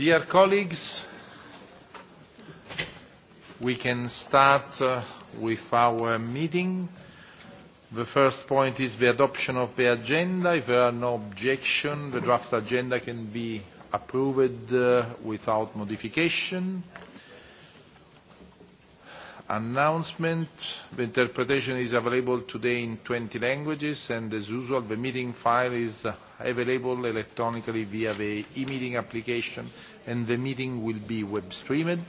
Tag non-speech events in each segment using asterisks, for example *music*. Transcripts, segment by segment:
Dear colleagues, we can start uh, with our meeting. The first point is the adoption of the agenda. If there are no objections, the draft agenda can be approved uh, without modification. Announcement. The interpretation is available today in 20 languages, and as usual, the meeting file is uh, available electronically via the e-meeting application and the meeting will be web streamed.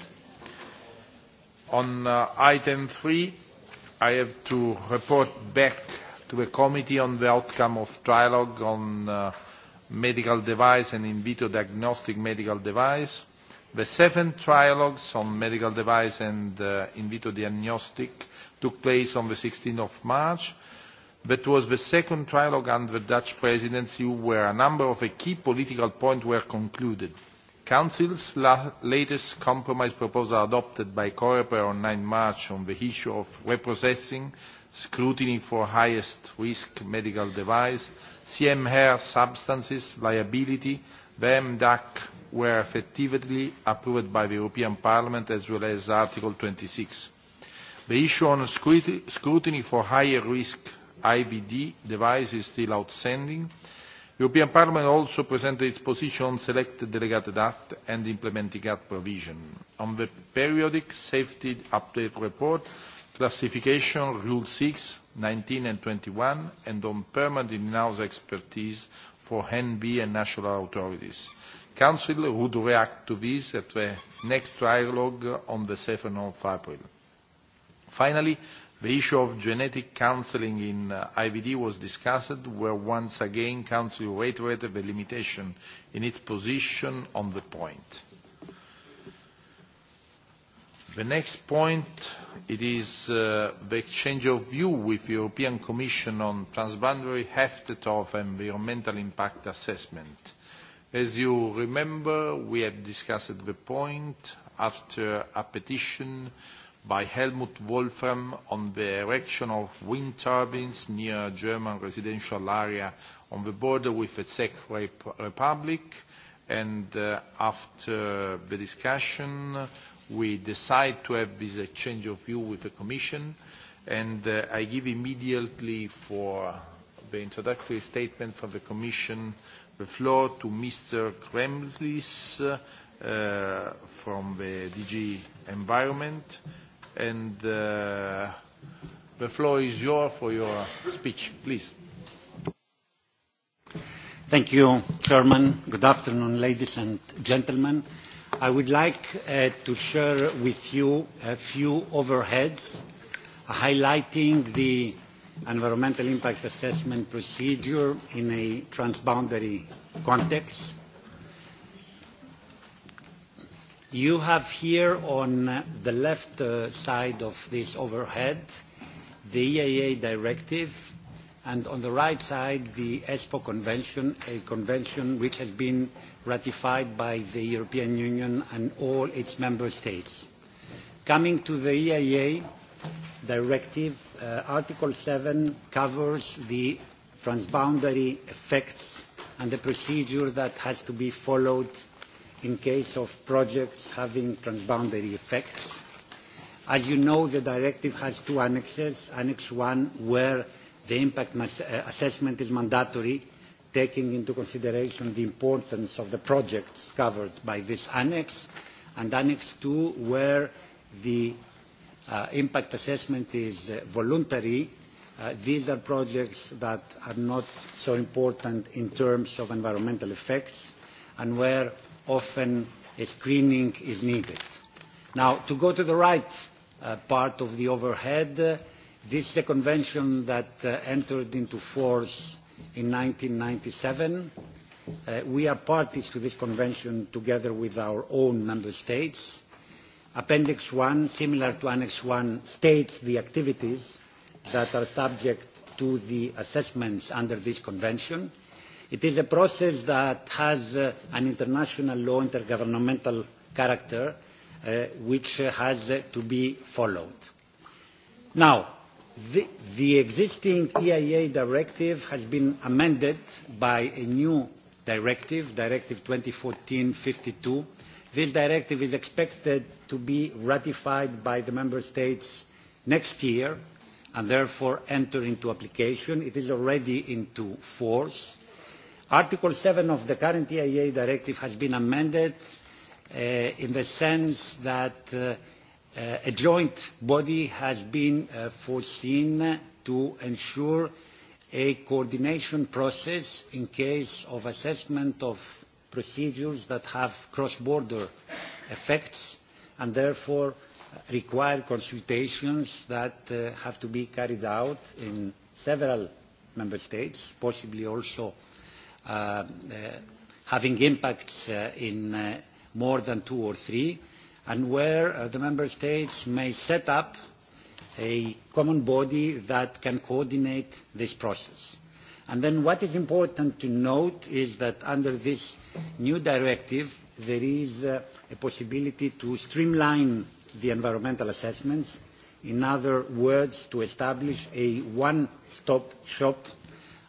On uh, item 3, I have to report back to the committee on the outcome of trilogue on uh, medical device and in vitro diagnostic medical device. The seven trilogues on medical device and uh, in vitro diagnostic took place on the 16th of March. That was the second trilogue under the Dutch presidency where a number of key political points were concluded council's latest compromise proposal adopted by coreper on nine march on the issue of reprocessing scrutiny for highest risk medical device cmr substances liability them dac were effectively approved by the european parliament as well as article. twenty six the issue on scrutiny for higher risk ivd devices is still outstanding european parliament also presented its position on selected delegated acts and implementing act provisions on the periodic safety update report classification rule six nineteen and twenty one and on permanent in house expertise for nb and national authorities. the council would react to this at the next trialogue on seven april. finally the issue of genetic counselling in uh, ivd was discussed where once again the council reiterated the limitation in its position on the point. The next point it is uh, the exchange of view with the European Commission on transboundary heft of environmental impact assessment. As you remember, we have discussed the point after a petition uh, by Helmut Wolfram on the erection of wind turbines near a German residential area on the border with the Czech Republic. And uh, after the discussion, we decide to have this exchange of view with the Commission. And uh, I give immediately for the introductory statement from the Commission the floor to Mr. Kremlis uh, from the DG Environment. Mm -hmm and uh, the floor is yours for your speech, please. Thank you, Chairman. Good afternoon, ladies and gentlemen. I would like uh, to share with you a few overheads highlighting the environmental impact assessment procedure in a transboundary context. You have here on the left uh, side of this overhead the EIA directive and on the right side the ESPO convention, a convention which has been ratified by the European Union and all its member states. Coming to the EIA directive, uh, Article 7 covers the transboundary effects and the procedure that has to be followed in case of projects having transboundary effects. As you know, the directive has two annexes. Annex 1, where the impact uh, assessment is mandatory, taking into consideration the importance of the projects covered by this annex, and Annex 2, where the uh, impact assessment is uh, voluntary. Uh, these are projects that are not so important in terms of environmental effects, and where often a screening is needed. Now, to go to the right uh, part of the overhead, uh, this is a convention that uh, entered into force in 1997. Uh, we are parties to this convention together with our own member states. Appendix 1, similar to Annex 1, states the activities that are subject to the assessments under this convention. It is a process that has uh, an international law, intergovernmental character, uh, which uh, has uh, to be followed. Now, the, the existing EIA directive has been amended by a new directive, Directive 2014-52. This directive is expected to be ratified by the Member States next year and therefore enter into application. It is already into force. Uh, Article 7 of the current EIA directive has been amended uh, in the sense that uh, uh, a joint body has been uh, foreseen to ensure a coordination process in case of assessment of procedures that have cross-border effects and therefore require consultations that uh, have to be carried out in several member states, possibly also uh, Uh, uh, having impacts uh, in uh, more than two or three, and where uh, the Member States may set up a common body that can coordinate this process. And then what is important to note is that under this new directive, there is uh, a possibility to streamline the environmental assessments, in other words, to establish a one-stop shop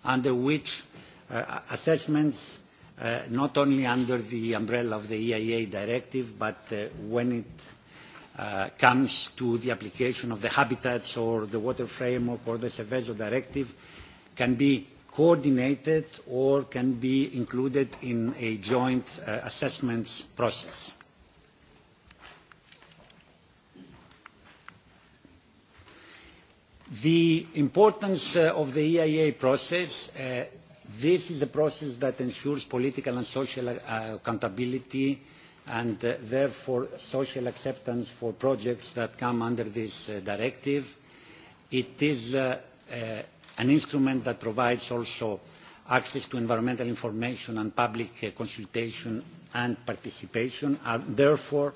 under which uh, assessments uh, not only under the umbrella of the EIA directive, but uh, when it uh, comes to the application of the habitats or the water framework or the Seveso directive, can be coordinated or can be included in a joint uh, assessments process. The importance uh, of the EIA process uh, this is the process that ensures political and social uh, accountability and uh, therefore social acceptance for projects that come under this uh, directive. It is uh, uh, an instrument that provides also access to environmental information and public uh, consultation and participation and therefore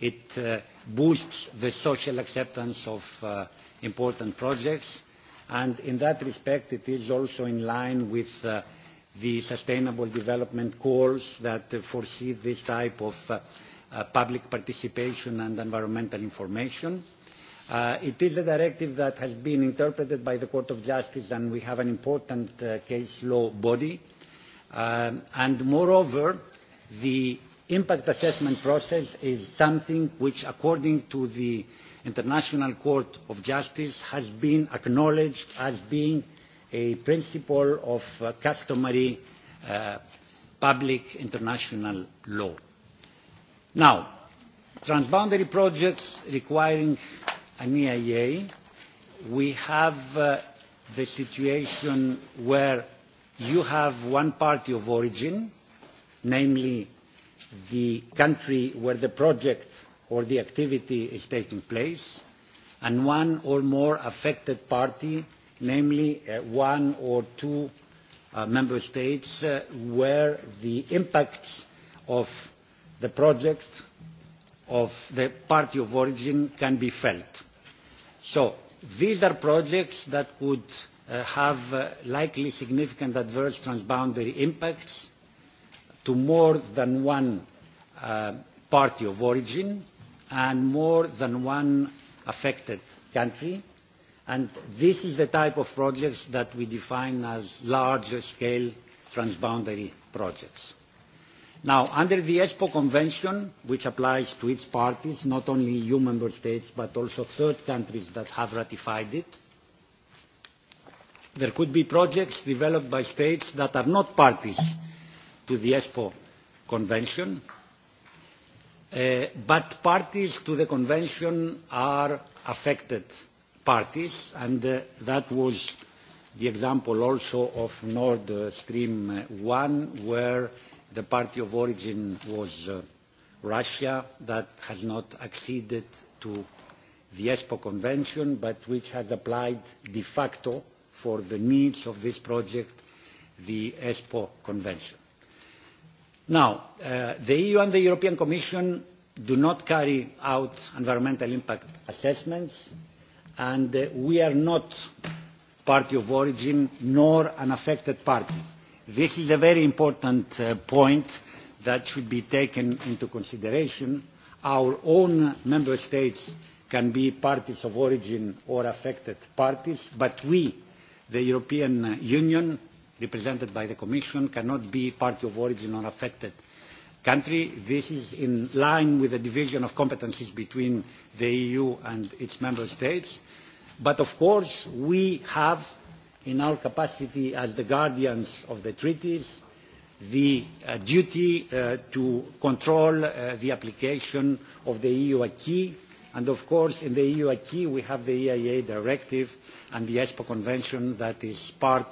it uh, boosts the social acceptance of uh, important projects and in that respect it is also in line with uh, the sustainable development goals that uh, foresee this type of uh, uh, public participation and environmental information. Uh, it is a directive that has been interpreted by the Court of Justice and we have an important uh, case law body. Um, and moreover, the impact assessment process is something which according to the uh, International Court of Justice has been acknowledged as being a principle of uh, customary uh, public international law. Now, transboundary projects requiring an EIA, we have uh, the situation where you have one party of origin, namely the country where the project or the activity is taking place, and one or more affected party, namely uh, one or two uh, member states, uh, where the impacts of the project of the party of origin can be felt. So these are projects that would uh, have uh, likely significant adverse transboundary impacts to more than one uh, party of origin and more than one affected country. And this is the type of projects that we define as larger scale transboundary projects. Now, under the ESPO Convention, which applies to its parties, not only EU member states, but also third countries that have ratified it, there could be projects developed by states that are not parties to the ESPO Convention, Eh, but parties to the convention are affected parties and uh, that was the example also of nord stream one where the party of origin was uh, russia that has not acceded to the espo convention but which has applied de facto for the needs of this project the espo convention. Now, uh, the EU and the European Commission do not carry out environmental impact assessments, and uh, we are not party of origin nor an affected party. This is a very important uh, point that should be taken into consideration. Our own member states can be parties of origin or affected parties, but we, the European Union, represented by the Commission cannot be party of origin or affected country. This is in line with the division of competences between the EU and its member states. But of course, we have, in our capacity as the guardians of the treaties, the uh, duty uh, to control uh, the application of the EU acquis. And of course, in the EU acquis, we have the EIA directive and the ESPO convention that is part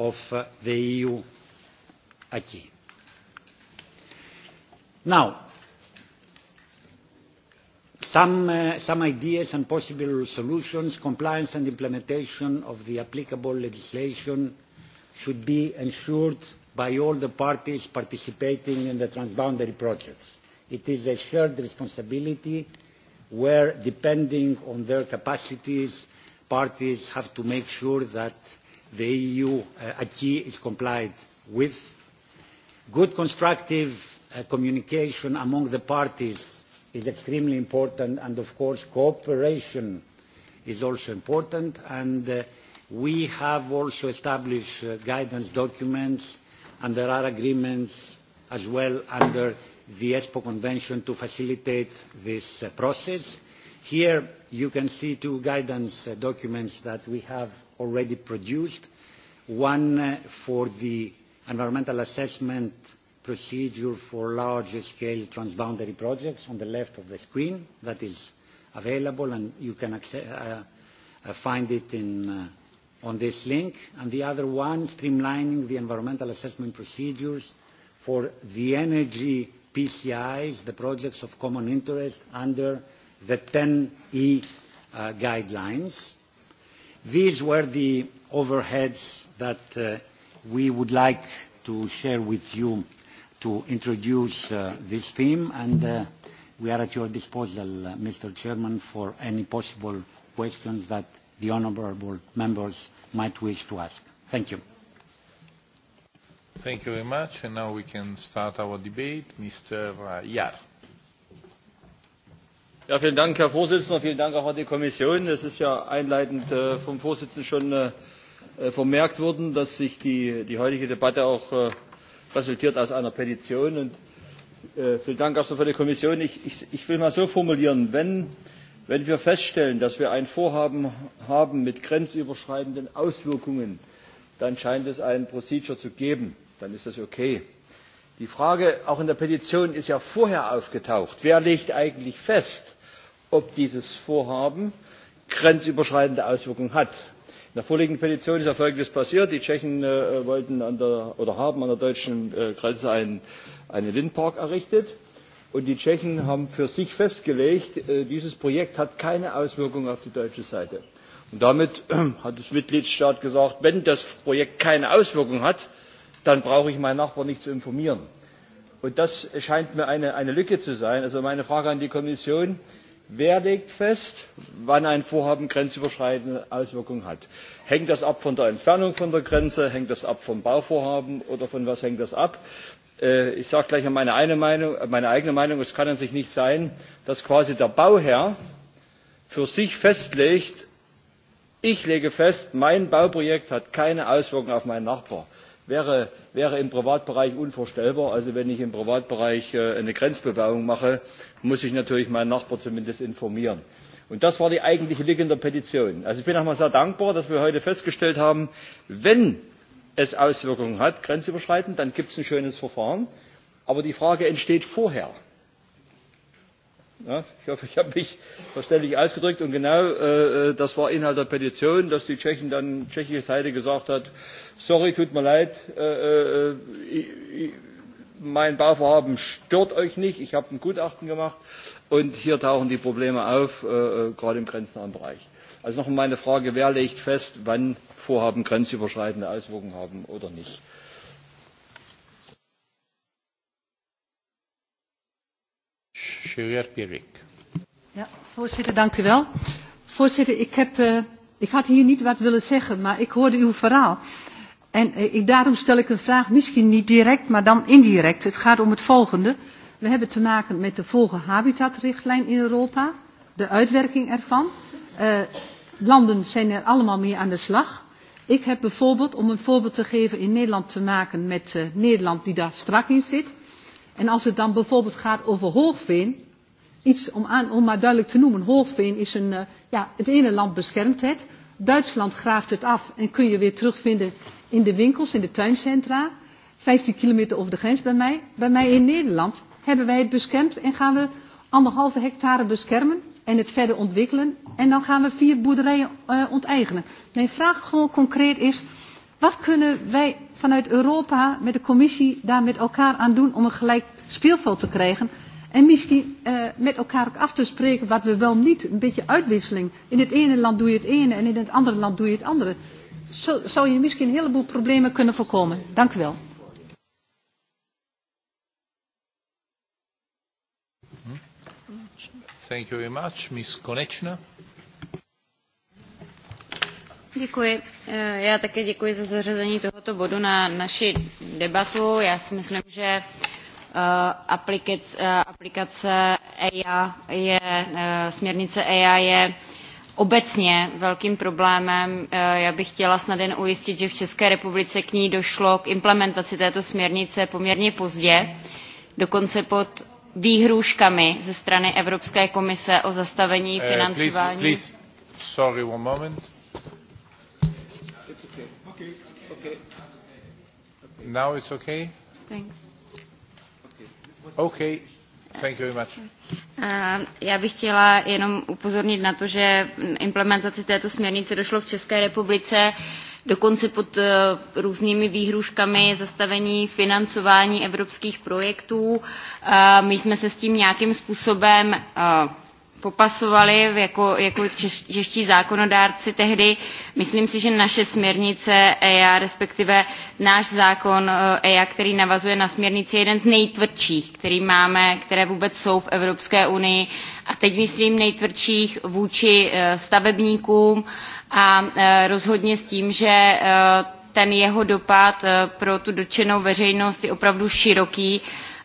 of uh, the EU acquis. Now, some, uh, some ideas and possible solutions, compliance and implementation of the applicable legislation should be ensured by all the parties participating in the transboundary projects. It is a shared responsibility where, depending on their capacities, parties have to make sure that the EU uh, acquis is complied with. Good constructive uh, communication among the parties is extremely important and of course cooperation is also important and uh, we have also established uh, guidance documents and there are agreements as well under the ESPO convention to facilitate this uh, process. Here you can see two guidance uh, documents that we have already produced, one uh, for the environmental assessment procedure for large-scale transboundary projects on the left of the screen that is available and you can access, uh, uh, find it in, uh, on this link, and the other one, streamlining the environmental assessment procedures for the energy PCIs, the projects of common interest under the 10E uh, guidelines. These were the overheads that uh, we would like to share with you to introduce uh, this theme, and uh, we are at your disposal, uh, Mr. Chairman, for any possible questions that the honourable members might wish to ask. Thank you. Thank you very much, and now we can start our debate. Mr. Yar. Uh, Ja, herr präsident! vielen dank auch an die kommission. es ist ja einleitend äh, vom vorsitzenden schon äh, äh, vermerkt worden dass die heutige debatte auch resultiert aus einer petition. vielen dank erst einmal für die kommission. ich will mal so formulieren wenn wir feststellen dass wir ein vorhaben haben mit grenzüberschreitenden auswirkungen dann scheint es ein procedure zu geben dann ist das okay. die frage auch in der petition ist ja vorher aufgetaucht wer legt eigentlich fest ob dieses vorhaben grenzüberschreitende auswirkungen hat. in der vorliegenden petition ist ja folgendes passiert die tschechen äh, haben an der deutschen äh, grenze einen windpark errichtet und die tschechen haben für sich festgelegt äh, dieses projekt hat keine auswirkungen auf die deutsche seite. damit hat der mitgliedstaat gesagt wenn das projekt keine auswirkungen hat dann brauche ich meinen nachbarn nicht zu informieren. das scheint mir eine lücke zu sein. meine frage an die kommission wer legt fest wann ein vorhaben grenzüberschreitende auswirkungen hat? hängt das ab von der entfernung von der grenze hängt das ab vom bauvorhaben oder von was hängt das ab? Äh, ich sage gleich äh, meine eigene meinung es kann an sich nicht sein dass quasi der bauherr für sich festlegt ich lege fest mein bauprojekt hat keine auswirkungen auf meinen nachbarn wäre im privatbereich unvorstellbar. also wenn ich im privatbereich äh, eine grenzbewahrung mache muss ich natürlich meinen nachbarn zumindest informieren. und das war die eigentliche lücke in der petition. ich bin nochmals sehr dankbar dass wir heute festgestellt haben wenn es auswirkungen hat grenzüberschreitend dann gibt es ein schönes verfahren. aber die frage entsteht vorher. Ja, ich hoffe, ich habe mich verständlich ausgedrückt. Und genau äh, äh, das war Inhalt der Petition, dass die Tschechen dann tschechische Seite gesagt hat, sorry, tut mir leid, äh, äh, ich, äh, mein Bauvorhaben stört euch nicht, ich habe ein Gutachten gemacht und hier tauchen die Probleme auf, äh, äh gerade im grenznahen Bereich. Also nochmal meine Frage, wer legt fest, wann Vorhaben grenzüberschreitende Auswirkungen haben oder nicht? Ja, voorzitter eh, ik had hier niet wat willen zeggen maar ik hoorde uw verhaal en eh, daarom stel ik een vraag misschien niet direct maar dan indirect. het gaat om het volgende we hebben te maken met de vogel habitatrichtlijn in europa de uitwerking ervan. Eh, landen zijn er allemaal mee aan de slag. ik heb bijvoorbeeld om een voorbeeld te geven in nederland te maken met nederland die daar strak in zit en als het dan bijvoorbeeld gaat over hoogveen iets om, aan, om maar duidelijk te noemen. Holveen is een, uh, ja, het ene land beschermt het. Duitsland graaft het af en kun je weer terugvinden in de winkels, in de tuincentra. 15 kilometer over de grens bij mij. Bij mij in Nederland hebben wij het beschermd en gaan we anderhalve hectare beschermen en het verder ontwikkelen. En dan gaan we vier boerderijen uh, onteigenen. Mijn vraag gewoon concreet is, wat kunnen wij vanuit Europa met de commissie daar met elkaar aan doen om een gelijk speelveld te krijgen? En misschien uh, met elkaar ook af te spreken wat we wel niet, een beetje uitwisseling. In het ene land doe je het ene en in het andere land doe je het andere. Zo zou je misschien een heleboel problemen kunnen voorkomen. Dank u wel. Thank you very much, Miss Konechna. Děkuji. Eh, já také děkuji za zařazení tohoto bodu na naši debatu. Já si myslím, že Eh, eh, aplikace EIA je, eh, směrnice EIA je obecně velkým problémem. Já bych chtěla snad jen ujistit, že v České republice k ní došlo k implementaci této směrnice poměrně pozdě, dokonce pod výhrůžkami ze strany Evropské komise o zastavení financování. Please, please. Sorry, one moment. It's okay. Okay. Okay. Now it's okay. Thanks. Okay. Thank you very much. Ehm, já bych chtěla jenom upozornit na to, že implementaci této směrnice došlo v České republice dokonce pod eh, různými výhruškami zastavení financování evropských projektů. Ehm, my jsme se s tím nějakým způsobem eh, popasovali jako, jako čeští zákonodárci tehdy. Myslím si, že naše směrnice EIA, respektive náš zákon EIA, e který navazuje na směrnici, je jeden z nejtvrdších, který máme, které vůbec jsou v Evropské unii. A teď myslím nejtvrdších vůči e, stavebníkům a e, rozhodně s tím, že ten jeho dopad pro tu dotčenou veřejnost je opravdu široký,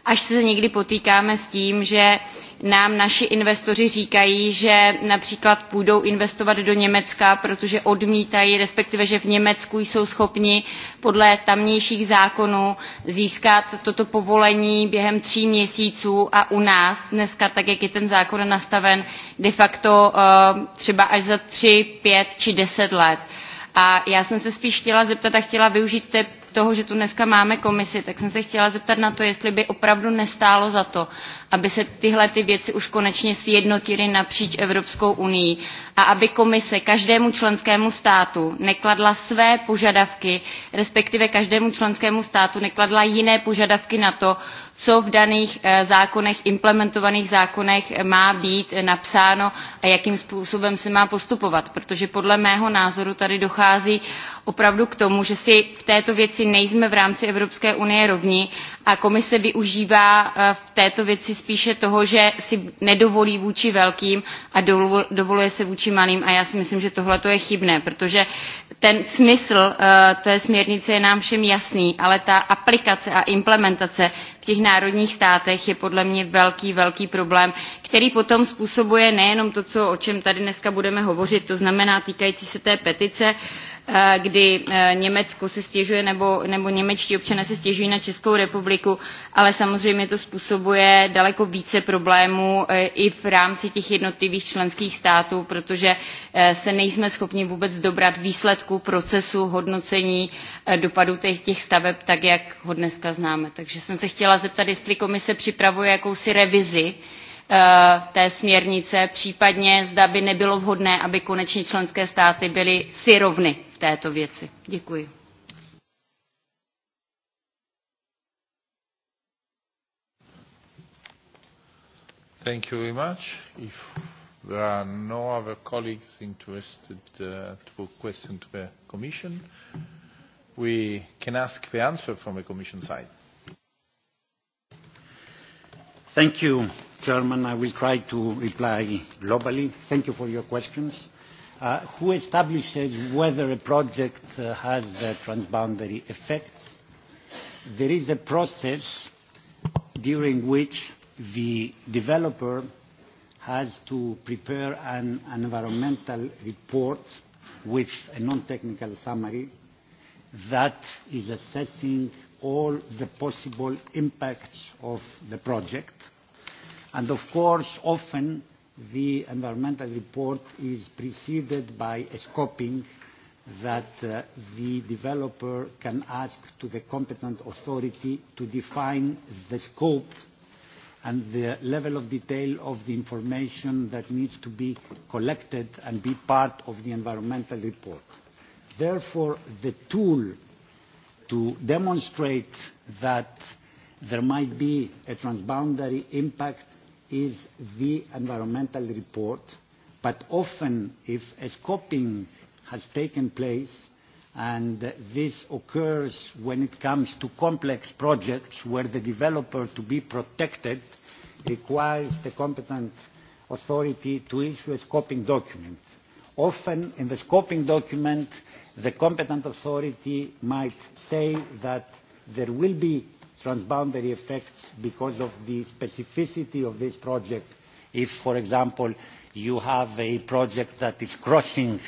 až se někdy potýkáme s tím, že uh, nám naši investoři říkají že například půjdou investovat do německa protože odmítají respektive že v německu jsou schopni podle tamějších zákonů získat toto povolení během tří měsíců a u nás dnes tak jak je ten zákon nastaven de facto eh, třeba až za tři pět či deset let. a já jsem se spíš chtěla zeptat a chtěla využít té toho, že tu dneska máme komisi, tak jsem se chtěla zeptat na to, jestli by opravdu nestálo za to, aby se tyhle ty věci už konečně sjednotily napříč Evropskou unii a aby komise každému členskému státu nekladla své požadavky, respektive každému členskému státu nekladla jiné požadavky na to, co v daných eh, zákonech, implementovaných zákonech eh, má být eh, napsáno a jakým způsobem se má postupovat. Protože podle mého názoru tady dochází opravdu k tomu, že si v této věci nejsme v rámci evropské unie rovni a komise využívá eh, v této věci spíše toho že si nedovolí vůči velkým a dovoluje si vůči malým a já si myslím že tohle je chybné protože ten smysl eh, té směrnice je nám všem jasný ale ta aplikace a implementace těch národních státech je podle mě velký, velký problém, který potom způsobuje nejenom to, co, o čem tady dneska budeme hovořit, to znamená týkající se té petice, eh, kdy eh, Německo se stěžuje nebo, nebo němečtí občané se stěžují na Českou republiku, ale samozřejmě to způsobuje daleko více problémů eh, i v rámci těch jednotlivých členských států, protože se nejsme schopni vůbec dobrat výsledku procesu hodnocení dopadu těch, těch staveb tak, jak ho dneska známe. Takže jsem se chtěla chtěla zeptat jestli komise připravuje jakousi revizi eh, té směrnice případně zda by nebylo vhodné aby konečně členské státy byly si rovny v této věci. Děkuji. Thank you very much. If there are no other colleagues interested uh, to put questions to the Commission, we can ask the answer from the Commission side thank you chairman i will try to reply globally thank you for your questions uh, who establishes whether a project uh, has a transboundary effect there is a process during which the developer has to prepare an, an environmental report with a non-technical summary that is assessing all the possible impacts of the project. And of course, often the environmental report is preceded by a scoping that uh, the developer can ask to the competent authority to define the scope and the level of detail of the information that needs to be collected and be part of the environmental report. Therefore, the tool to demonstrate that there might be a transboundary impact is the environmental report. But often, if a scoping has taken place, and this occurs when it comes to complex projects where the developer to be protected requires the competent authority to issue a scoping document. Often, in the scoping document, the competent authority might say that there will be transboundary effects because of the specificity of this project. If, for example, you have a project that is crossing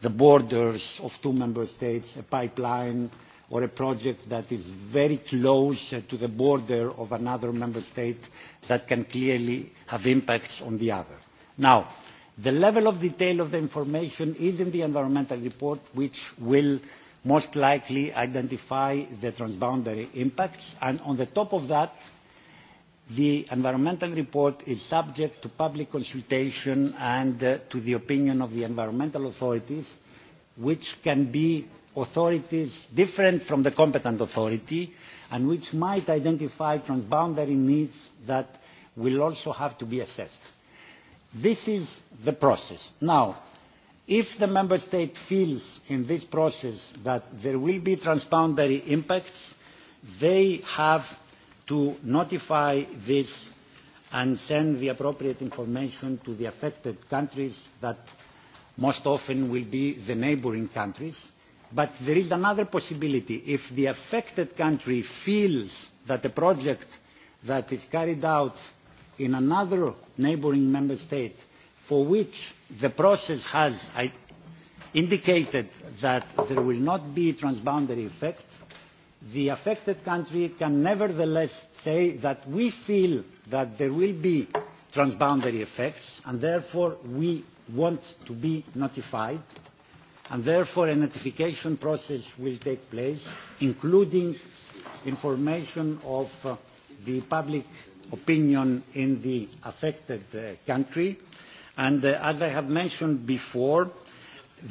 the borders of two member states, a pipeline, or a project that is very close to the border of another member state that can clearly have impacts on the other. Now, The level of detail of the information is in the environmental report, which will most likely identify the transboundary impacts. And on the top of that, the environmental report is subject to public consultation and uh, to the opinion of the environmental authorities, which can be authorities different from the competent authority and which might identify transboundary needs that will also have to be assessed this is the process. now, if the member state feels in this process that there will be transboundary impacts, they have to notify this and send the appropriate information to the affected countries that most often will be the neighboring countries. But there is another possibility. If the affected country feels that the project that is carried out in another neighboring member state for which the process has I, indicated that there will not be transboundary effect, the affected country can nevertheless say that we feel that there will be transboundary effects and therefore we want to be notified and therefore a notification process will take place including information of uh, the public opinion in the affected uh, country. And uh, as I have mentioned before,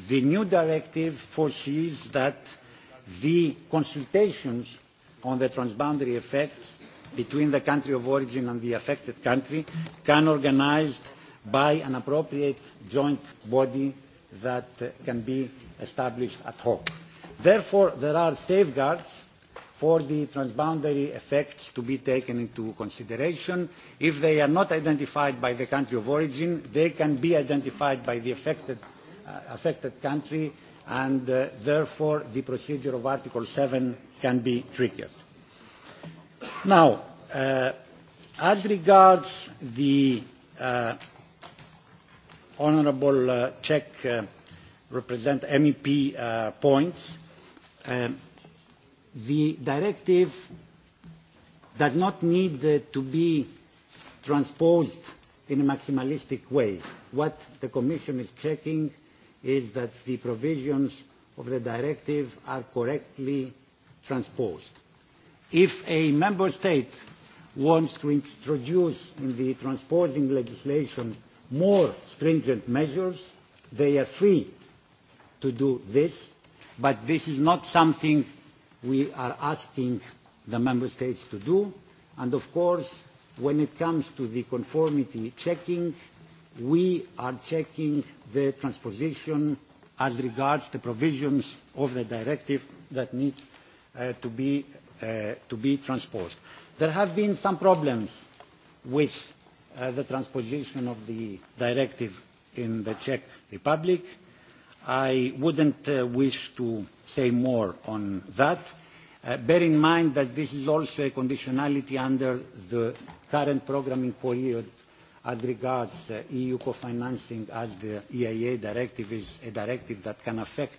the new directive foresees that the consultations on the transboundary effects between the country of origin and the affected country can be organized by an appropriate joint body that uh, can be established ad hoc. Therefore, there are safeguards for the transboundary effects to be taken into consideration. If they are not identified by the country of origin, they can be identified by the affected, uh, affected country, and uh, therefore the procedure of Article 7 can be triggered. Now, uh, as regards the uh, Honourable uh, Czech uh, represent MEP uh, points, um, the directive does not need uh, to be transposed in a maximalistic way. What the Commission is checking is that the provisions of the directive are correctly transposed. If a member state wants to introduce in the transposing legislation more stringent measures, they are free to do this, but this is not something we are asking the member states to do. And of course, when it comes to the conformity checking, we are checking the transposition as regards the provisions of the directive that need uh, to, be, uh, to be transposed. There have been some problems with uh, the transposition of the directive in the Czech Republic. I wouldn't uh, wish to say more on that. Uh, bear in mind that this is also a conditionality under the current programming period as regards uh, EU co-financing as the EIA directive is a directive that can affect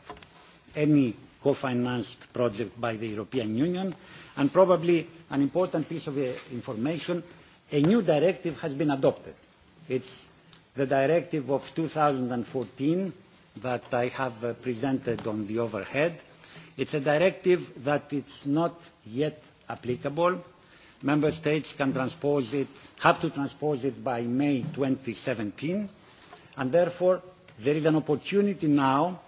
any co-financed project by the European Union. And probably an important piece of uh, information, a new directive has been adopted. It's the directive of 2014 that I have uh, presented on the overhead. It's a directive that is not yet applicable. Member States can transpose it, have to transpose it by May 2017, and therefore there is an opportunity now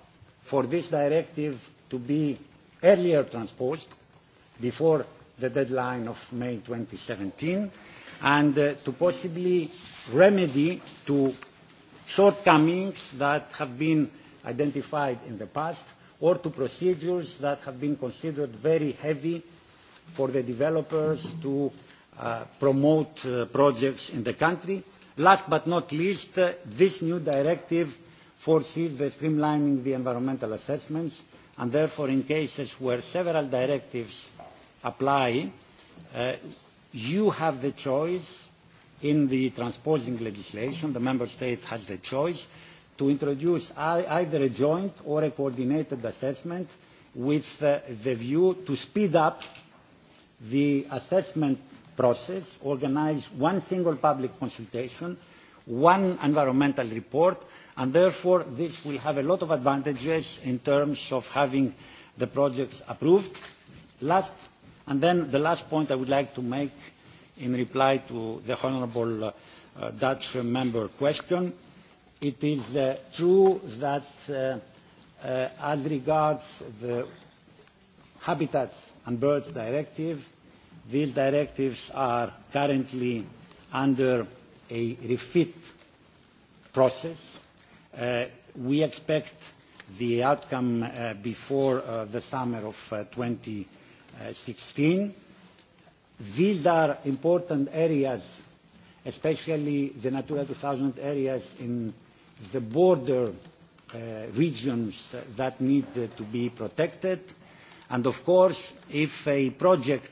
for this directive to be earlier transposed before the deadline of May 2017 and uh, to possibly remedy to shortcomings that have been identified in the past or to procedures that have been considered very heavy for the developers to uh, promote uh, projects in the country. Last but not least, uh, this new directive foresees the streamlining the environmental assessments and therefore in cases where several directives apply, uh, you have the choice in the transposing legislation, the member state has the choice to introduce either a joint or a coordinated assessment with uh, the view to speed up the assessment process, organize one single public consultation, one environmental report, and therefore this will have a lot of advantages in terms of having the projects approved. Last, and then the last point I would like to make in reply to the honorable uh, Dutch member question. It is uh, true that uh, uh, as regards the Habitats and Birds Directive, these directives are currently under a refit process. Uh, we expect the outcome uh, before uh, the summer of uh, 2016 these are important areas, especially the Natura 2000 areas in the border uh, regions that need uh, to be protected. And of course, if a project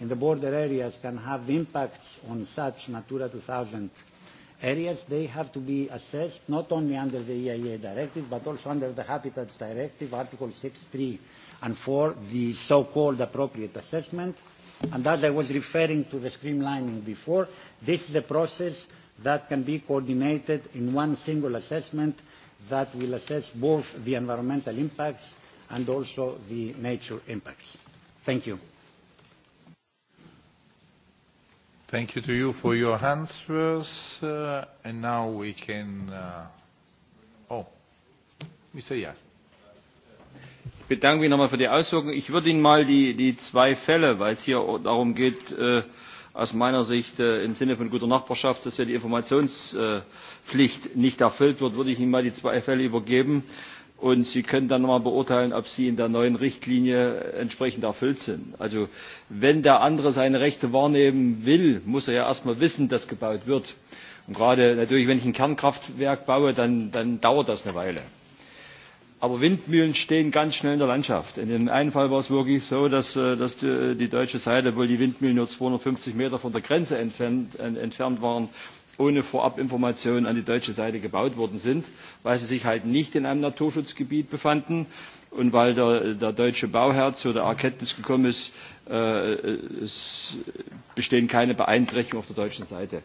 in the border areas can have impacts on such Natura 2000 areas, they have to be assessed not only under the EIA directive, but also under the Habitats Directive, Article 6, 3 and 4, the so-called appropriate assessment and as I was referring to the streamlining before, this is a process that can be coordinated in one single assessment that will assess both the environmental impacts and also the nature impacts. Thank you. Thank you to you for your answers. Uh, and now we can... Uh, oh, Mr. Yak bedanke mich nochmal für die ausführungen. ich würde ihnen mal die zwei fälle weil es hier darum geht äh, aus meiner sicht äh, im sinne von guter nachbarschaft dass ja die informationspflicht äh, nicht erfüllt wird würde ich ihnen mal die zwei fälle übergeben und sie können dann nochmal beurteilen ob sie in der neuen richtlinie entsprechend erfüllt sind. also wenn der andere seine rechte wahrnehmen will muss er ja erst mal wissen dass gebaut wird. Und gerade natürlich, wenn ich ein Kernkraftwerk baue, dann, dann dauert das eine Weile aber windmühlen stehen ganz schnell in der landschaft. in dem einen fall war es wirklich so dass, äh, dass die, die deutsche seite obwohl die windmühlen nur zweihundertfünfzig meter von der grenze entfernt, entfernt waren ohne vorabinformationen an die deutsche seite gebaut worden sind weil sie sich halt nicht in einem naturschutzgebiet befanden und weil der, der deutsche bauherr zu der erkenntnis gekommen ist äh, es bestehen keine beeinträchtigungen auf der deutschen seite.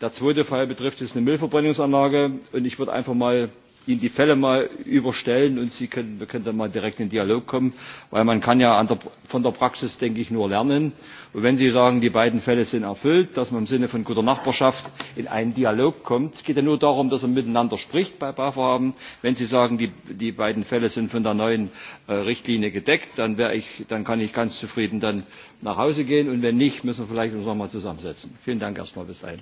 der zweite fall betrifft jetzt eine müllverbrennungsanlage und ich würde einfach mal ihnen die fälle mal überstellen und wir können dann mal direkt in den dialog kommen weil man kann ja von der praxis denke ich nur lernen und wenn sie sagen die beiden fälle sind erfüllt dass man im sinne von guter nachbarschaft in einen dialog kommt es geht ja nur darum dass man miteinander spricht bei bauvorhaben wenn sie sagen die, die beiden fälle sind von der neuen äh, richtlinie gedeckt dann wäre ich dann kann ich ganz zufrieden dann nach hause gehen und wenn nicht müssen wir vielleicht uns vielleicht noch mal zusammensetzen. vielen dank erstmal bis dahin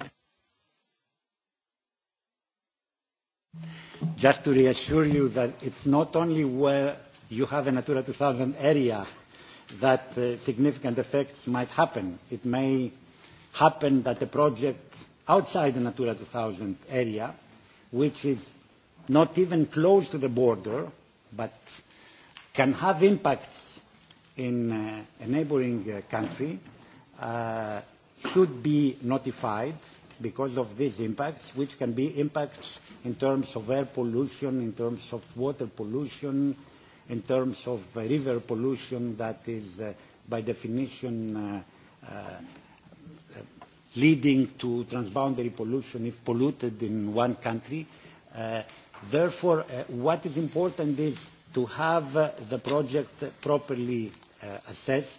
just to reassure you that it's not only where you have a Natura 2000 area that uh, significant effects might happen. It may happen that the project outside the Natura 2000 area, which is not even close to the border, but can have impacts in uh, a neighboring uh, country, uh, should be notified because of these impacts, which can be impacts in terms of air pollution, in terms of water pollution, in terms of uh, river pollution that is uh, by definition uh, uh, leading to transboundary pollution if polluted in one country. Uh, therefore, uh, what is important is to have uh, the project properly uh, assessed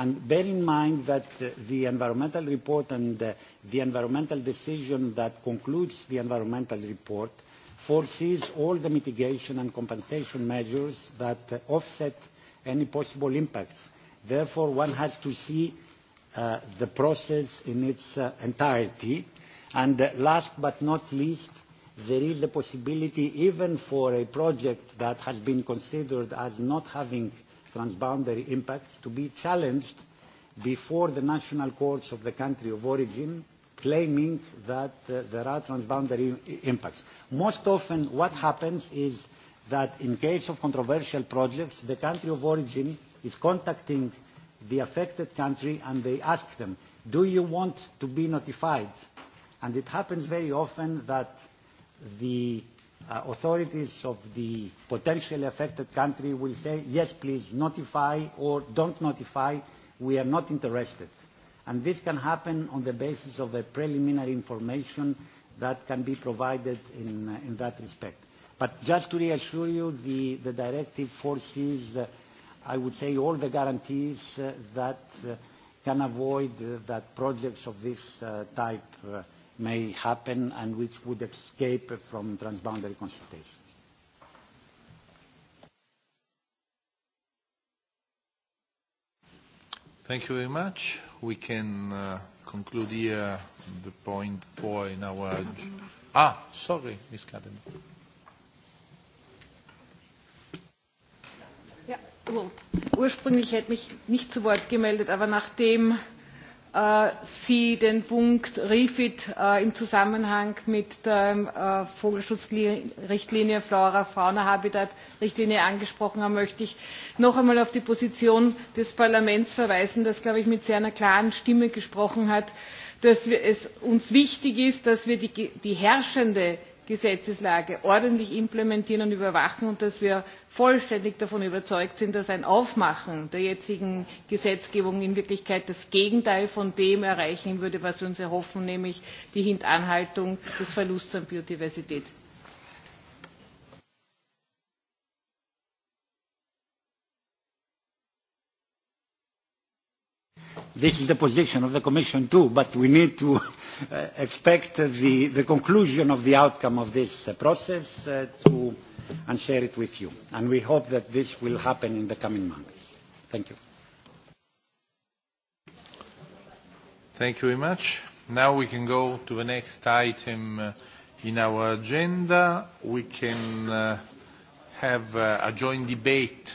And bear in mind that uh, the environmental report and uh, the environmental decision that concludes the environmental report foresees all the mitigation and compensation measures that uh, offset any possible impacts. Therefore, one has to see uh, the process in its uh, entirety. And uh, last but not least, there is the possibility even for a project that has been considered as not having uh, transboundary impacts to be challenged before the national courts of the country of origin claiming that uh, there are transboundary impacts. Most often what happens is that in case of controversial projects, the country of origin is contacting the affected country and they ask them, do you want to be notified? And it happens very often that the uh, authorities of the potentially affected country will say, yes, please notify or don't notify, we are not interested. And this can happen on the basis of the preliminary information that can be provided in, uh, in that respect. But just to reassure you, the, the directive forces, uh, I would say, all the guarantees uh, that uh, can avoid uh, that projects of this uh, type uh, may happen and which would escape from transboundary consultation. Thank you very much. We can uh, conclude here the point four in our. Ah, sorry, Ms. Cadden. Ja, well, ursprünglich hätte mich nicht zu Wort gemeldet, aber nachdem. Äh, sie den punkt refit äh, im zusammenhang mit der ähm, äh, vogelschutzrichtlinie flora fauna habitat richtlinie angesprochen haben möchte ich noch einmal auf die position des parlaments verweisen das glaube ich mit sehr einer klaren stimme gesprochen hat dass es uns wichtig ist dass wir die herrschende gesetzeslage ordentlich implementieren und überwachen und dass wir vollständig davon überzeugt sind dass ein aufmachen der jetzigen gesetzgebung in wirklichkeit das gegenteil von dem erreichen würde was wir uns erhoffen nämlich die hintanhaltung des verlusts an biodiversität. this is the position of the commission too but we need Uh, expect the, the conclusion of the outcome of this uh, process uh, to, and share it with you. And we hope that this will happen in the coming months. Thank you. Thank you very much. Now we can go to the next item uh, in our agenda. We can uh, have uh, a joint debate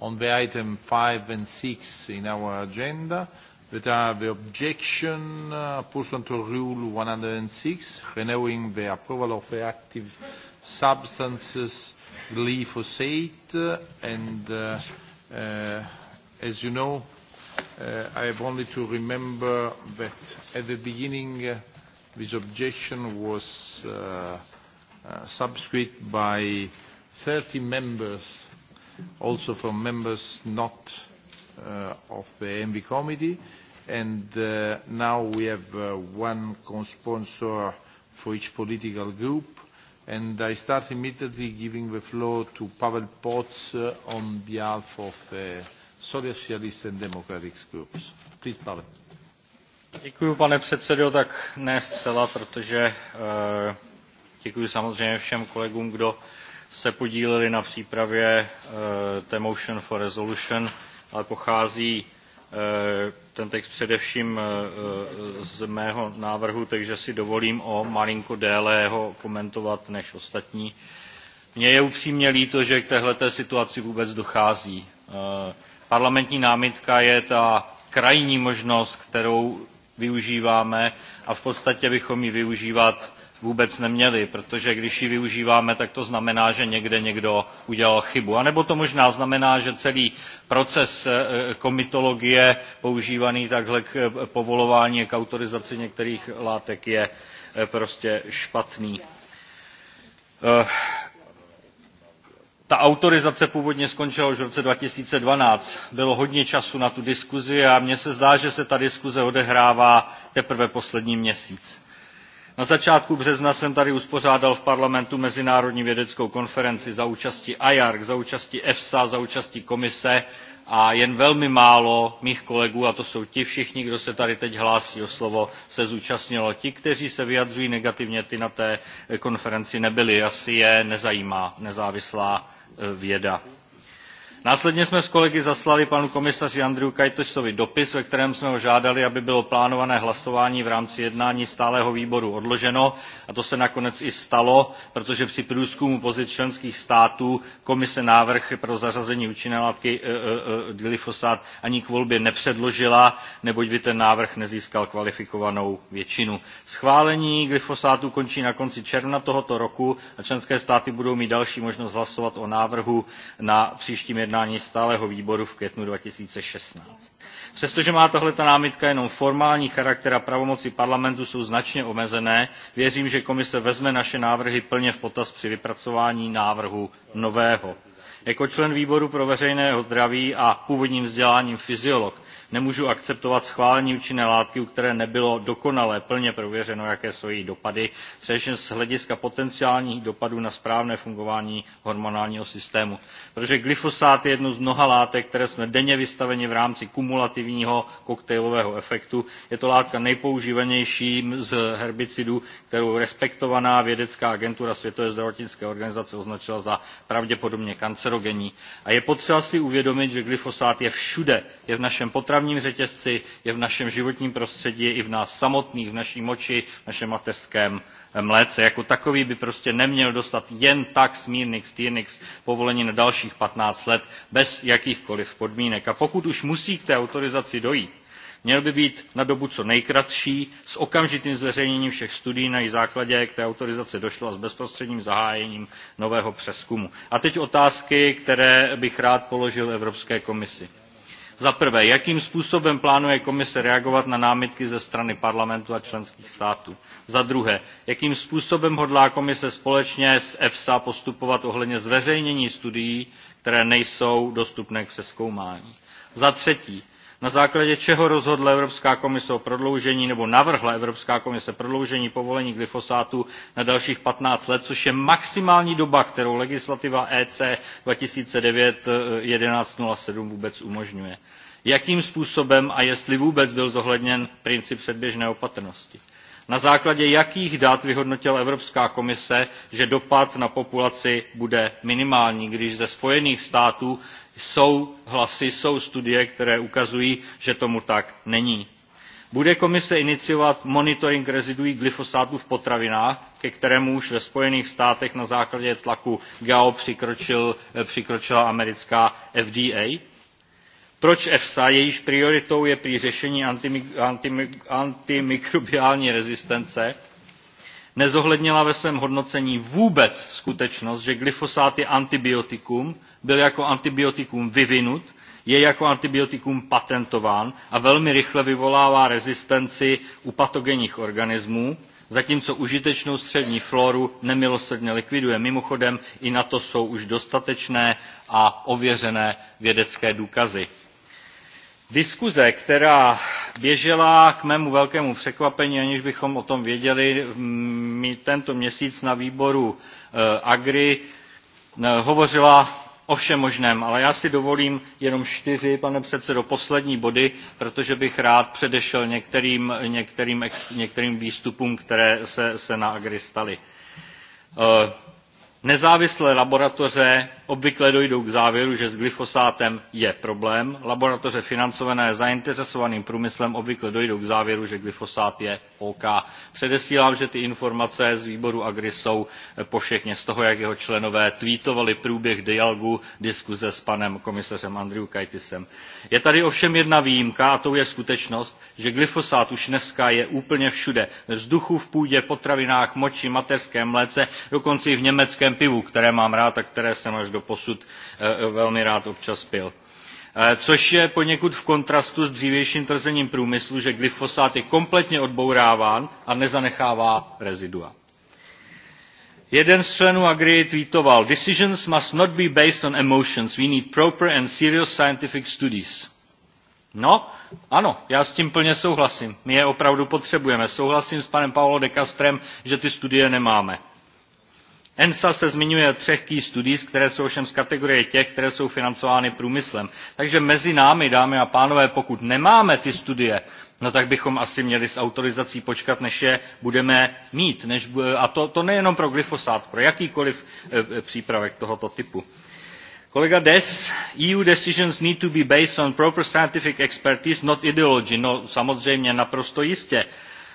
on the item 5 and 6 in our agenda that are uh, the objection uh, pursuant to Rule 106, renewing the approval of the active substances glyphosate. Uh, and uh, uh, as you know, uh, I have only to remember that at the beginning uh, this objection was uh, uh, subscribed by 30 members, also from members not uh, of the MV committee and uh, now we have uh, one co-sponsor for each political group and I start immediately giving the floor to Pavel Potts uh, on behalf of the uh, socialist and democratic groups. Please, Pavel. Děkuji, pane předsedo, tak ne zcela, protože uh, děkuji samozřejmě všem kolegům, kdo se podíleli na přípravě uh, The Motion for Resolution uh, ale pochází eh, ten text především eh, eh, z mého návrhu, takže si dovolím o malinko déle ho komentovat než ostatní. Mně je upřímně líto, že k téhleté situaci vůbec dochází. Parlamentní námitka je ta krajní možnost, kterou využíváme a v podstatě bychom ji využívat vůbec neměli protože když ji využíváme tak to znamená že někde někdo udělal chybu anebo to možná znamená že celý proces eh, eh, komitologie používaný takhle k eh, povolování a k autorizaci některých látek je prostě špatný. ta autorizace původně skončila už v roce two thousand and twelve bylo hodně času na tu diskuzi a mně se zdá že se ta diskuze odehrává teprve poslední měsíc na začátku března jsem tady uspořádal v parlamentu mezinárodní vědeckou konferenci za účasti iarc za účasti efsa za účasti komise a jen velmi málo mých kolegů a to jsou ti všichni kdo se tady teď hlásí o slovo se zúčastnilo. ti kteří se vyjadřují negativně ti na té konferenci nebyli asi je nezajímá nezávislá eh, věda následně jsme s kolegy zaslali panu komisaři andriukaitisovi dopis ve kterém jsme ho žádali aby bylo plánované hlasování v rámci jednání stálého výboru odloženo a to se nakonec i stalo protože při průzkumu pozic členských států komise návrh pro zařazení účinné látky e, e, e, glyfosát ani k volbě nepředložila neboť by ten návrh nezískal kvalifikovanou většinu. schválení glyfosátu končí na konci června tohoto roku a členské státy budou mít další možnost hlasovat o návrhu na příštím jednání stálého výboru v květnu. two thousand and sixteen přestože má tato námitka jenom formální charakter a pravomoci parlamentu jsou značně omezené věřím že komise vezme naše návrhy plně v potaz při vypracování návrhu nového. jako člen výboru pro veřejné zdraví a původním vzděláním fyziolog nemůžu akceptovat schválení účinné látky u které nebylo dokonale plně prověřeno jaké jsou její dopady především z hlediska potenciálních dopadů na správné fungování hormonálního systému. protože glyfosát je jednou z mnoha látek které jsme denně vystaveni v rámci kumulativního koktejlového efektu je to látka nejpoužívanější z herbicidů kterou respektovaná vědecká agentura světové zdravotnické organizace označila za pravděpodobně kancerogenní. a je potřeba si uvědomit že glyfosát je všude je v našem potravinovém dopravním řetězci je v našem životním prostředí je i v nás samotných v naší moči v našem mateřském eh, mléce. jako takový by prostě neměl dostat jen tak smírnix týrnix povolení na dalších fifteen let bez jakýchkoliv podmínek. a pokud už musí k té autorizaci dojít měl by být na dobu co nejkratší s okamžitým zveřejněním všech studií na jejich základě k té autorizace došlo a s bezprostředním zahájením nového přezkumu. a teď otázky které bych rád položil evropské komisi za prvé jakým způsobem plánuje komise reagovat na námitky ze strany parlamentu a členských států za druhé jakým způsobem hodlá komise společně s efsa postupovat ohledně zveřejnění studií které nejsou dostupné k přezkoumání za třetí na základě čeho rozhodla evropská komise o prodloužení nebo navrhla evropská komise prodloužení povolení glyfosátu na dalších fifteen let což je maximální doba kterou legislativa ec two thousand and nine eleven zero seven vůbec umožňuje. jakým způsobem a jestli vůbec byl zohledněn princip předběžné opatrnosti? na základě jakých dat vyhodnotila evropská komise že dopad na populaci bude minimální když ze spojených států jsou hlasy jsou studie které ukazují že tomu tak není? bude komise iniciovat monitoring reziduí glyfosátu v potravinách ke kterému už ve spojených státech na základě tlaku gao eh, přikročila americká fda? proč efsa jejíž prioritou je prý řešení antimikrobiální rezistence nezohlednila ve svém hodnocení vůbec skutečnost že glyfosát je antibiotikum byl jako antibiotikum vyvinut je jako antibiotikum patentován a velmi rychle vyvolává rezistenci u patogenních organismů zatímco užitečnou střední floru nemilosrdně likviduje. mimochodem i na to jsou už dostatečné a ověřené vědecké důkazy diskuse která běžela k mému velkému překvapení aniž bychom o tom věděli mi tento měsíc na výboru e, agri e, hovořila o všem možném ale já si dovolím jenom čtyři pane předsedo poslední body protože bych rád předešel některým výstupům které se na agri staly. E, nezávislé laboratoře obvykle dojdou k závěru že s glyfosátem je problém laboratoře financované zainteresovaným průmyslem obvykle dojdou k závěru že glyfosát je ok. předesílám že ty informace z výboru agri jsou povšechně z toho jak jeho členové tweetovali průběh dialogu diskuze s panem komisařem andriukaitisem. je tady ovšem jedna výjimka a tou je skutečnost že glyfosát už dneska je úplně všude ve vzduchu v půdě potravinách moči mateřském mléce dokonce i v německém pivu které mám rád a které jsem až doposud eh, velmi rád občas pil eh, což je poněkud v kontrastu s dřívějším tvrzením průmyslu že glyfosát je kompletně odbouráván a nezanechává rezidua. jeden z členů agri tweetoval decisions must not be based on emotions we need proper and serious scientific studies. no ano já s tím plně souhlasím my je opravdu potřebujeme souhlasím s panem paolo de castrem že ty studie nemáme enisa se zmiňuje o třech case studies které jsou ovšem z kategorie těch které jsou financovány průmyslem. takže mezi námi dámy a pánové pokud nemáme ty studie no tak bychom asi měli s autorizací počkat než je budeme mít a to nejenom pro glyfosát pro jakýkoliv e, e, přípravek tohoto typu. kolega dess eu decisions need to be based on proper scientific expertise not ideology. no samozřejmě naprosto jistě.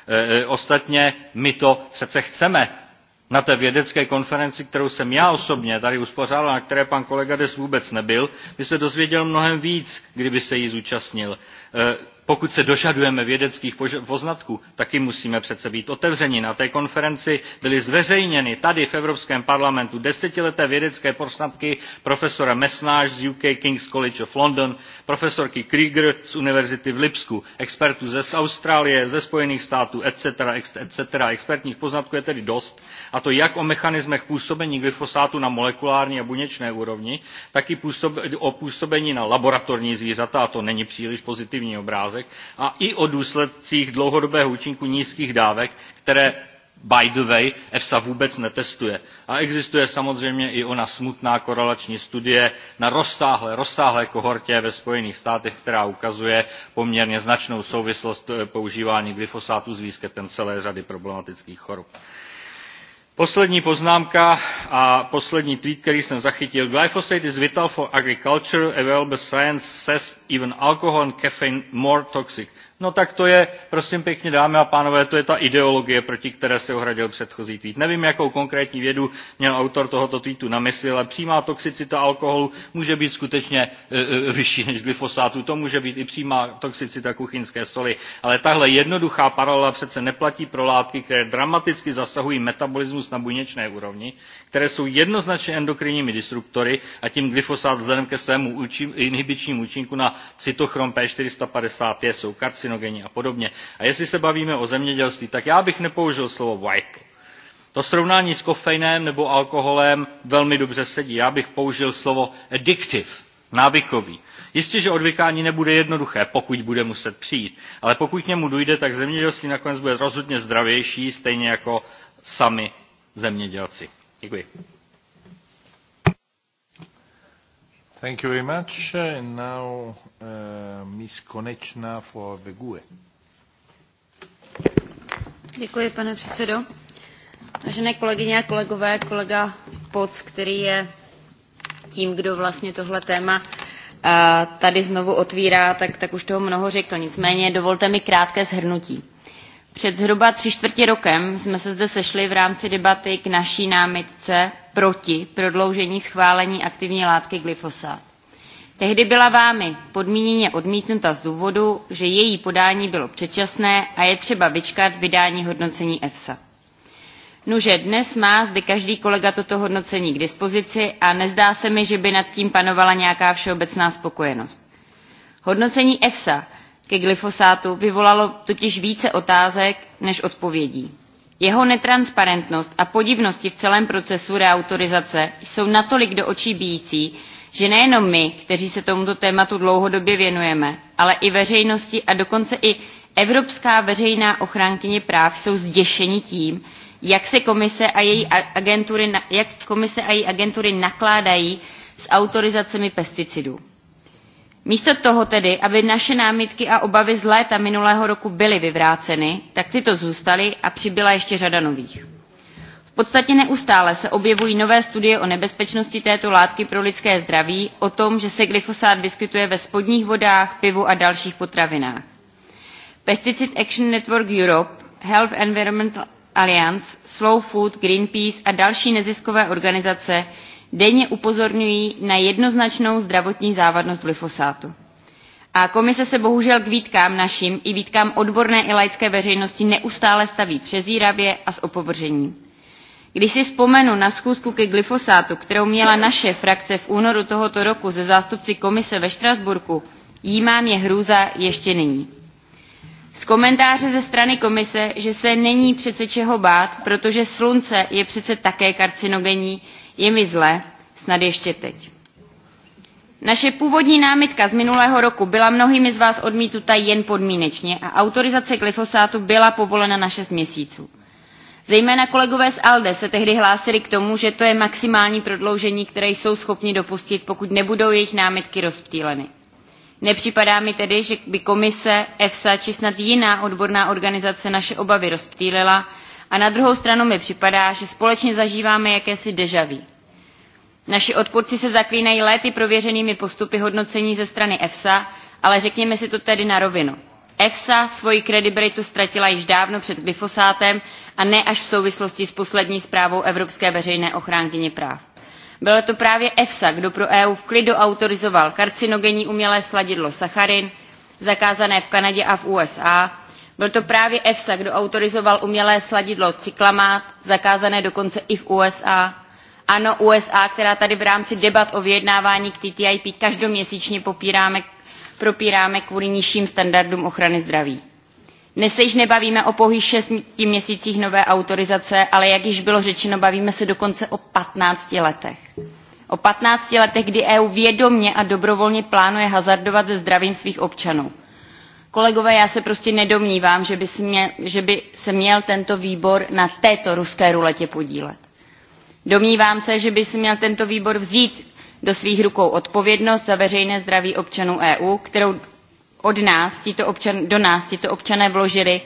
E, ostatně my to přece chceme na té vědecké konferenci kterou jsem já osobně tady uspořádal a na které pan kolega dess vůbec nebyl by se dozvěděl mnohem víc kdyby se jí zúčastnil. Eh, pokud se dožadujeme vědeckých poznatků taky musíme přece být otevřeni. na té konferenci byly zveřejněny tady v evropském parlamentu desetileté vědecké poznatky profesora mesnage z uk kings college of london profesorky krieger z univerzity v lipsku expertů z austrálie ze spojených států etc. expertních poznatků je tedy dost a to jak o mechanismech působení glyfosátu na molekulární a buněčné úrovni tak i o působení na laboratorní zvířata a to není příliš pozitivní obrázek dávek a i o důsledcích dlouhodobého účinku nízkých dávek které by the way efsa vůbec netestuje. a existuje samozřejmě i ona smutná korelační studie na rozsáhlé rozsáhlé kohortě ve spojených státech která ukazuje poměrně značnou souvislost eh, používání glyfosátu s výskytem celé řady problematických chorob poslední poznámka a poslední tweet který jsem zachytil glyphosate is vital for agriculture available science says even alcohol and caffeine more toxic. No tak to je, prosím pěkně, dámy a pánové, to je ta ideologie, proti které se ohradil předchozí tweet. Nevím, jakou konkrétní vědu měl autor tohoto tweetu na mysli, ale přímá toxicita alkoholu může být skutečně e, e, vyšší než glyfosátu. To může být i přímá toxicita kuchyňské soli. Ale tahle jednoduchá paralela přece neplatí pro látky, které dramaticky zasahují metabolismus na buněčné úrovni, které jsou jednoznačně endokrinními disruptory a tím glyfosát vzhledem ke svému inhibičnímu účinku na cytochrom P450 je, jsou karci- karcinogenní a podobně. a jestli se bavíme o zemědělství tak já bych nepoužil slovo vital. to srovnání s kofeinem nebo alkoholem velmi dobře sedí. já bych použil slovo addictive návykový. Jistě, že odvykání nebude jednoduché, pokud bude muset přijít, ale pokud k němu dojde, tak zemědělství nakonec bude rozhodně zdravější, stejně jako sami zemědělci. Děkuji. Uh, e. pane předsedající vážené kolegyně a kolegové kolega poc který je tím kdo vlastně tohle téma eh, tady znovu otvírá tak už toho mnoho řekl nicméně dovolte mi krátké shrnutí. před zhruba tři čtvrtě rokem jsme se zde sešli v rámci debaty k naší námitce proti prodloužení schválení aktivní látky glyfosát. Tehdy byla vámi podmíněně odmítnuta z důvodu, že její podání bylo předčasné a je třeba vyčkat vydání hodnocení EFSA. Nuže, dnes má zde každý kolega toto hodnocení k dispozici a nezdá se mi, že by nad tím panovala nějaká všeobecná spokojenost. Hodnocení EFSA ke glyfosátu vyvolalo totiž více otázek než odpovědí jeho netransparentnost a podivnosti v celém procesu reautorizace jsou natolik do očí bijící že nejenom my kteří se tomuto tématu dlouhodobě věnujeme ale i veřejnosti a dokonce i evropská veřejná ochránkyně práv jsou zděšeni tím jak se komise a její agentury, jak komise a její agentury nakládají s autorizacemi pesticidů. Místo toho tedy, aby naše námitky a obavy z léta minulého roku byly vyvráceny, tak tyto zůstaly a přibyla ještě řada nových. V podstatě neustále se objevují nové studie o nebezpečnosti této látky pro lidské zdraví, o tom, že se glyfosát vyskytuje ve spodních vodách, pivu a dalších potravinách. Pesticid Action Network Europe, Health Environmental Alliance, Slow Food, Greenpeace a další neziskové organizace denně upozorňují na jednoznačnou zdravotní závadnost glyfosátu. A komise se bohužel k výtkám našim i výtkám odborné i laické veřejnosti neustále staví přezíravě a s opovržením. Když si vzpomenu na schůzku ke glyfosátu, kterou měla naše frakce v únoru tohoto roku ze zástupci komise ve Štrasburku, jí mám je hrůza ještě nyní. Z komentáře ze strany komise, že se není přece čeho bát, protože slunce je přece také karcinogenní, je mi zle, snad ještě teď. Naše původní námitka z minulého roku byla mnohými z vás odmítuta jen podmínečně a autorizace glyfosátu byla povolena na 6 měsíců. Zejména kolegové z ALDE se tehdy hlásili k tomu, že to je maximální prodloužení, které jsou schopni dopustit, pokud nebudou jejich námitky rozptýleny. Nepřipadá mi tedy, že by komise, EFSA či snad jiná odborná organizace naše obavy rozptýlila, A na druhou stranu mi připadá, že společně zažíváme jakési dežaví. Naši odporci se zaklínají léty prověřenými postupy hodnocení ze strany EFSA, ale řekněme si to tedy na rovinu. EFSA svoji kredibilitu ztratila již dávno před glyfosátem a ne až v souvislosti s poslední zprávou Evropské veřejné ochránkyně práv. Bylo to právě EFSA, kdo pro EU v klidu autorizoval karcinogenní umělé sladidlo sacharin, zakázané v Kanadě a v USA, byl to právě efsa kdo autorizoval umělé sladidlo cyklamát zakázané dokonce i v usa ano usa která tady v rámci debat o vyjednávání k ttip každoměsíčně popíráme, propíráme kvůli nižším standardům ochrany zdraví. dnes se již nebavíme o pouhých šesti měsících nové autorizace ale jak již bylo řečeno bavíme se dokonce o patnácti letech. o patnácti letech kdy eu vědomě a dobrovolně plánuje hazardovat se zdravím svých občanů kolegové já se prostě nedomnívám že by se měl tento výbor na této ruské ruletě podílet. domnívám se že by si měl tento výbor vzít do svých rukou odpovědnost za veřejné zdraví občanů eu kterou od nás tito občan, do nás tito občané vložili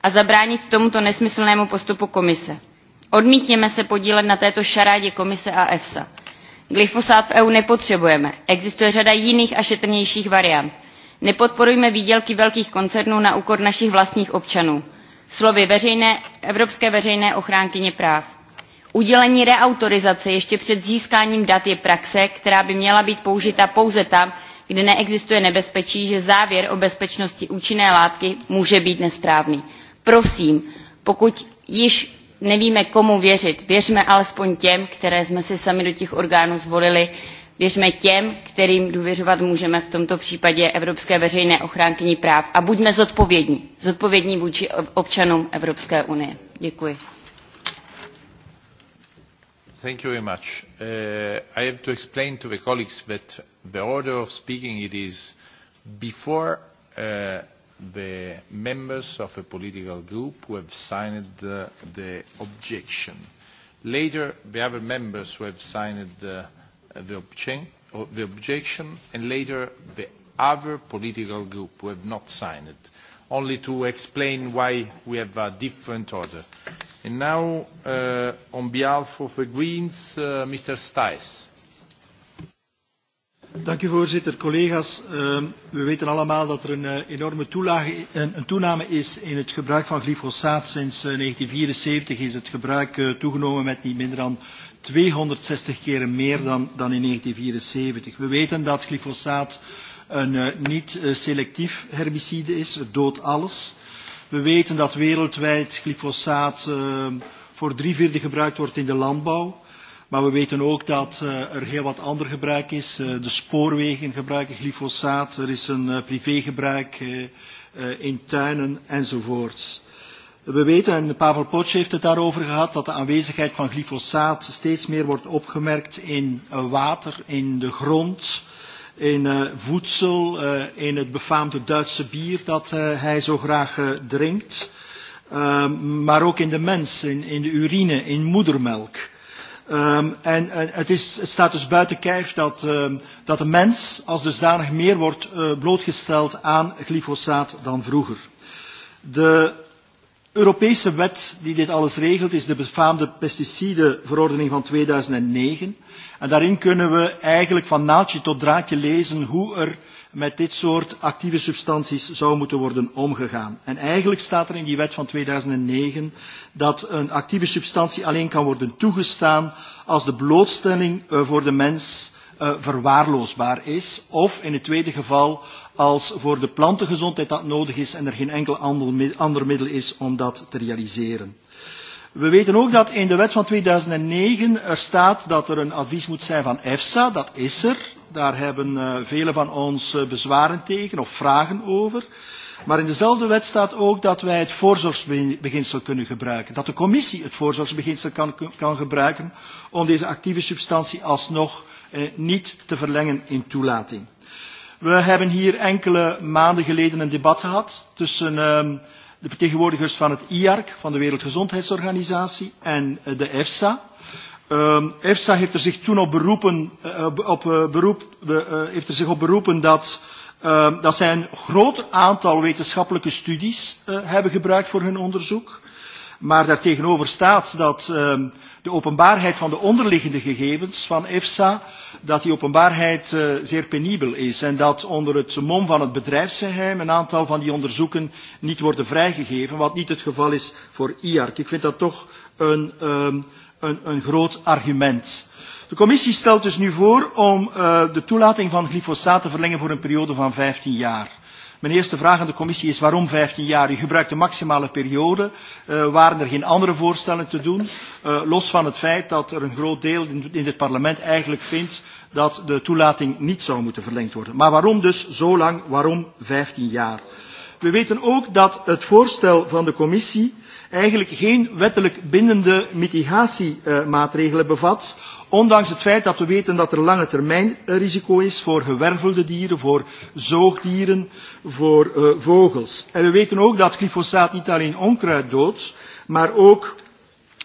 a zabránit tomuto nesmyslnému postupu komise. odmítněme se podílet na této šarádě komise a efsa. glyfosát v eu nepotřebujeme existuje řada jiných a šetrnějších variant nepodporujme výdělky velkých koncernů na úkor našich vlastních občanů slovy evropské veřejné ochránkyně práv. udělení reautorizace ještě před získáním dat je praxe která by měla být použita pouze tam kde neexistuje nebezpečí že závěr o bezpečnosti účinné látky může být nesprávný. prosím pokud již nevíme komu věřit věřme alespoň těm které jsme si sami do těch orgánů zvolili věřme těm kterým důvěřovat můžeme v tomto případě evropské veřejné ochránkyni práv a buďme zodpovědní zodpovědní vůči občanům evropské unie. děkuji. thank you very much. Uh, i have to explain to the colleagues that the order of speaking it is before uh, the members of a political group who have signed the, the objection. later the other members who have signed the, uh, Uh, the, objection, or the objection and later the other political group who have not signed it, only to explain why we have a different order. And now, uh, on behalf of the Greens, uh, Mr. Stijs. Dank u voorzitter. Collega's, uh, we weten allemaal dat er een uh, enorme toelage, een, een toename is in het gebruik van glyfosaat. Sinds uh, eh, 1974 is het gebruik uh, toegenomen met niet minder dan 260 keren meer dan, dan in 1974. We weten dat glyfosaat een uh, eh, niet-selectief eh, uh, herbicide is. Het doodt alles. We weten dat wereldwijd glyfosaat uh, voor drie vierde gebruikt wordt in de landbouw. Maar we weten ook dat uh, er heel wat ander gebruik is. Uh, de spoorwegen gebruiken glyfosaat. Er is een uh, privégebruik uh, uh, in tuinen enzovoorts. Uh, We weten, en Pavel Potsch heeft het daarover gehad, dat de aanwezigheid van glyfosaat steeds meer wordt opgemerkt in eh, water, in de grond, in eh, voedsel, eh, in het befaamde Duitse bier dat hij zo graag drinkt. Ehm, maar ook in de mens, in de urine, in moedermelk. Um, en en het, is, het staat dus buiten kijf dat, um, dat de mens als dusdanig meer wordt uh, blootgesteld aan glyfosaat dan vroeger. De Europese wet die dit alles regelt is de befaamde pesticidenverordening van 2009. En daarin kunnen we eigenlijk van naaldje tot draadje lezen hoe er met dit soort actieve substanties zou moeten worden omgegaan. En eigenlijk staat er in die wet van 2009 dat een actieve substantie alleen kan worden toegestaan als de blootstelling eh, voor de mens eh, verwaarloosbaar is of in het tweede geval als voor de plantengezondheid dat nodig is en er geen enkel ander middel is om dat te realiseren. We weten ook dat in de wet van 2009 er staat dat er een advies moet zijn van EFSA. Dat is er. Daar hebben uh, eh, velen van ons uh, bezwaren tegen of vragen over. Maar in dezelfde wet staat ook dat wij het voorzorgsbeginsel kunnen gebruiken. Dat de commissie het voorzorgsbeginsel kan, kan gebruiken om deze actieve substantie alsnog uh, niet te verlengen in toelating. We hebben hier enkele maanden geleden een debat gehad tussen um, de vertegenwoordigers van het IARC, van de Wereldgezondheidsorganisatie, en uh, de EFSA. Um, EFSA heeft er zich toen op beroepen, uh, op, uh, beroep, uh, uh, heeft er zich op beroepen dat, uh, dat zij een groot aantal wetenschappelijke studies uh, hebben gebruikt voor hun onderzoek. Maar daartegenover staat dat uh, de openbaarheid van de onderliggende gegevens van EFSA, dat die openbaarheid uh, zeer penibel is en dat onder het mom van het bedrijfsgeheim een aantal van die onderzoeken niet worden vrijgegeven, wat niet het geval is voor IARC. Ik vind dat toch een, um, een, een groot argument. De commissie stelt dus nu voor om uh, de toelating van glyfosaat te verlengen voor een periode van 15 jaar. Mijn eerste vraag aan de commissie is waarom 15 jaar? U gebruikt de maximale periode. Uh, waren er geen andere voorstellen te doen? Uh, los van het feit dat er een groot deel in, in dit parlement eigenlijk vindt dat de toelating niet zou moeten verlengd worden. Maar waarom dus zo lang? Waarom 15 jaar? We weten ook dat het voorstel van de commissie uh, eigenlijk geen wettelijk bindende mitigatiemaatregelen bevat, ondanks het feit dat we weten dat er lange termijn risico is voor gewervelde dieren, voor zoogdieren, voor uh, vogels. En we weten ook dat glyfosaat niet alleen onkruid doodt, maar ook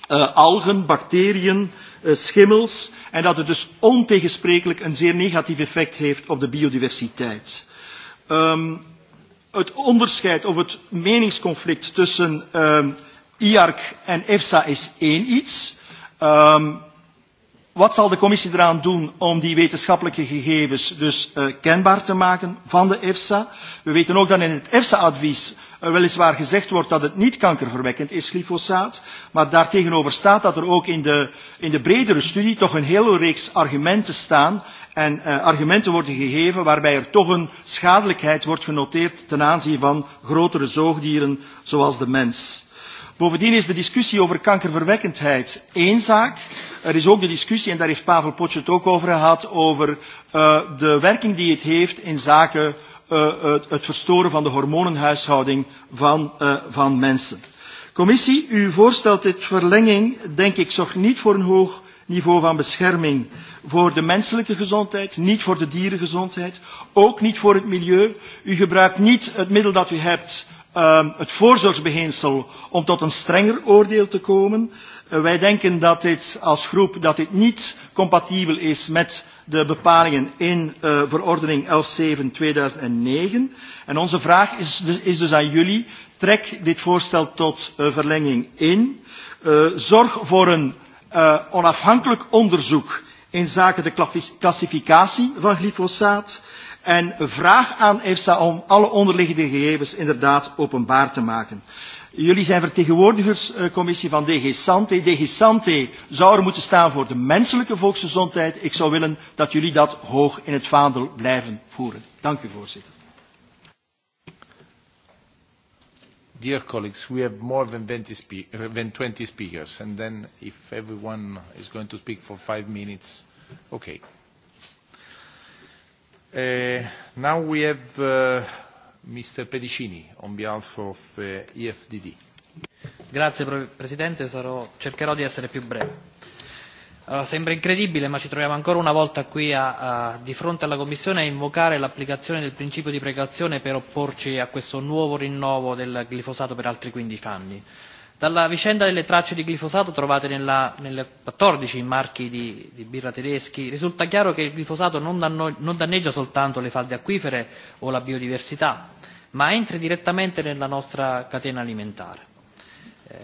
uh, algen, bacteriën, uh, schimmels, en dat het dus ontegensprekelijk een zeer negatief effect heeft op de biodiversiteit. Um, het onderscheid of het meningsconflict tussen uh, IARC en EFSA is één iets. Um, wat zal de commissie eraan doen om die wetenschappelijke gegevens dus uh, kenbaar te maken van de EFSA? We weten ook dat in het EFSA-advies uh, eh, weliswaar gezegd wordt dat het niet kankerverwekkend is, glyfosaat. Maar daartegenover staat dat er ook in de, in de bredere studie toch een hele reeks argumenten staan. En uh, argumenten worden gegeven waarbij er toch een schadelijkheid wordt genoteerd ten aanzien van grotere zoogdieren zoals de mens. Bovendien is de discussie over kankerverwekkendheid één zaak. Er is ook de discussie, en daar heeft Pavel Potje het ook over gehad, over uh, de werking die het heeft in zaken uh, het, het verstoren van de hormonenhuishouding van, uh, van mensen. Commissie, u voorstelt dit verlenging, denk ik, zorgt niet voor een hoog niveau van bescherming voor de menselijke gezondheid, niet voor de dierengezondheid, ook niet voor het milieu. U gebruikt niet het middel dat u hebt um, het voorzorgsbeheersel om tot een strenger oordeel te komen. Uh, wij denken dat dit als groep dat dit niet compatibel is met de bepalingen in uh, verordening 11.7.2009. En onze vraag is dus, is dus aan jullie, trek dit voorstel tot uh, verlenging in. Uh, zorg voor een uh, onafhankelijk onderzoek in zaken de klassificatie van glyfosaat. Uh, En vraag aan EFSA om alle onderliggende gegevens inderdaad openbaar te maken. Jullie zijn vertegenwoordigerscommissie eh, van DG Sante. DG Sante zou er moeten staan voor de menselijke volksgezondheid. Ik zou willen dat jullie dat hoog in het vaandel blijven voeren. Dank u voorzitter. Dear colleagues, we have more than 20, spe uh, than 20 speakers. And then if everyone is going to speak for five minutes, okay. Eh, now we have uh, Mr. Pedicini on behalf of uh, EFDD. Grazie Presidente, sarò, cercherò di essere più breve. Allora, sembra incredibile, ma ci troviamo ancora una volta qui a, a, di fronte alla Commissione a invocare l'applicazione del principio di precauzione per opporci a questo nuovo rinnovo del glifosato per altri 15 anni. Eh, Dalla vicenda delle tracce di glifosato trovate nella, nelle 14 marchi di, di birra tedeschi risulta chiaro che il glifosato non, danno, non danneggia soltanto le falde acquifere o la biodiversità, ma entra direttamente nella nostra catena alimentare. Eh,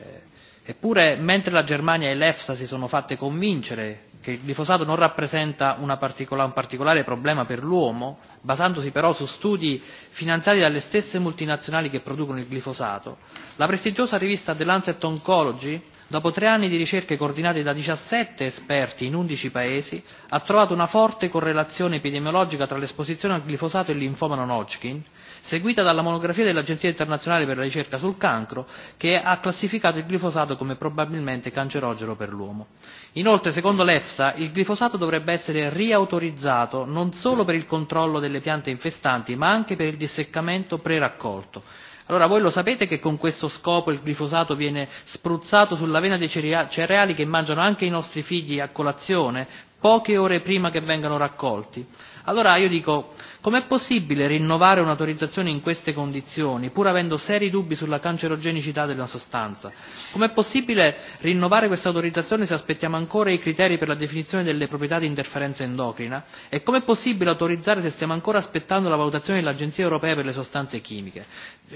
eppure, mentre la Germania e l'EFSA si sono fatte convincere che il glifosato non rappresenta una particola, un particolare problema per l'uomo, basandosi però su studi finanziati dalle stesse multinazionali che producono il glifosato, la prestigiosa rivista The Lancet Oncology, dopo tre anni di ricerche coordinate da 17 esperti in 11 paesi, ha trovato una forte correlazione epidemiologica tra l'esposizione al glifosato e il linfoma non Hodgkin, seguita dalla monografia dell'Agenzia internazionale per la ricerca sul cancro, che ha classificato il glifosato come probabilmente cancerogeno per l'uomo. Inoltre, secondo l'EFSA, il glifosato dovrebbe essere riautorizzato non solo per il controllo delle piante infestanti, ma anche per il disseccamento preraccolto. Allora, voi lo sapete che con questo scopo il glifosato viene spruzzato sulla vena dei cereali che mangiano anche i nostri figli a colazione, poche ore prima che vengano raccolti? Allora, io dico, Com'è possibile rinnovare un'autorizzazione in queste condizioni, pur avendo seri dubbi sulla cancerogenicità della sostanza? Com'è possibile rinnovare questa autorizzazione se aspettiamo ancora i criteri per la definizione delle proprietà di interferenza endocrina? E com'è possibile autorizzare se stiamo ancora aspettando la valutazione dell'Agenzia europea per le sostanze chimiche?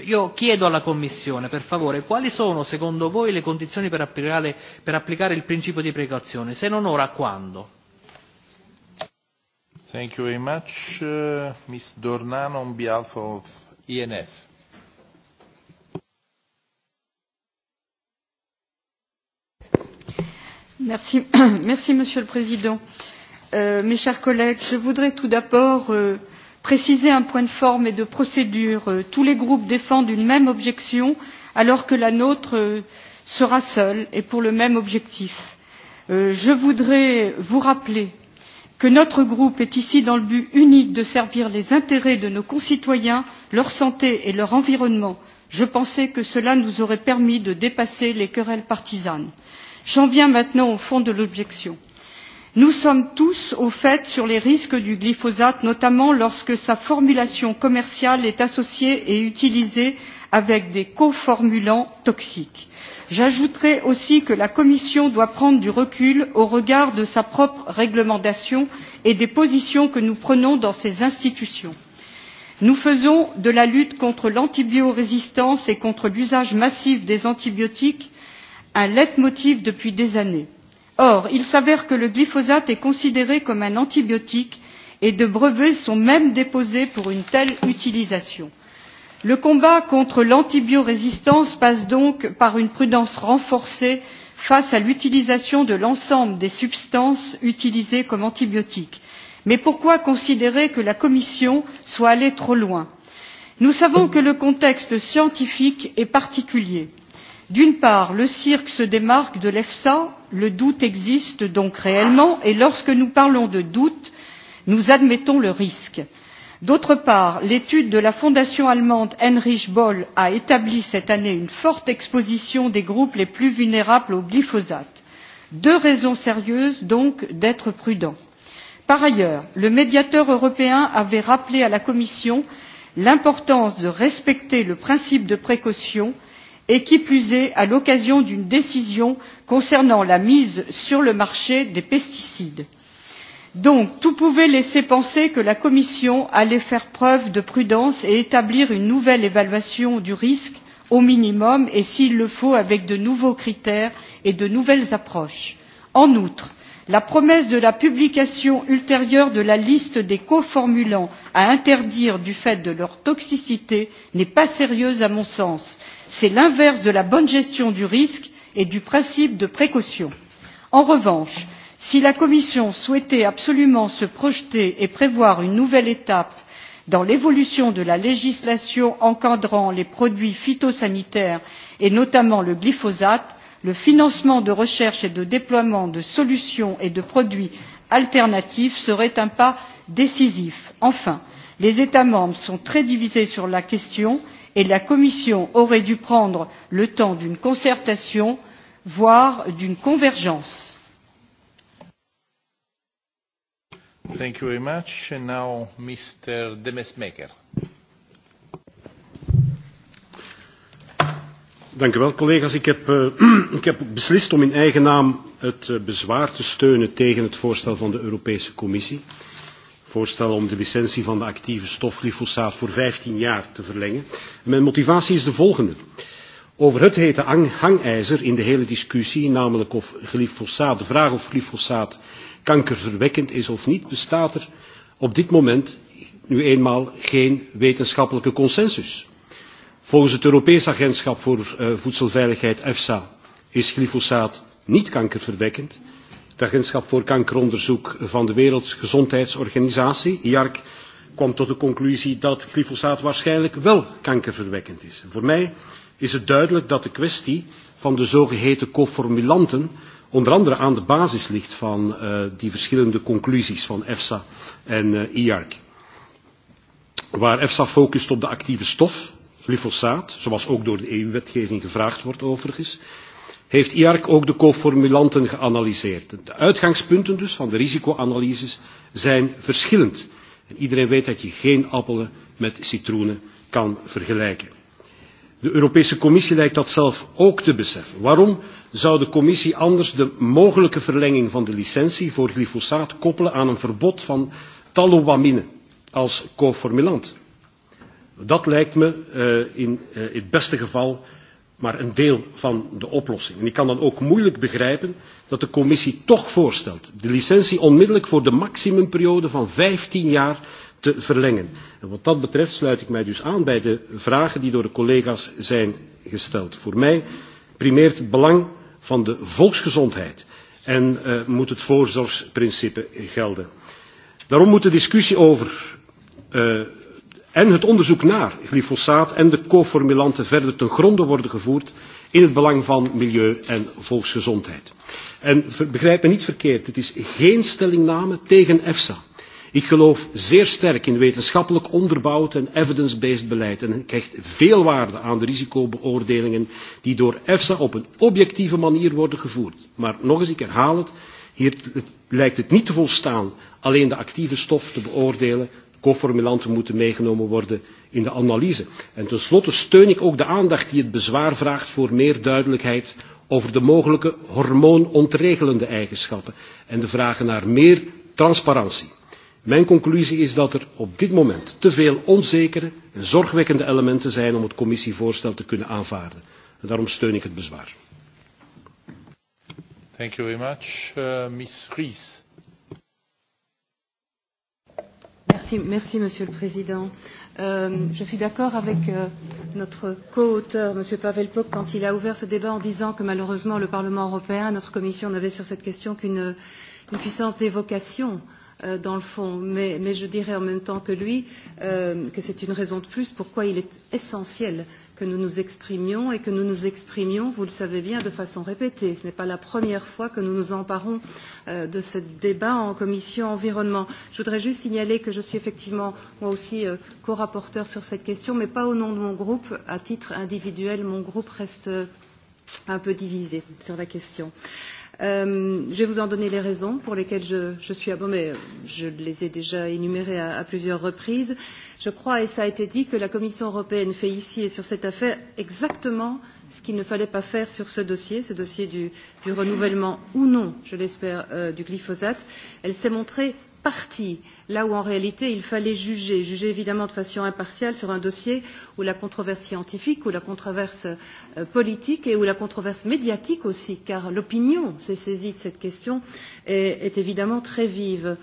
Io chiedo alla Commissione, per favore, quali sono secondo voi le condizioni per applicare, per applicare il principio di precauzione? Se non ora, quando? Uh, e *coughs* monsieur le président euh, mes chers collègues je voudrais tout d'abord euh, préciser un point de forme et de procédure euh, tous les groupes défendent une même objection alors que la nôtre sera seule et pour le même objectif. je voudrais vous rappeler que notre groupe est ici dans le but unique de servir les intérêts de nos concitoyens leur santé et leur environnement je pensais que cela nous aurait permis de dépasser les querelles partisanes. j'en viens maintenant au fond de l'objection. nous sommes tous au fait sur les risques du glyphosate notamment lorsque sa formulation commerciale est associée et utilisée avec des coformulants toxiques j'ajouterai aussi que la commission doit prendre du recul au regard de sa propre réglementation et des positions que nous prenons dans ces institutions. nous faisons de la lutte contre l'antibiorésistance et contre l'usage massif des antibiotiques un leitmotiv depuis des années. or il s'avère que le glyphosate est considéré comme un antibiotique et des brevets sont même déposés pour une telle utilisation. Le combat contre l'antibiorésistance passe donc par une prudence renforcée face à l'utilisation de l'ensemble des substances utilisées comme antibiotiques. Mais pourquoi considérer que la Commission soit allée trop loin Nous savons que le contexte scientifique est particulier. D'une part, le cirque se démarque de l'EFSA, le doute existe donc réellement, et lorsque nous parlons de doute, nous admettons le risque d'autre part l'étude de la fondation allemande heinrich boll a établi cette année une forte exposition des groupes les plus vulnérables au glyphosate deux raisons sérieuses donc d'être prudent. par ailleurs le médiateur européen avait rappelé à la commission l'importance de respecter le principe de précaution et qui plus est à l'occasion d'une décision concernant la mise sur le marché des pesticides donc tout pouvait laisser penser que la commission allait faire preuve de prudence et établir une nouvelle évaluation du risque au minimum et s'il le faut avec de nouveaux critères et de nouvelles approches. en outre la promesse de la publication ultérieure de la liste des coformulants à interdire du fait de leur toxicité n'est pas sérieuse à mon sens. c'est l'inverse de la bonne gestion du risque et du principe de précaution. en revanche si la commission souhaitait absolument se projeter et prévoir une nouvelle étape dans l'évolution de la législation encadrant les produits phytosanitaires et notamment le glyphosate le financement de recherche et de déploiement de solutions et de produits alternatifs serait un pas décisif. enfin les états membres sont très divisés sur la question et la commission aurait dû prendre le temps d'une concertation voire d'une convergence. gospod predsednik hvala lepa za besedo. danes smo pred vprašanjem ki je vezano na zagotavljanje varnosti in sigurnosti cestnega prometa. vprašanje je namenjeno komisarju oettingeru. voorstel om de licentie van de actieve stof glyfosaat voor vijftien jaar te verlengen. mijn motivatie is de volgende over het hete hangijzer in de hele discussie namelijk of glyfosaat de vraag of glyfosaat kankerverwekkend is of niet, bestaat er op dit moment nu eenmaal geen wetenschappelijke consensus. Volgens het Europees Agentschap voor eh, Voedselveiligheid, EFSA, is glyfosaat niet kankerverwekkend. Het Agentschap voor Kankeronderzoek van de Wereldgezondheidsorganisatie, IARC, kwam tot de conclusie dat glyfosaat waarschijnlijk wel kankerverwekkend is. En voor mij is het duidelijk dat de kwestie van de zogeheten coformulanten onder andere aan de basis ligt van uh, die verschillende conclusies van EFSA en uh, IARC. Waar EFSA focust op de actieve stof, glyfosaat, zoals ook door de EU-wetgeving gevraagd wordt overigens, heeft IARC ook de coformulanten geanalyseerd. De uitgangspunten dus van de risicoanalyses zijn verschillend. En iedereen weet dat je geen appelen met citroenen kan vergelijken de europese commissie lijkt dat zelf ook te beseffen. waarom zou de commissie anders de mogelijke verlenging van de licentie voor glyfosaat koppelen aan een verbod van tallowamine als coformulant? dat lijkt me eh, in eh, het beste geval maar een deel van de oplossing. ik kan dan ook moeilijk begrijpen dat de commissie toch voorstelt de licentie onmiddellijk voor de maximumperiode van vijftien jaar te verlengen. En wat dat betreft sluit ik mij dus aan bij de vragen die door de collega's zijn gesteld. Voor mij primeert het belang van de volksgezondheid en uh, moet het voorzorgsprincipe gelden. Daarom moet de discussie over uh, en het onderzoek naar glyfosaat en de coformulanten verder ten gronde worden gevoerd in het belang van milieu en volksgezondheid. En begrijp me niet verkeerd, het is geen stellingname tegen EFSA ik geloof zeer sterk in wetenschappelijk onderbouwd en evidence based beleid en hecht veel waarde aan de risicobeoordelingen die door efsa op een objectieve manier worden gevoerd. maar nogmaals ik herhaal het hier lijkt het niet te volstaan alleen de actieve stof te beoordelen coformulanten moeten meegenomen worden in de analyse. ten slotte steun ik ook de aandacht die het bezwaar vraagt voor meer duidelijkheid over de mogelijke hormoonontregelende eigenschappen en de vragen naar meer transparantie mijn conclusie is dat er op dit moment te veel onzekere en zorgwekkende elementen zijn om het commissievoorstel te kunnen aanvaarden en daarom steun ik het bezwaar. Uh, monsieur le président euh, je suis d'accord avec euh, notre coauteur m. pavel poc quand il a ouvert ce débat en disant que malheureusement le parlement européen notre commission n'avait sur cette question qu'une puissance d'évocation euh, dans le fond. Mais, mais je dirais en même temps que lui euh, que c'est une raison de plus pourquoi il est essentiel que nous nous exprimions et que nous nous exprimions, vous le savez bien, de façon répétée. Ce n'est pas la première fois que nous nous emparons euh, de ce débat en commission environnement. Je voudrais juste signaler que je suis effectivement moi aussi euh, co-rapporteur sur cette question, mais pas au nom de mon groupe. À titre individuel, mon groupe reste euh, un peu divisé sur la question. Euh, Euh, je vais vous en donner les raisons pour lesquelles je, je suis à bon, mais je les ai déjà énumérées à, à plusieurs reprises. Je crois, et ça a été dit, que la Commission européenne fait ici et sur cette affaire exactement ce qu'il ne fallait pas faire sur ce dossier, ce dossier du, du renouvellement ou non, je l'espère, euh, du glyphosate. Elle s'est montrée partie là où en réalité il fallait juger, juger évidemment de façon impartiale sur un dossier où la controverse scientifique, où la controverse euh, politique et où la controverse médiatique aussi, car l'opinion s'est saisie de cette question, est, est évidemment très vive.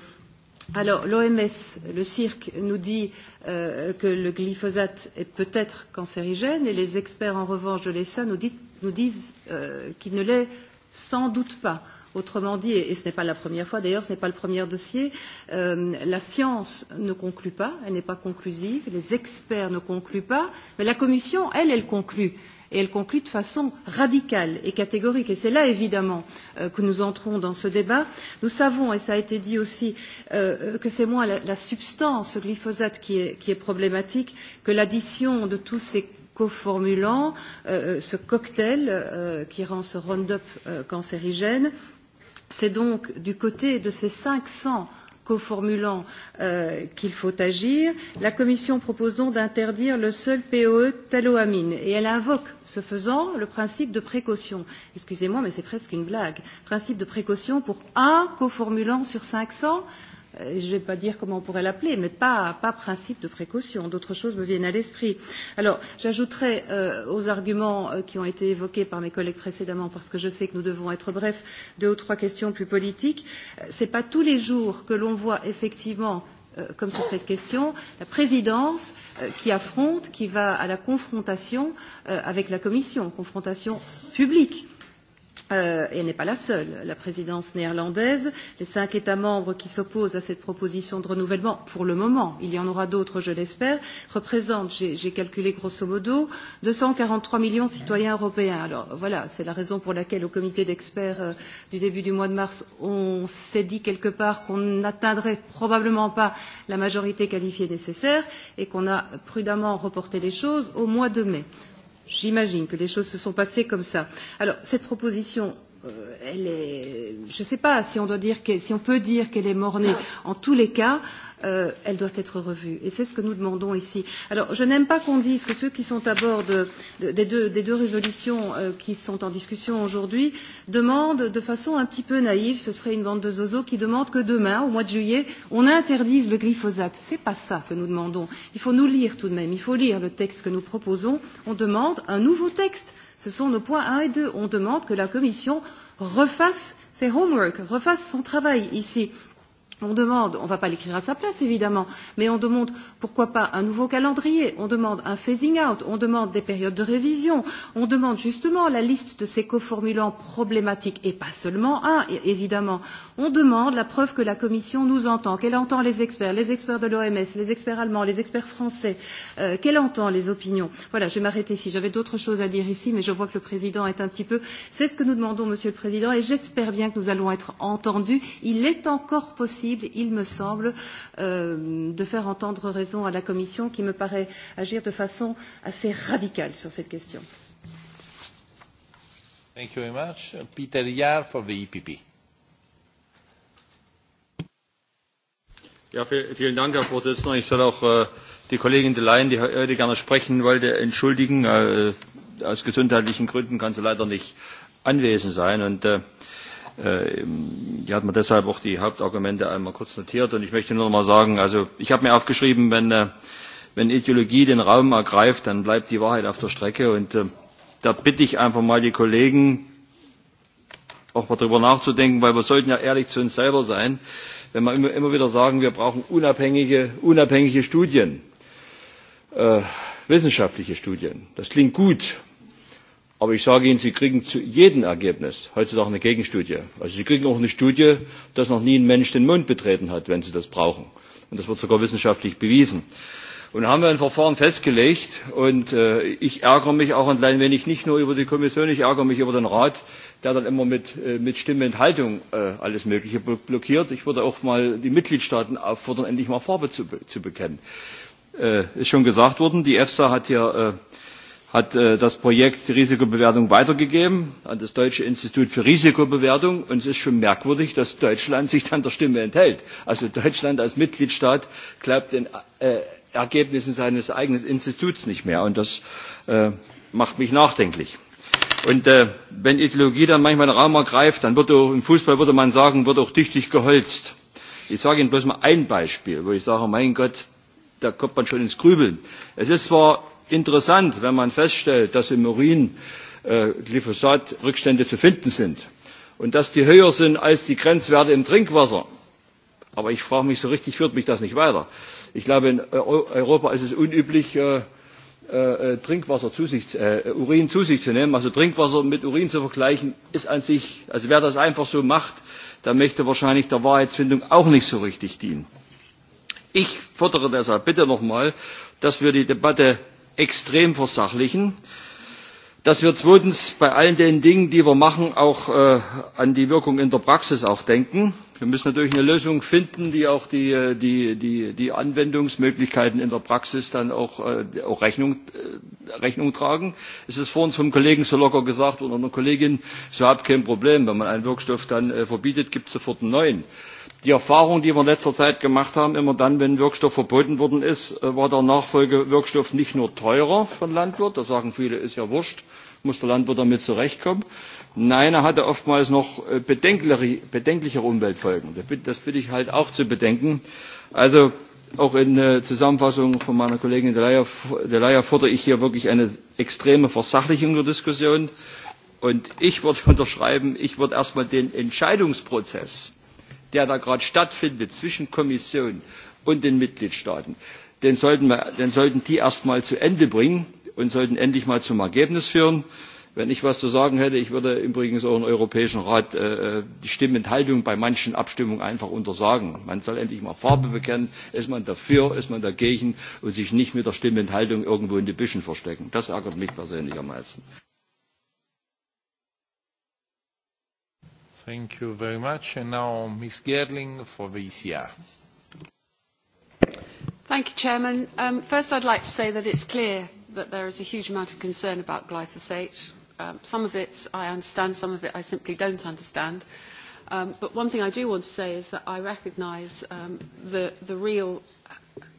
Alors l'OMS, le CIRC, nous dit euh, que le glyphosate est peut-être cancérigène et les experts en revanche de l'ESA nous, dit, nous disent euh, qu'il ne l'est sans doute pas. Autrement dit, et ce n'est pas la première fois d'ailleurs, ce n'est pas le premier dossier, euh, la science ne conclut pas, elle n'est pas conclusive, les experts ne concluent pas, mais la Commission, elle, elle conclut. Et elle conclut de façon radicale et catégorique. Et c'est là, évidemment, euh, que nous entrons dans ce débat. Nous savons, et ça a été dit aussi, euh, que c'est moins la, la substance glyphosate qui est, qui est problématique que l'addition de tous ces coformulants, euh, euh ce cocktail euh, qui rend ce Roundup euh, cancérigène. C'est donc du côté de ces 500 coformulants euh, qu'il faut agir. La Commission propose donc d'interdire le seul POE taloamine et elle invoque, ce faisant, le principe de précaution. Excusez-moi, mais c'est presque une blague. Principe de précaution pour un coformulant sur 500 Euh, je ne vais pas dire comment on pourrait l'appeler, mais pas, pas principe de précaution. D'autres choses me viennent à l'esprit. Alors, j'ajouterai euh, aux arguments euh, qui ont été évoqués par mes collègues précédemment, parce que je sais que nous devons être brefs, deux ou trois questions plus politiques. Euh, Ce n'est pas tous les jours que l'on voit effectivement comme sur cette question, la présidence qui affronte, qui va à la confrontation avec la Commission, confrontation publique. Euh, et elle n'est pas la seule la présidence néerlandaise les cinq états membres qui s'opposent à cette proposition de renouvellement pour le moment il y en aura d'autres je l'espère représentent j'ai calculé grosso modo deux cent quarante trois millions de citoyens européens. alors voilà c'est la raison pour laquelle au comité d'experts euh, du début du mois de mars on s'est dit quelque part qu'on n'atteindrait probablement pas la majorité qualifiée nécessaire et qu'on a prudemment reporté les choses au mois de mai j'imagine que les choses se sont passées comme cela. cette proposition euh, elle est, je ne sais pas si on, doit dire que, si on peut dire qu'elle est mornée. En tous les cas, euh, elle doit être revue. Et c'est ce que nous demandons ici. Alors, je n'aime pas qu'on dise que ceux qui sont à bord de, de, des, deux, des deux résolutions euh, qui sont en discussion aujourd'hui demandent de façon un petit peu naïve, ce serait une bande de zozo, qui demande que demain, au mois de juillet, on interdise le glyphosate. Ce n'est pas ça que nous demandons. Il faut nous lire tout de même. Il faut lire le texte que nous proposons. On demande un nouveau texte ce sont nos points un et deux on demande que la commission refasse ses devoirs refasse son travail ici on demande on ne va pas l'écrire à sa place évidemment mais on demande pourquoi pas un nouveau calendrier on demande un phasing out on demande des périodes de révision on demande justement la liste de ces coformulants problématiques et pas seulement un évidemment on demande la preuve que la commission nous entend qu'elle entend les experts les experts de l'oms les experts allemands les experts français euh, qu'elle entend les opinions voilà je vais m'arrêter ici j'avais d'autres choses à dire ici mais je vois que le président est un petit peu c'est ce que nous demandons monsieur le président et j'espère bien que nous allons être entendus il est encore possible possible, il me semble, euh, de faire entendre raison à la Commission, qui me paraît agir de façon assez radicale sur cette question. Thank you very much. Peter Jahr for the EPP. Ja, vielen Dank, Herr Vorsitzender. Ich soll auch äh, die Kollegin de Leyen, die heute gerne sprechen wollte, entschuldigen. Äh, aus gesundheitlichen Gründen kann sie leider nicht anwesend sein. Und äh, Sie äh, hat mir deshalb auch die Hauptargumente einmal kurz notiert. Und ich möchte nur noch mal sagen, also ich habe mir aufgeschrieben, wenn, äh, wenn Ideologie den Raum ergreift, dann bleibt die Wahrheit auf der Strecke. Und äh, da bitte ich einfach mal die Kollegen, auch mal darüber nachzudenken, weil wir sollten ja ehrlich zu uns selber sein, wenn wir immer, immer wieder sagen, wir brauchen unabhängige, unabhängige Studien, äh, wissenschaftliche Studien. Das klingt gut, aber ich sage ihnen sie kriegen zu jedem ergebnis heutzutage eine gegenstudie. also sie kriegen auch eine studie dass noch nie ein mensch den mond betreten hat wenn sie das brauchen. und das wird sogar wissenschaftlich bewiesen. Und haben wir ein Verfahren festgelegt und äh, ich ärgere mich auch ein klein wenig nicht nur über die Kommission, ich ärgere mich über den Rat, der dann immer mit, äh, mit Stimmenthaltung äh, alles Mögliche blockiert. Ich würde auch mal die Mitgliedstaaten auffordern, endlich mal Farbe zu, zu bekennen. Äh, ist schon gesagt worden, die EFSA hat hier äh, hat äh, das Projekt Risikobewertung weitergegeben an das Deutsche Institut für Risikobewertung. Und es ist schon merkwürdig, dass Deutschland sich dann der Stimme enthält. Also Deutschland als Mitgliedstaat glaubt den äh, Ergebnissen seines eigenen Instituts nicht mehr. Und das äh, macht mich nachdenklich. Und äh, wenn Ideologie dann manchmal den Raum ergreift, dann wird auch, im Fußball würde man sagen, wird auch tüchtig geholzt. Ich sage Ihnen bloß mal ein Beispiel, wo ich sage, mein Gott, da kommt man schon ins Grübeln. Es ist zwar interessant, wenn man feststellt, dass im Urin äh, Glyphosat-Rückstände zu finden sind und dass die höher sind als die Grenzwerte im Trinkwasser. Aber ich frage mich so richtig, führt mich das nicht weiter? Ich glaube, in äh, Europa ist es unüblich, äh, Trinkwasser zu sich, äh, Urin zu sich zu nehmen. Also Trinkwasser mit Urin zu vergleichen, ist an sich, also wer das einfach so macht, der möchte wahrscheinlich der Wahrheitsfindung auch nicht so richtig dienen. Ich fordere deshalb bitte nochmal, dass wir die Debatte extrem versachlichen dass wir zweitens bei all den dingen die wir machen auch äh, an die wirkung in der praxis denken wir müssen natürlich eine lösung finden die auch den äh, anwendungsmöglichkeiten in der praxis dann auch äh, rechnung trägt. es ist vorhin vom kollegen so locker gesagt worden oder von der kollegin schwab kein problem wenn man einen wirkstoff dann verbietet gibt es sofort einen neuen die erfahrung die wir in letzter zeit gemacht haben immer dann wenn ein wirkstoff verboten worden ist äh, war der nachfolgewirkstoff nicht nur teurer für den landwirt da sagen viele ist ja wurscht muss der landwirt damit zurechtkommen nein er hatte oftmals noch äh, bedenklichere umweltfolgen. das bitte ich halt auch zu bedenken. also auch in äh, zusammenfassung von meiner kollegin de leyen fordere ich hier wirklich eine extreme versachlichung der diskussion und ich würde *laughs* unterschreiben ich würde erst einmal den entscheidungsprozess der da gerade stattfindet zwischen kommission und den mitgliedstaaten den sollten die erst mal zu ende bringen und sollten endlich mal zum ergebnis führen. wenn ich etwas zu sagen hätte ich würde übrigens auch im europäischen rat äh, äh, die stimmenthaltung bei manchen abstimmungen einfach untersagen. man soll endlich mal farbe bekennen ist man dafür ist man dagegen und sich nicht mit der stimmenthaltung irgendwo in den büschen verstecken. das ärgert mich persönlich am meisten. Thank you very much. And now Ms. Gerling for the ECR. Thank you, Chairman. Um, first, I'd like to say that it's clear that there is a huge amount of concern about glyphosate. Um, some of it I understand, some of it I simply don't understand. Um, but one thing I do want to say is that I recognise um, the, the real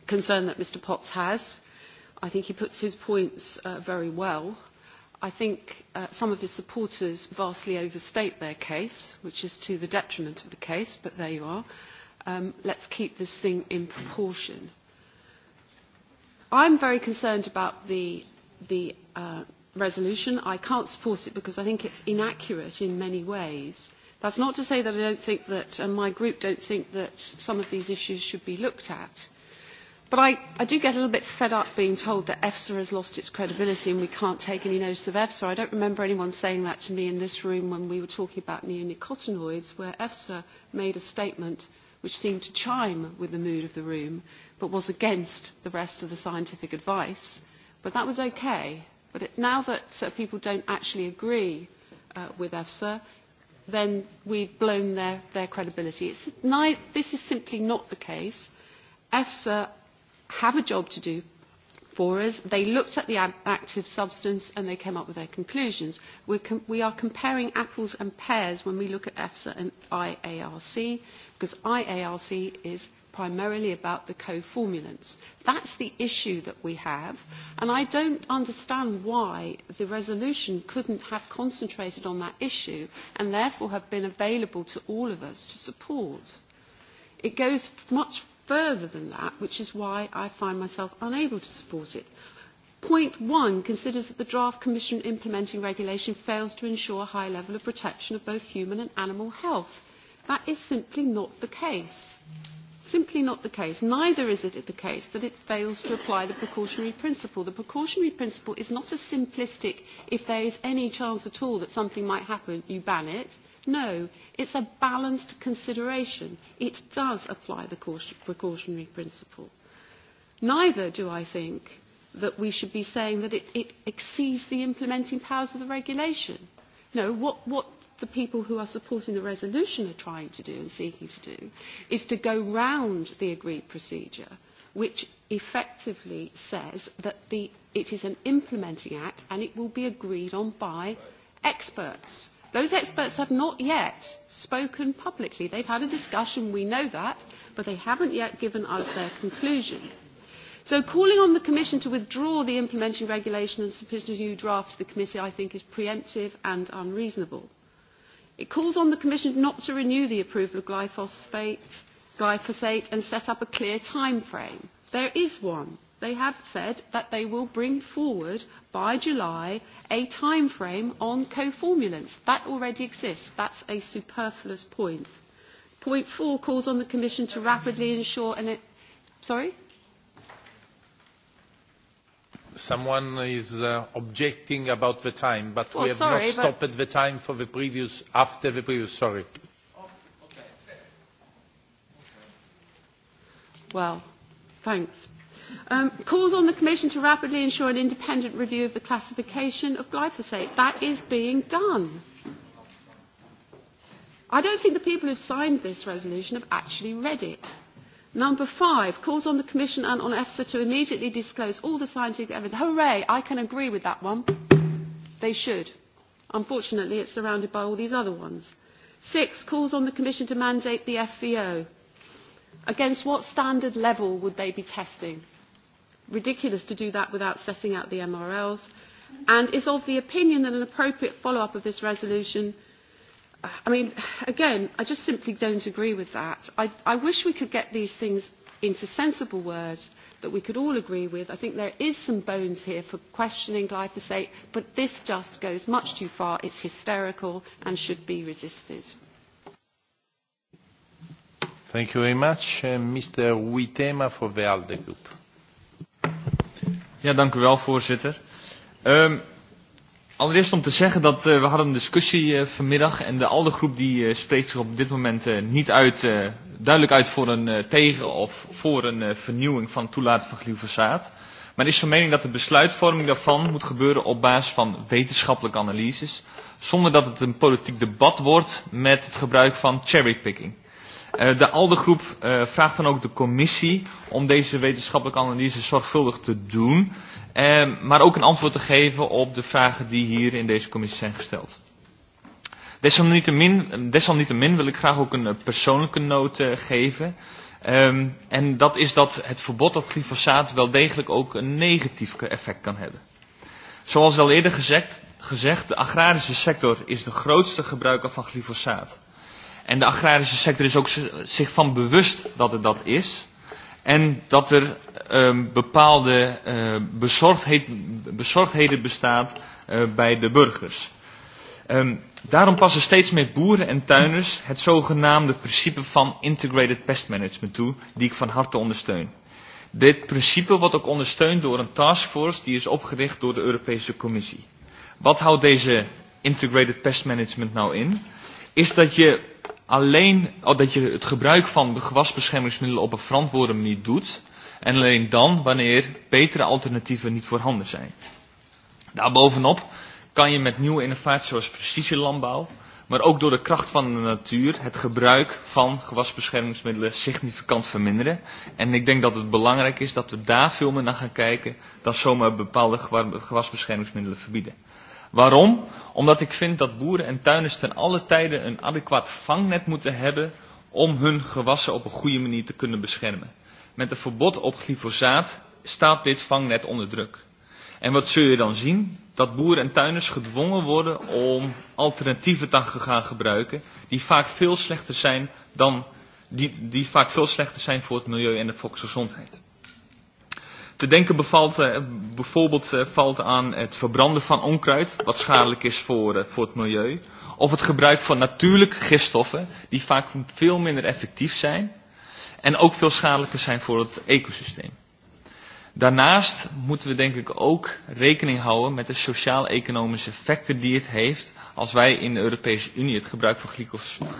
concern that Mr Potts has. I think he puts his points uh, very well. I think uh, some of his supporters vastly overstate their case, which is to the detriment of the case, but there you are. Um, let's keep this thing in proportion. I'm very concerned about the, the uh, resolution. I can't support it because I think it's inaccurate in many ways. That's not to say that I don't think that, and my group don't think that some of these issues should be looked at. Uh, But I, I do get a little bit fed up being told that EFSA has lost its credibility and we can't take any notice of EFSA. I don't remember anyone saying that to me in this room when we were talking about neonicotinoids, where EFSA made a statement which seemed to chime with the mood of the room, but was against the rest of the scientific advice. But that was okay. But it, now that uh, people don't actually agree uh, with EFSA, then we've blown their, their credibility. It's not, this is simply not the case. EFSA have a job to do for us. They looked at the active substance and they came up with their conclusions. We're com- we are comparing apples and pears when we look at EFSA and IARC because IARC is primarily about the co-formulants. That's the issue that we have. And I don't understand why the resolution couldn't have concentrated on that issue and therefore have been available to all of us to support. It goes much further than that, which is why I find myself unable to support it. Point one considers that the draft commission implementing regulation fails to ensure a high level of protection of both human and animal health. That is simply not the case. Simply not the case. Neither is it the case that it fails to apply the precautionary principle. The precautionary principle is not a simplistic, if there is any chance at all that something might happen, you ban it. No, it's a balanced consideration. It does apply the precautionary principle. Neither do I think that we should be saying that it, it exceeds the implementing powers of the regulation. No, what, what the people who are supporting the resolution are trying to do and seeking to do is to go round the agreed procedure, which effectively says that the, it is an implementing act and it will be agreed on by experts. Right. Those experts have not yet spoken publicly. They've had a discussion, we know that, but they haven't yet given us their conclusion. So calling on the Commission to withdraw the implementing regulation and submit a new draft to the Committee, I think, is preemptive and unreasonable. It calls on the Commission not to renew the approval of glyphosate, glyphosate and set up a clear time frame. There is one they have said that they will bring forward by July a time frame on co-formulants. That already exists. That's a superfluous point. Point four calls on the Commission to rapidly ensure and it, e-, sorry? Someone is uh, objecting about the time, but well, oh, we have sorry, not stopped the time for the previous, after the previous, sorry. Well, thanks. Um, calls on the Commission to rapidly ensure an independent review of the classification of glyphosate. That is being done. I don't think the people who've signed this resolution have actually read it. Number five, calls on the Commission and on EFSA to immediately disclose all the scientific evidence. Hooray, I can agree with that one. They should. Unfortunately, it's surrounded by all these other ones. Six, calls on the Commission to mandate the FVO. Against what standard level would they be testing? ridiculous to do that without setting out the MRLs, and is of the opinion that an appropriate follow up of this resolution. I mean, again, I just simply don't agree with that. I, I wish we could get these things into sensible words that we could all agree with. I think there is some bones here for questioning glyphosate, but this just goes much too far. It's hysterical and should be resisted. Thank you very much. Uh, Mr. Witema for the ALDE Group. Ja, dank u wel, voorzitter. Um, allereerst om te zeggen dat uh, we hadden een discussie uh, vanmiddag en de alde groep die uh, spreekt zich op dit moment uh, niet uit, uh, duidelijk uit voor een uh, tegen of voor een uh, vernieuwing van toelaten van glyfosaat. Maar is van mening dat de besluitvorming daarvan moet gebeuren op basis van wetenschappelijke analyses, zonder dat het een politiek debat wordt met het gebruik van cherrypicking. Eh, de ALDE-groep eh, vraagt dan ook de commissie om deze wetenschappelijke analyse zorgvuldig te doen. Eh, maar ook een antwoord te geven op de vragen die hier in deze commissie zijn gesteld. Desalniettemin wil ik graag ook een persoonlijke noot geven. Ehm, en dat is dat het verbod op glyfosaat wel degelijk ook een negatief effect kan hebben. Zoals al eerder gezegd, gezegd, de agrarische sector is de grootste gebruiker van glyfosaat. En de agrarische sector is ook zich van bewust dat het dat is. En dat er um, bepaalde uh, bezorgdheid, bezorgdheden bestaat uh, bij de burgers. Um, daarom passen steeds meer boeren en tuiners het zogenaamde principe van integrated pest management toe, die ik van harte ondersteun. Dit principe wordt ook ondersteund door een taskforce die is opgericht door de Europese Commissie. Wat houdt deze integrated pest management nou in? Is dat je alleen dat je het gebruik van gewasbeschermingsmiddelen op een verantwoorde manier doet. En alleen dan wanneer betere alternatieven niet voorhanden zijn. Daarbovenop kan je met nieuwe innovaties zoals precisielandbouw, maar ook door de kracht van de natuur, het gebruik van gewasbeschermingsmiddelen significant verminderen. En ik denk dat het belangrijk is dat we daar veel meer naar gaan kijken dan zomaar bepaalde gewasbeschermingsmiddelen verbieden. Waarom? Omdat ik vind dat boeren en tuiners ten alle tijde een adequaat vangnet moeten hebben om hun gewassen op een goede manier te kunnen beschermen. Met een verbod op glyfosaat staat dit vangnet onder druk. En wat zul je dan zien? Dat boeren en tuiners gedwongen worden om alternatieven te gaan gebruiken die vaak veel slechter zijn, dan, die, die vaak veel slechter zijn voor het milieu en de volksgezondheid te denken bevalt uh, bijvoorbeeld uh, valt aan het verbranden van onkruid, wat schadelijk is voor, uh, voor het milieu. Of het gebruik van natuurlijke gifstoffen, die vaak veel minder effectief zijn en ook veel schadelijker zijn voor het ecosysteem. Daarnaast moeten we denk ik ook rekening houden met de sociaal-economische effecten die het heeft als wij in de Europese Unie het gebruik van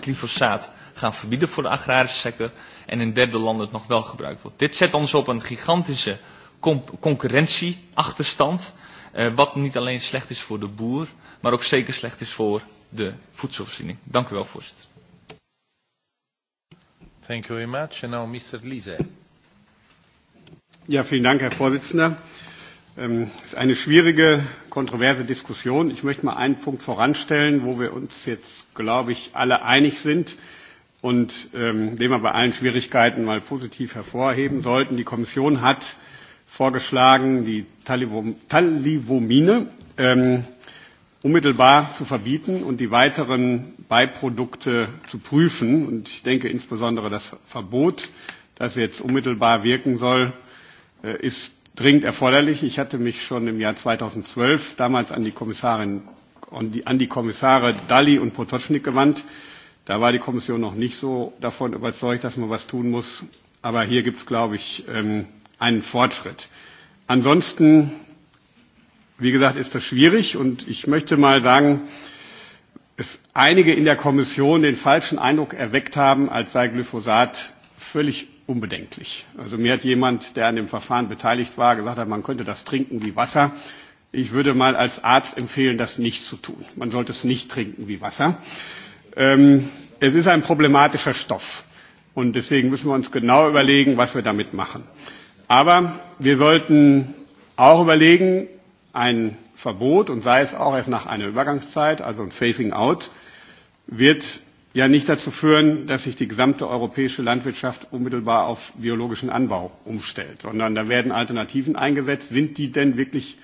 glyfosaat gaan verbieden voor de agrarische sector en in derde landen het nog wel gebruikt wordt. Dit zet ons op een gigantische concurrentieachterstand eh, wat niet alleen slecht is voor de boer maar ook zeker slecht is voor de voedselvoorziening. Dank u wel voorzitter. Thank you very much. And now Mr. Lise. Ja, vielen Dank, Herr Vorsitzender. Es ähm, ist eine schwierige, kontroverse Diskussion. Ich möchte mal einen Punkt voranstellen, wo wir uns jetzt, glaube ich, alle einig sind und ähm, den wir bei allen Schwierigkeiten mal positiv hervorheben sollten. Die Kommission hat äh, vorgeschlagen, die Talivomine ähm, unmittelbar zu verbieten und die weiteren Beiprodukte zu prüfen. Und ich denke insbesondere das Verbot, das jetzt unmittelbar wirken soll, äh, ist dringend erforderlich. Ich hatte mich schon im Jahr 2012 damals an die Kommissarin und die, an die Kommissare Dalli und Potocznik gewandt. Da war die Kommission noch nicht so davon überzeugt, dass man was tun muss. Aber hier gibt es, glaube ich, ähm, einen Fortschritt. Ansonsten, wie gesagt, ist das schwierig und ich möchte mal sagen, dass einige in der Kommission den falschen Eindruck erweckt haben, als sei Glyphosat völlig unbedenklich. Also mir hat jemand, der an dem Verfahren beteiligt war, gesagt, man könnte das trinken wie Wasser. Ich würde mal als Arzt empfehlen, das nicht zu tun. Man sollte es nicht trinken wie Wasser. Ähm, es ist ein problematischer Stoff. Und deswegen müssen wir uns genau überlegen, was wir damit machen. Aber wir sollten auch überlegen, ein Verbot, und sei es auch erst nach einer Übergangszeit, also ein Phasing Out, wird ja nicht dazu führen, dass sich die gesamte europäische Landwirtschaft unmittelbar auf biologischen Anbau umstellt, sondern da werden Alternativen eingesetzt. Sind die denn wirklich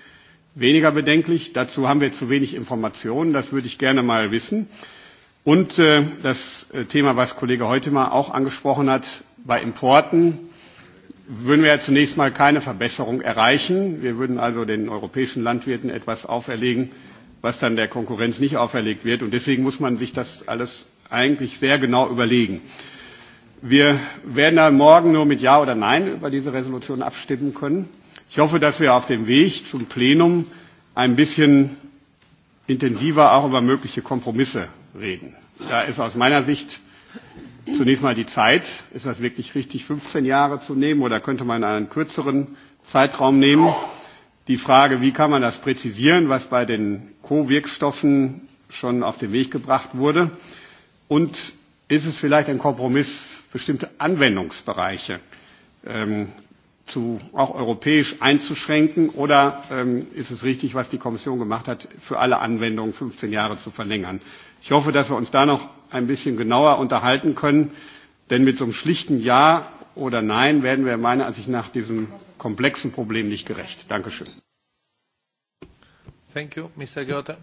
weniger bedenklich? Dazu haben wir zu wenig Informationen. Das würde ich gerne mal wissen. Und äh, das äh, Thema, was Kollege Heutemann auch angesprochen hat, bei Importen, äh, würden wir ja zunächst mal keine Verbesserung erreichen. Wir würden also den europäischen Landwirten etwas auferlegen, was dann der Konkurrenz nicht auferlegt wird. Und deswegen muss man sich das alles eigentlich sehr genau überlegen. Wir werden dann morgen nur mit Ja oder Nein über diese Resolution abstimmen können. Ich hoffe, dass wir auf dem Weg zum Plenum ein bisschen intensiver auch über mögliche Kompromisse reden. Da ist aus meiner Sicht zunächst mal die Zeit. Ist das wirklich richtig, 15 Jahre zu nehmen oder könnte man einen kürzeren Zeitraum nehmen? Die Frage, wie kann man das präzisieren, was bei den Co-Wirkstoffen schon auf den Weg gebracht wurde? Und ist es vielleicht ein Kompromiss, bestimmte Anwendungsbereiche ähm, zu, auch europäisch einzuschränken? Oder ähm, ist es richtig, was die Kommission gemacht hat, für alle Anwendungen 15 Jahre zu verlängern? Ich hoffe, dass wir uns da noch ein bisschen genauer unterhalten können, denn mit so einem schlichten Ja oder Nein werden wir meiner Ansicht nach diesem komplexen Problem nicht gerecht. Dankeschön. Thank you, Mr. Goethe.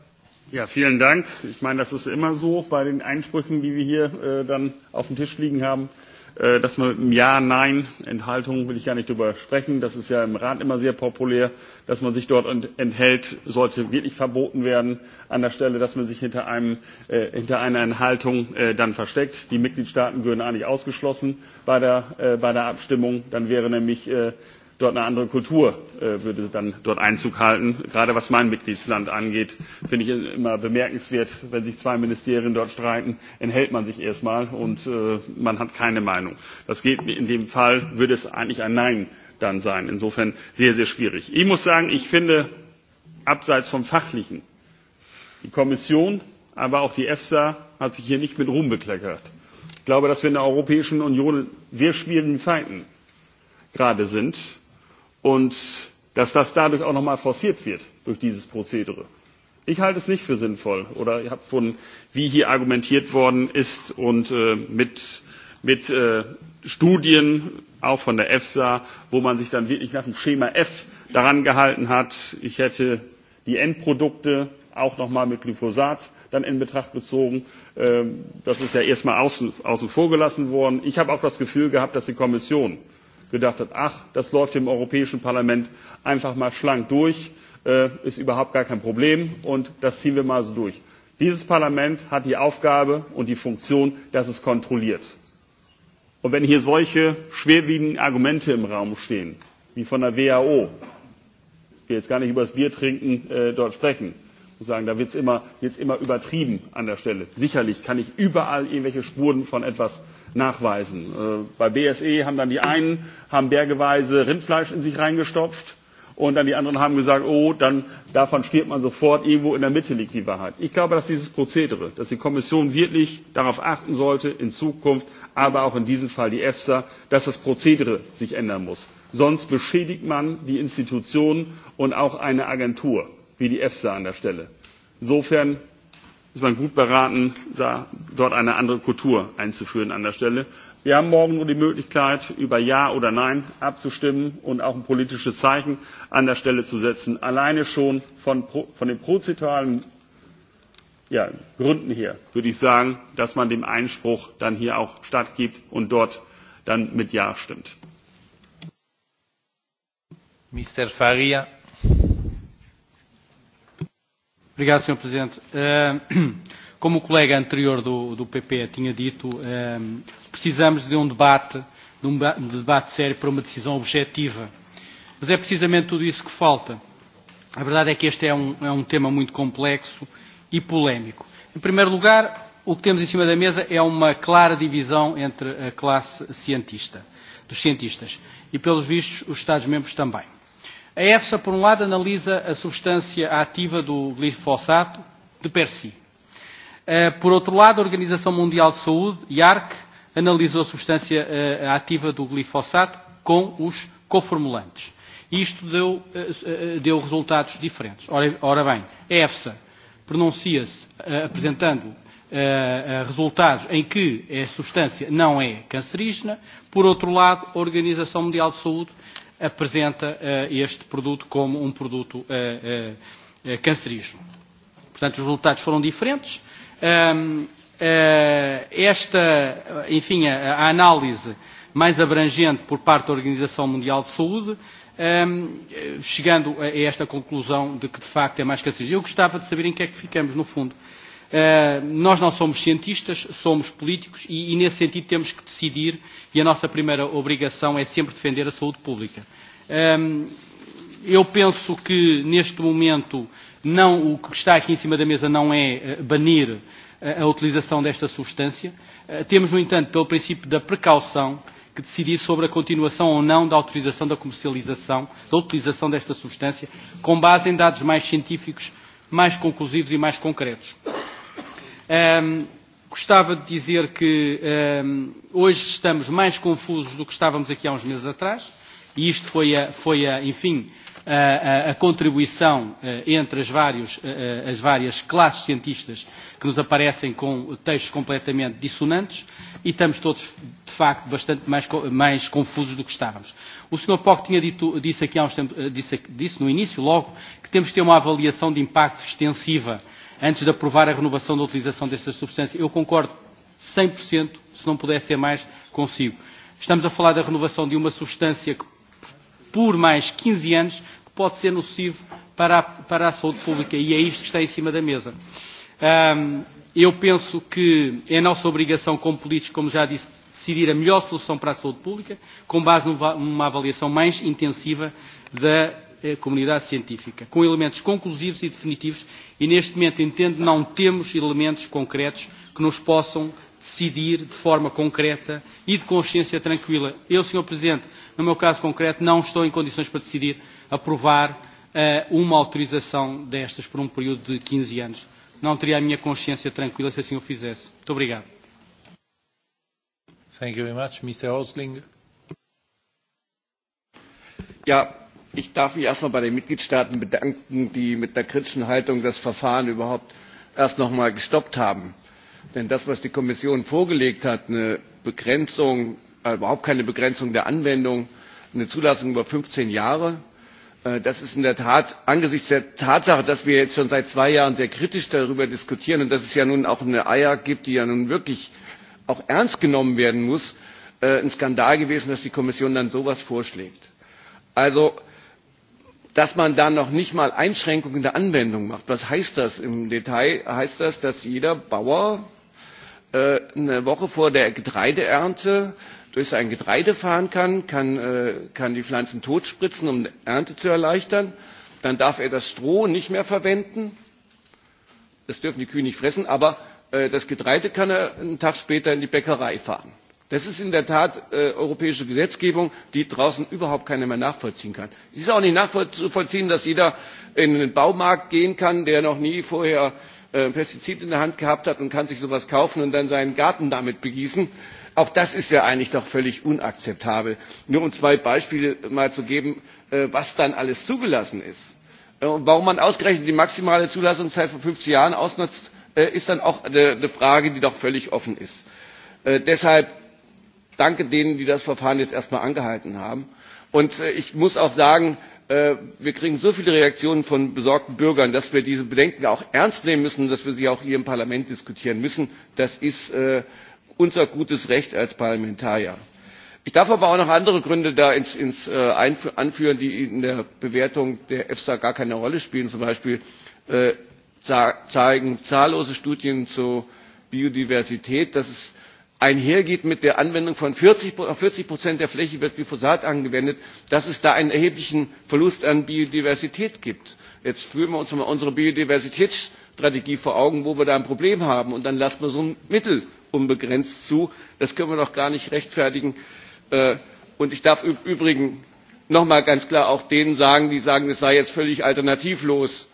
Ja, vielen Dank. Ich meine, das ist immer so bei den Einsprüchen, die wir hier äh, dann auf dem Tisch liegen haben. Äh, dass man mit einem Ja, Nein, Enthaltung will ich gar nicht darüber sprechen, das ist ja im Rat immer sehr populär, dass man sich dort enthält, sollte wirklich verboten werden an der Stelle, dass man sich hinter, einem, äh, hinter einer Enthaltung äh, dann versteckt. Die Mitgliedstaaten würden eigentlich ausgeschlossen bei der, äh, bei der Abstimmung, dann wäre nämlich äh, dort eine andere Kultur äh, würde dann dort Einzug halten. Gerade was mein Mitgliedsland angeht, finde ich immer bemerkenswert, wenn sich zwei Ministerien dort streiten, enthält man sich erstmal und äh, man hat keine Meinung. Das geht in dem Fall, würde es eigentlich ein Nein dann sein. Insofern sehr, sehr schwierig. Ich muss sagen, ich finde, abseits vom Fachlichen, die Kommission, aber auch die EFSA hat sich hier nicht mit Ruhm bekleckert. Ich glaube, dass wir in der Europäischen Union sehr schwierigen Zeiten gerade sind und dass das dadurch auch noch mal forciert wird durch dieses Prozedere. Ich halte es nicht für sinnvoll oder ich habe von wie hier argumentiert worden ist und äh, mit, mit äh, Studien auch von der EFSA, wo man sich dann wirklich nach dem Schema F daran gehalten hat, ich hätte die Endprodukte auch noch mal mit Glyphosat dann in Betracht gezogen. Ähm, das ist ja erstmal außen, außen vor gelassen worden. Ich habe auch das Gefühl gehabt, dass die Kommission gedacht hat, ach, das läuft im Europäischen Parlament einfach mal schlank durch, äh, ist überhaupt gar kein Problem und das ziehen wir mal so durch. Dieses Parlament hat die Aufgabe und die Funktion, dass es kontrolliert. Und wenn hier solche schwerwiegenden Argumente im Raum stehen, wie von der WHO, wir jetzt gar nicht über das Bier trinken, äh, dort sprechen, und sagen, da wird es immer, immer übertrieben an der Stelle. Sicherlich kann ich überall irgendwelche Spuren von etwas nachweisen. Äh, bei BSE haben dann die einen haben bergeweise Rindfleisch in sich reingestopft und dann die anderen haben gesagt, oh, dann davon stirbt man sofort, irgendwo in der Mitte liegt die Wahrheit. Ich glaube, dass dieses Prozedere, dass die Kommission wirklich darauf achten sollte, in Zukunft, aber auch in diesem Fall die EFSA, dass das Prozedere sich ändern muss. Sonst beschädigt man die Institutionen und auch eine Agentur wie die EFSA an der Stelle. Insofern ist man gut beraten, da, dort eine andere Kultur einzuführen an der Stelle. Wir haben morgen nur die Möglichkeit, über Ja oder Nein abzustimmen und auch ein politisches Zeichen an der Stelle zu setzen. Alleine schon von, von den prozitualen ja, Gründen her würde ich sagen, dass man dem Einspruch dann hier auch stattgibt und dort dann mit Ja stimmt. Mr. Faria. Sr. Presidente, *clears throat* como o colega anterior do, do PP tinha dito, precisamos de um debate, de um debate sério para uma decisão objetiva. Mas é precisamente tudo isso que falta. A verdade é que este é um, é um tema muito complexo e polémico. Em primeiro lugar, o que temos em cima da mesa é uma clara divisão entre a classe cientista, dos cientistas, e pelos vistos, os Estados-membros também. A EFSA, por um lado, analisa a substância ativa do glifosato de per si. Eh, por outro lado, a Organização Mundial de Saúde, IARC, analisou a substância eh, ativa do glifosato com os coformulantes. E isto deu, eh, deu resultados diferentes. Ora bem, a EFSA pronuncia-se apresentando resultados em que a substância não é cancerígena. Por outro lado, a Organização Mundial de Saúde apresenta uh, este produto como um produto uh, uh, cancerígeno. Portanto, os resultados foram diferentes. Um, uh, esta, enfim, a, a análise mais abrangente por parte da Organização Mundial de Saúde, um, chegando a esta conclusão de que, de facto, é mais cancerígeno. Eu gostava de saber em que é que ficamos, no fundo. Uh, Eh, nós não somos cientistas, somos políticos e, e nesse sentido temos que decidir e a nossa primeira obrigação é sempre defender a saúde pública. Um, eu penso que neste momento não, o que está aqui em cima da mesa não é eh, banir eh, a utilização desta substância. Temos, no entanto, pelo princípio da precaução, que decidir sobre a continuação ou não da autorização da comercialização, da utilização desta substância, com base em dados mais científicos, mais conclusivos e mais concretos. Um, gostava de dizer que um, hoje estamos mais confusos do que estávamos aqui há uns meses atrás, e isto foi, a, foi a, enfim, a, a, a contribuição uh, entre as, vários, uh, as várias classes cientistas que nos aparecem com textos completamente dissonantes, e estamos todos, de facto, bastante mais, mais confusos do que estávamos. O Sr. Pock tinha dito, disse aqui há uns tempos, disse, disse no início, logo, que temos de ter uma avaliação de impacto extensiva antes de aprovar a renovação da utilização dessas substâncias. Eu concordo 100%, se não pudesse ser mais, consigo. Estamos a falar da renovação de uma substância que, por mais 15 anos, pode ser nocivo para a, para a saúde pública e é isto que está em cima da mesa. Um, eu penso que é nossa obrigação como políticos, como já disse, decidir a melhor solução para a saúde pública, com base numa avaliação mais intensiva da comunidade científica, com elementos conclusivos e definitivos, e neste momento entendo não temos elementos concretos que nos possam decidir de forma concreta e de consciência tranquila. Eu, Sr. Presidente, no meu caso concreto, não estou em condições para decidir aprovar uh, uma autorização destas por um período de 15 anos. Não teria a minha consciência tranquila se assim o fizesse. Muito obrigado. Thank you very much. Mr. Osling. Yeah. Ja, ich darf mich erst mal bei den mitgliedstaaten bedanken die mit einer kritischen haltung das verfahren überhaupt erst noch mal gestoppt haben. denn das was die kommission vorgelegt hat eine begrenzung äh, überhaupt keine begrenzung der anwendung eine zulassung über fünfzehn jahre äh, das ist in der tat angesichts der tatsache dass wir jetzt schon seit zwei jahren sehr kritisch darüber diskutieren und dass es ja nun auch eine eia gibt die ja nun wirklich auch ernst genommen werden muss äh, ein skandal gewesen dass die kommission dann so etwas vorschlägt. also dass man dann noch nicht mal einschränkungen der anwendung macht was heißt das im detail? heißt das dass jeder bauer äh, eine woche vor der getreideernte durch sein getreide fahren kann kann, äh, kann die pflanzen totspritzen um die ernte zu erleichtern dann darf er das stroh nicht mehr verwenden das dürfen die kühe nicht fressen aber äh, das getreide kann er einen tag später in die bäckerei fahren das ist in der tat äh, europäische gesetzgebung die draußen überhaupt keiner mehr nachvollziehen kann. es ist auch nicht nachzuvollziehen dass jeder in den baumarkt gehen kann der noch nie vorher äh, ein pestizid in der hand gehabt hat und kann sich so etwas kaufen und dann seinen garten damit begießen. auch das ist ja eigentlich doch völlig inakzeptabel. nur um zwei beispiele mal zu geben äh, was dann alles zugelassen ist und warum man ausgerechnet die maximale zulassungszeit von fünfzig jahren ausnutzt ist dann auch eine frage die doch völlig offen ist. deshalb danke denen die das verfahren jetzt erstmal angehalten haben. und äh, ich muss auch sagen äh, wir kriegen so viele reaktionen von besorgten bürgern dass wir diese bedenken auch ernst nehmen müssen dass wir sie auch hier im parlament diskutieren müssen. das ist äh, unser gutes recht als parlamentarier. ich darf aber auch noch andere gründe da ins, ins anführen die in der bewertung der efsa gar keine rolle spielen zum beispiel äh, zeigen zahllose studien zur biodiversität dass es einhergeht mit der Anwendung von 40 Prozent der Fläche wird Glyphosat angewendet, dass es da einen erheblichen Verlust an Biodiversität gibt. Jetzt führen wir uns mal unsere Biodiversitätsstrategie vor Augen, wo wir da ein Problem haben, und dann lassen wir so ein Mittel unbegrenzt zu. Das können wir doch gar nicht rechtfertigen. Äh, und ich darf im Übrigen noch mal ganz klar auch denen sagen, die sagen, es sei jetzt völlig alternativlos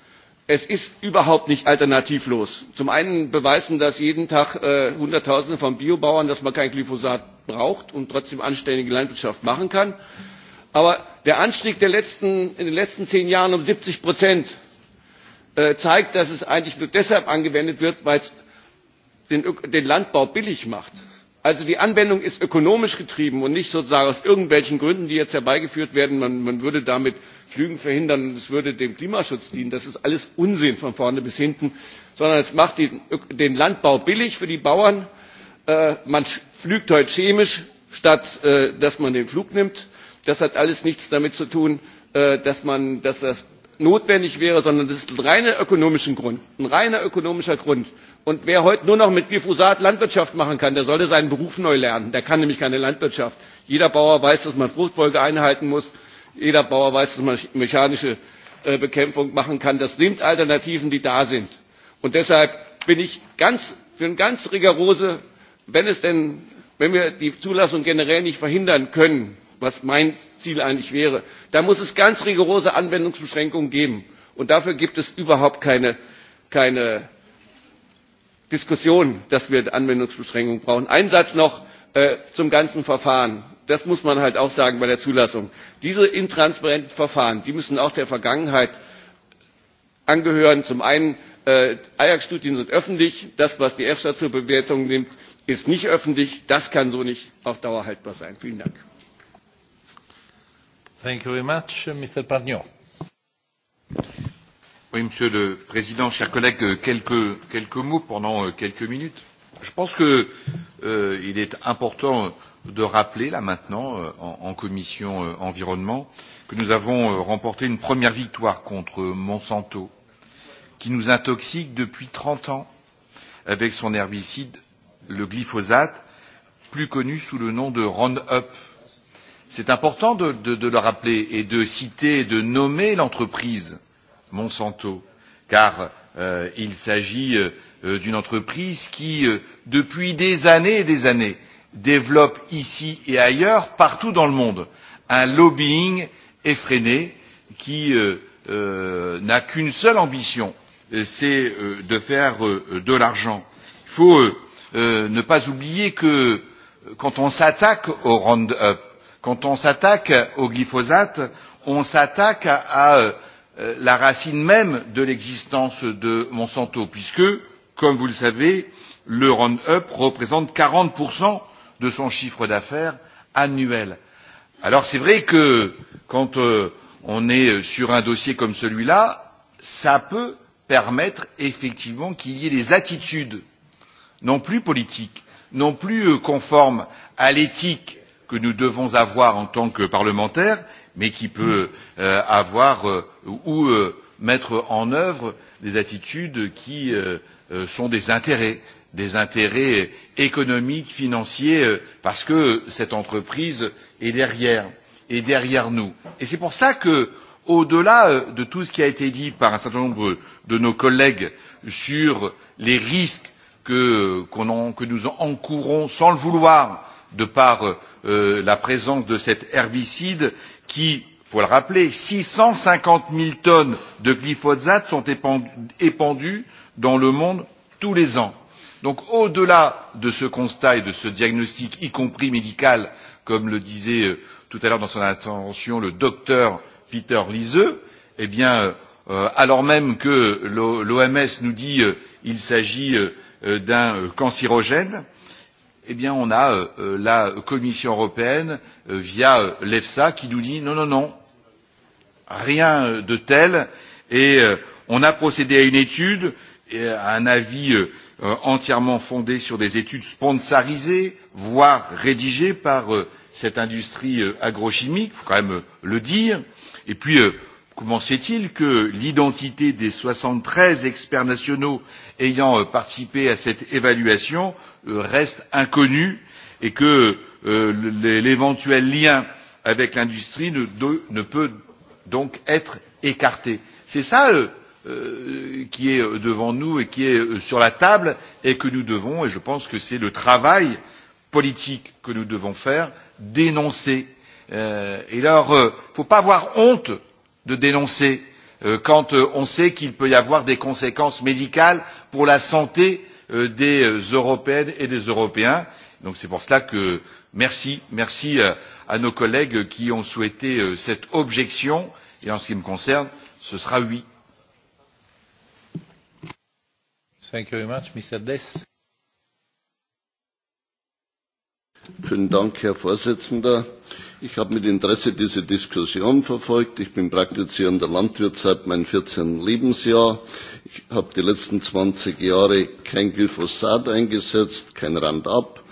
es ist überhaupt nicht alternativlos. zum einen beweisen das jeden tag äh, hunderttausende von biobauern dass man kein glyphosat braucht und trotzdem anständige landwirtschaft machen kann. aber der anstieg in den letzten zehn jahren um siebzig äh, zeigt dass es eigentlich nur deshalb angewendet wird weil es den landbau billig macht also die anwendung ist ökonomisch getrieben und nicht sozusagen aus irgendwelchen gründen die jetzt herbeigeführt werden man würde damit flüge verhindern und es würde dem klimaschutz dienen das ist alles unsinn von vorne bis hinten sondern es macht den landbau billig für die bauern äh, man pflügt heute chemisch statt äh, dass man den pflug nimmt das hat alles nichts damit zu tun äh, dass das notwendig wäre sondern das ist ein rein ökonomischer grund. Und wer heute nur noch mit Glyphosat Landwirtschaft machen kann, der sollte seinen Beruf neu lernen. Der kann nämlich keine Landwirtschaft. Jeder Bauer weiß, dass man Fruchtfolge einhalten muss. Jeder Bauer weiß, dass man mechanische äh, Bekämpfung machen kann. Das sind Alternativen, die da sind. Und deshalb bin ich ganz, für ein ganz rigorose, wenn es denn, wenn wir die Zulassung generell nicht verhindern können, was mein Ziel eigentlich wäre, da muss es ganz rigorose Anwendungsbeschränkungen geben. Und dafür gibt es überhaupt keine, keine diskussion dass wir anwendungsbeschränkungen brauchen. einen satz noch äh, zum ganzen verfahren das muss man halt auch sagen bei der zulassung diese intransparenten verfahren müssen auch der vergangenheit angehören zum einen äh, ajax studien sind öffentlich das was die efsa zur bewertung nimmt ist nicht öffentlich das kann so nicht auf dauer haltbar sein. vielen dank! monsieur le président chers collègues quelques mots pendant euh, quelques minutes. je pense qu'il euh, est important de rappeler là maintenant euh, en commission de l'environnement que nous avons remporté une première victoire contre monsanto qui nous intoxique depuis trente ans avec son herbicide le glyphosate plus connu sous le nom de roundup. c'est important de le rappeler et de citer et de nommer l'entreprise Monsanto, car euh, il s'agit euh, d'une entreprise qui, euh, depuis des années et des années, développe ici et ailleurs, partout dans le monde, un lobbying effréné qui euh, euh, n'a qu'une seule ambition, euh, c'est euh, de faire euh, de l'argent. Il faut euh, euh, ne pas oublier que quand on s'attaque au Roundup, quand on s'attaque au glyphosate, on s'attaque à, à euh, Euh, la racine même de l'existence de monsanto puisque comme vous le savez le roundup représente quarante de son chiffre d'affaires annuel. il est vrai que quand euh, on est sur un dossier comme celui là cela peut permettre effectivement qu'il y ait des attitudes non plus politiques non plus euh, conformes à l'éthique que nous devons avoir en tant que parlementaires mais qui peut euh, avoir euh, ou euh, mettre en œuvre des attitudes qui sont des intérêts des intérêts économiques financiers parce que cette entreprise est derrière est derrière nous et c'est pour cela que au delà de tout ce qui a été dit par un certain nombre de nos collègues sur les risques que, qu en, que nous encourons sans le vouloir de par euh, la présence de cet herbicide qui il faut le rappeler six cent cinquante zéro tonnes de glyphosate sont épandues dans le monde tous les ans. donc au delà de ce constat et de ce diagnostic y compris médical comme le disait euh, tout à l'heure dans son intervention le docteur peter liese eh bien euh, alors même que l'oms nous dit qu'il euh, s'agit d'un cancérogène Eh on a euh, euh, la commission européenne euh, via l'efsa qui nous dit non non rien de tel et on a procédé à une étude à un avis entièrement fondé sur des études sponsorisées voire rédigées par cette industrie agrochimique il faut quand même le dire et puis comment se fait il que l'identité des soixante treize experts nationaux ayant euh, participé à cette évaluation euh, reste inconnue et que euh, l'éventuel lien avec l'industrie ne peut donc être écarté? c'est cela qui est devant nous et qui est sur la table et que nous devons et je pense que c'est le travail politique que nous devons faire dénoncer. il ne faut pas avoir honte de dénoncer euh, quand euh, on sait qu'il peut y avoir des conséquences médicales pour la santé euh, des euh, européennes et des européens. Donc c'est pour cela que merci, merci euh, à nos collègues qui ont souhaité euh, cette objection et en ce qui me concerne, ce sera oui. Thank you very much, Mr. Dess. Vielen Dank, Herr Vorsitzender. Ich habe mit Interesse diese Diskussion verfolgt. Ich bin praktizierender Landwirt seit meinem 14. Lebensjahr. Ich habe die letzten 20 Jahre kein Glyphosat eingesetzt, kein Roundup.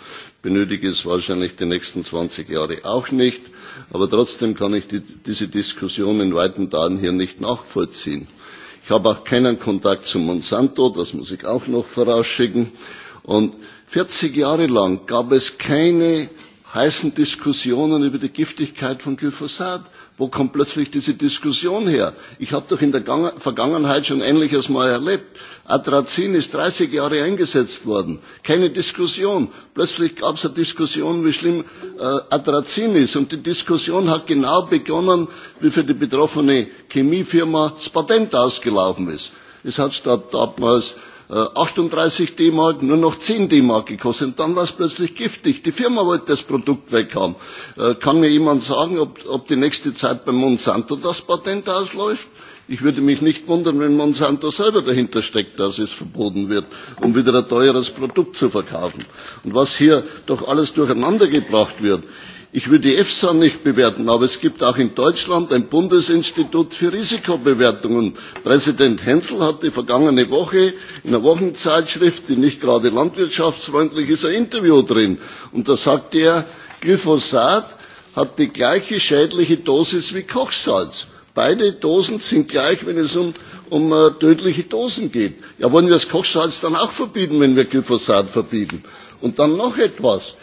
Benötige es wahrscheinlich die nächsten 20 Jahre auch nicht. Aber trotzdem kann ich die, diese Diskussion in weiten Teilen hier nicht nachvollziehen. Ich habe auch keinen Kontakt zu Monsanto, das muss ich auch noch vorausschicken. Und 40 Jahre lang gab es keine heißen Diskussionen über die Giftigkeit von Glyphosat. Wo kommt plötzlich diese Diskussion her? Ich habe doch in der Gang Vergangenheit schon ähnliches mal erlebt. Atrazin ist 30 Jahre eingesetzt worden. Keine Diskussion. Plötzlich gab es eine Diskussion, wie schlimm äh, Atrazin ist. Und die Diskussion hat genau begonnen, wie für die betroffene Chemiefirma das Patent ausgelaufen ist. Es hat statt damals 38 äh, D-Mark nur noch 10 D-Mark gekostet. Und dann war es plötzlich giftig. Die Firma wollte das Produkt weg haben. Äh, kann mir jemand sagen, ob, ob die nächste Zeit bei Monsanto das Patent ausläuft? Ich würde mich nicht wundern, wenn Monsanto selber dahinter steckt, dass es verboten wird, um wieder ein teures Produkt zu verkaufen. Und was hier doch alles durcheinandergebracht wird, äh, ich will die efsa nicht bewerten aber es gibt auch in deutschland ein bundesinstitut für risikobewertungen. präsident hensel hat die vergangene woche in einer wochenzeitschrift die nicht gerade landwirtschaftsfreundlich ist ein interview drin und da sagt er glyphosat hat die gleiche schädliche dosis wie kochsalz. beide dosen sind gleich wenn es um um äh, tödliche Dosen geht. Ja, wollen wir das Kochsalz dann auch verbieten, wenn wir Glyphosat verbieten? Und dann noch etwas.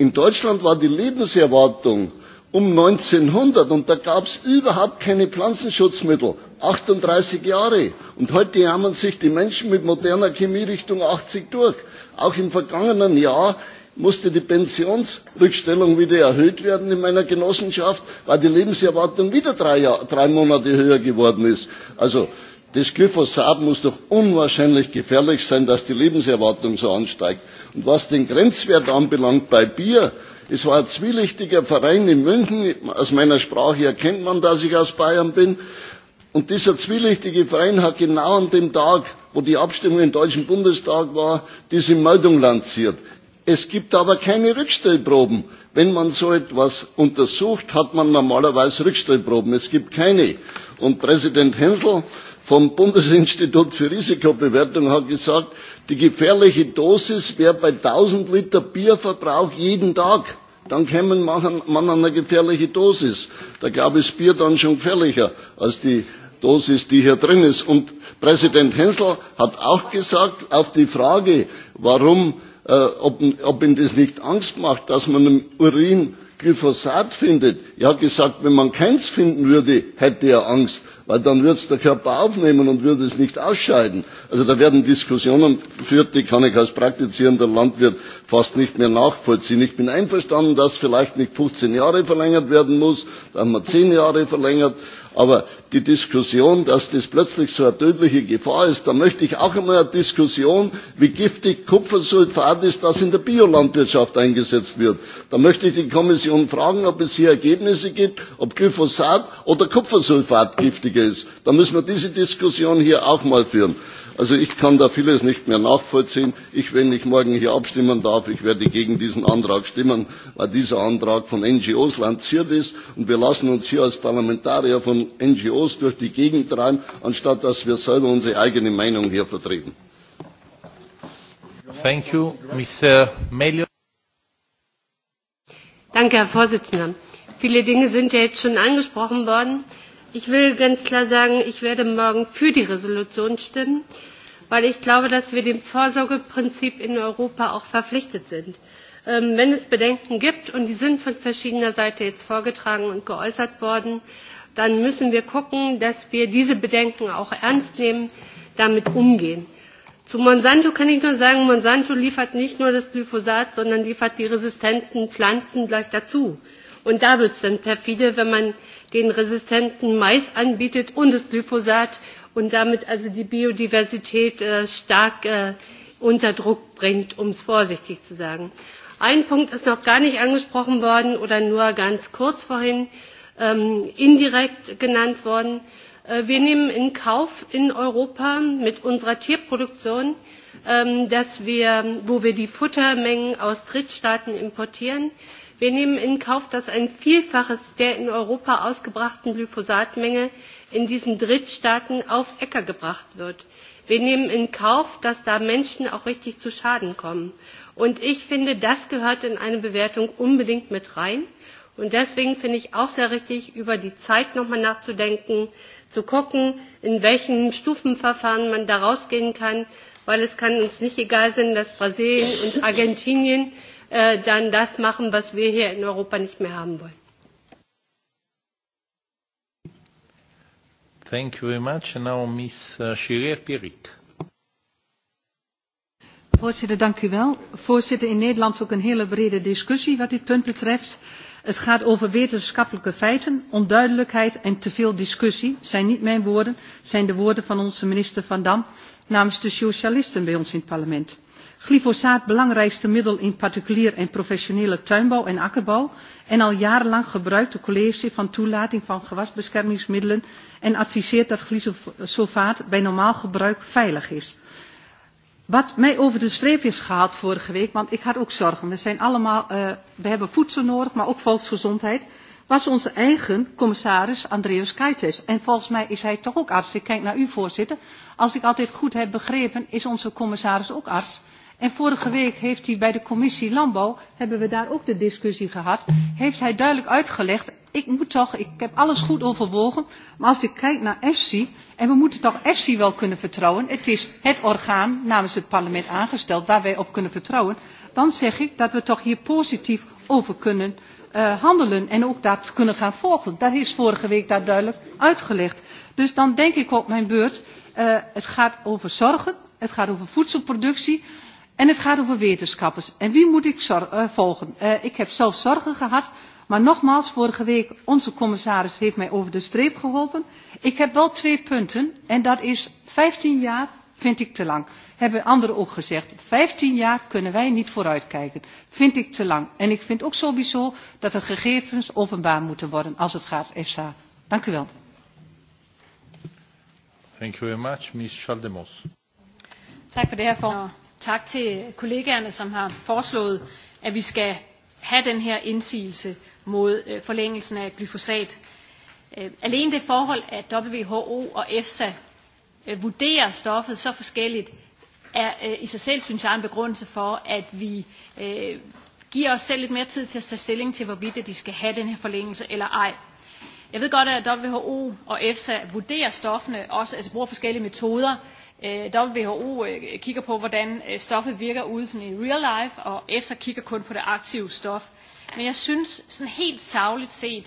In Deutschland war die Lebenserwartung um 1900 und da gab es überhaupt keine Pflanzenschutzmittel. 38 Jahre. Und heute jammern sich die Menschen mit moderner Chemie Richtung 80 durch. Auch im vergangenen Jahr musste die Pensionsrückstellung wieder erhöht werden in meiner Genossenschaft, weil die Lebenserwartung wieder drei, Jahr, drei Monate höher geworden ist. Also das Glyphosat muss doch unwahrscheinlich gefährlich sein, dass die Lebenserwartung so ansteigt. Und was den Grenzwert anbelangt bei Bier, es war ein zwielichtiger Verein in München. Aus meiner Sprache erkennt man, dass ich aus Bayern bin. Und dieser zwielichtige Verein hat genau an dem Tag, wo die Abstimmung im Deutschen Bundestag war, diese Meldung lanciert. Es gibt aber keine Rückstellproben. Wenn man so etwas untersucht, hat man normalerweise Rückstellproben. Es gibt keine. Und Präsident Hensel vom Bundesinstitut für Risikobewertung hat gesagt, die gefährliche dosis wäre bei tausend liter bierverbrauch jeden tag dann käme man an eine gefährliche dosis da gab es bier dann schon gefährlicher als die dosis die hier drin ist und präsident hensel hat auch gesagt auf die frage warum äh, ob, ob ihn das nicht angst macht dass man im urin glyphosat findet er hat gesagt wenn man keins finden würde hätte er angst weil dann wird es der Körper aufnehmen und würde es nicht ausscheiden. Also da werden Diskussionen geführt, die kann ich als praktizierender Landwirt fast nicht mehr nachvollziehen. Ich bin einverstanden, dass vielleicht nicht 15 Jahre verlängert werden muss, dann haben wir 10 Jahre verlängert. Aber die Diskussion, dass das plötzlich so eine tödliche Gefahr ist, da möchte ich auch einmal eine Diskussion, wie giftig Kupfersulfat ist, das in der Biolandwirtschaft eingesetzt wird. Da möchte ich die Kommission fragen, ob es hier Ergebnisse gibt, ob Glyphosat oder Kupfersulfat giftiger ist. Da müssen wir diese Diskussion hier auch mal führen. Also ich kann da vieles nicht mehr nachvollziehen. Ich, wenn ich morgen hier abstimmen darf, ich werde gegen diesen Antrag stimmen, weil dieser Antrag von NGOs lanciert ist und wir lassen uns hier als Parlamentarier von NGOs durch die Gegend treiben, anstatt dass wir selber unsere eigene Meinung hier vertreten. Thank you, Mr. Melio. Danke, Herr Vorsitzender. Viele Dinge sind ja jetzt schon angesprochen worden. Ich will ganz klar sagen, ich werde morgen für die Resolution stimmen weil ich glaube, dass wir dem Vorsorgeprinzip in Europa auch verpflichtet sind. Ähm, wenn es Bedenken gibt und die sind von verschiedener Seite jetzt vorgetragen und geäußert worden, dann müssen wir gucken, dass wir diese Bedenken auch ernst nehmen, damit umgehen. Zu Monsanto kann ich nur sagen, Monsanto liefert nicht nur das Glyphosat, sondern liefert die resistenten Pflanzen gleich dazu. Und da wird es dann perfide, wenn man den resistenten Mais anbietet und das Glyphosat und damit also die Biodiversität äh, stark äh, unter Druck bringt, um es vorsichtig zu sagen. Ein Punkt ist noch gar nicht angesprochen worden oder nur ganz kurz vorhin ähm, indirekt genannt worden. Äh, wir nehmen in Kauf in Europa mit unserer Tierproduktion, ähm, dass wir, wo wir die Futtermengen aus Drittstaaten importieren, wir nehmen in Kauf, dass ein Vielfaches der in Europa ausgebrachten Glyphosatmenge in diesen drittstaaten auf äcker gebracht wird. wir nehmen in kauf dass da menschen auch richtig zu schaden kommen. und ich finde das gehört in eine bewertung unbedingt mit rein. Und deswegen finde ich auch sehr richtig, über die Zeit nochmal nachzudenken, zu gucken, in welchem Stufenverfahren man da rausgehen kann, weil es kann uns nicht egal sein, dass Brasilien und Argentinien äh, dann das machen, was wir hier in Europa nicht mehr haben wollen. Thank you very much. And now Ms. Uh, Schiller-Pierik. Voorzitter, dank u wel. Voorzitter, in Nederland ook een hele brede discussie wat dit punt betreft. Het gaat over wetenschappelijke feiten, onduidelijkheid en te veel discussie. Zijn niet mijn woorden, zijn de woorden van onze minister Van Dam namens de socialisten bij ons in het parlement glyfosaat belangrijkste middel in particulier en professionele tuinbouw en akkerbouw en al jarenlang gebruikt de college van toelating van gewasbeschermingsmiddelen en adviseert dat glyfosaat bij normaal gebruik veilig is. Wat mij over de streep heeft gehaald vorige week, want ik had ook zorgen, we, zijn allemaal, uh, we hebben voedsel nodig, maar ook volksgezondheid, was onze eigen commissaris Andreas Kaites. En volgens mij is hij toch ook arts. Ik kijk naar u, voorzitter. Als ik altijd goed heb begrepen, is onze commissaris ook arts. En vorige week heeft hij bij de commissie landbouw, hebben we daar ook de discussie gehad, heeft hij duidelijk uitgelegd, ik moet toch, ik heb alles goed overwogen, maar als ik kijk naar EFSI, en we moeten toch EFSI wel kunnen vertrouwen, het is het orgaan namens het parlement aangesteld waar wij op kunnen vertrouwen, dan zeg ik dat we toch hier positief over kunnen uh, handelen en ook dat kunnen gaan volgen. Dat is vorige week daar duidelijk uitgelegd. Dus dan denk ik op mijn beurt, uh, het gaat over zorgen, het gaat over voedselproductie, En het gaat over wetenschappers. En wie moet ik eh, volgen? Uh, ik heb zelf zorgen gehad. Maar nogmaals, vorige week, onze commissaris heeft mij over de streep geholpen. Ik heb wel twee punten. En dat is, 15 jaar vind ik te lang. Hebben anderen ook gezegd. 15 jaar kunnen wij niet vooruitkijken. Vind ik te lang. En ik vind ook sowieso dat er gegevens openbaar moeten worden als het gaat EFSA. Dank u wel. Dank u wel, Ms. Chaldemos. Dank u wel, heer Van. Oh tak til kollegaerne, som har foreslået, at vi skal have den her indsigelse mod øh, forlængelsen af glyfosat. Øh, alene det forhold, at WHO og EFSA øh, vurderer stoffet så forskelligt, er i sig selv, synes jeg, en begrundelse for, at vi giver os selv lidt mere tid til at tage stilling til, hvorvidt de skal have den her forlængelse eller ej. Jeg ved godt, at WHO og EFSA vurderer stoffene, også, altså bruger forskellige metoder, Øh, WHO øh, kigger på, hvordan øh, stoffet virker ude sådan i real life, og EFSA kigger kun på det aktive stof. Men jeg synes sådan helt savligt set,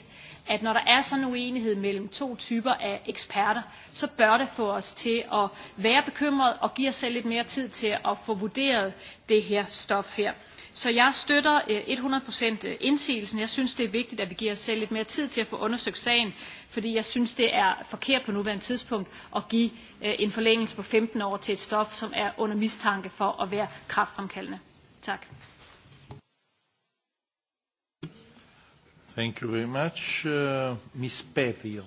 at når der er sådan en uenighed mellem to typer af eksperter, så bør det få os til at være bekymret og give os selv lidt mere tid til at få vurderet det her stof her. Så jeg støtter 100% øh, øh, indsigelsen. Jeg synes, det er vigtigt, at vi giver os selv lidt mere tid til at få undersøgt sagen, fordi jeg synes, det er forkert på nuværende tidspunkt at give øh, en forlængelse på 15 år til et stof, som er under mistanke for at være kraftfremkaldende. Tak. Thank you very much. Uh, Miss Petio.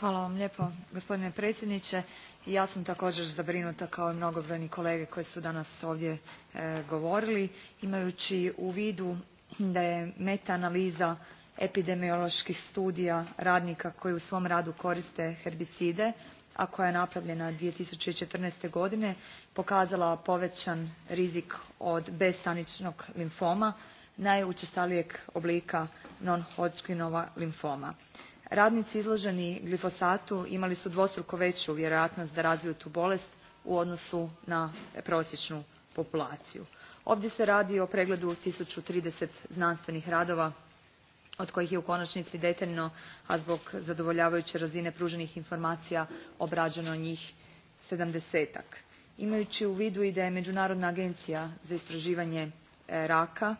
Hvala vam lijepo, gospodine predsjedniče. Ja sam također zabrinuta kao i mnogobrojni kolege koji su danas ovdje e, govorili, imajući u vidu da je meta analiza epidemioloških studija radnika koji u svom radu koriste herbicide a koja je napravljena. two thousand and fourteen godine pokazala povean rizik od b staninog limfoma najuestalijeg oblika non hodgkinovog limfoma. radnici izloeni glifosatu imali su dvostruko veu vjerojatnost da razviju tu bolest u odnosu na prosjenu populaciju. ovdje se radi o pregledu one thousand and thirty znanstvenih radova od kojih je u konačnici detaljno a zbog zadovoljavajuće razine pruženih informacija obrađeno njih sedamdesetak. imajući u vidu i da je međunarodna agencija za istraživanje e, raka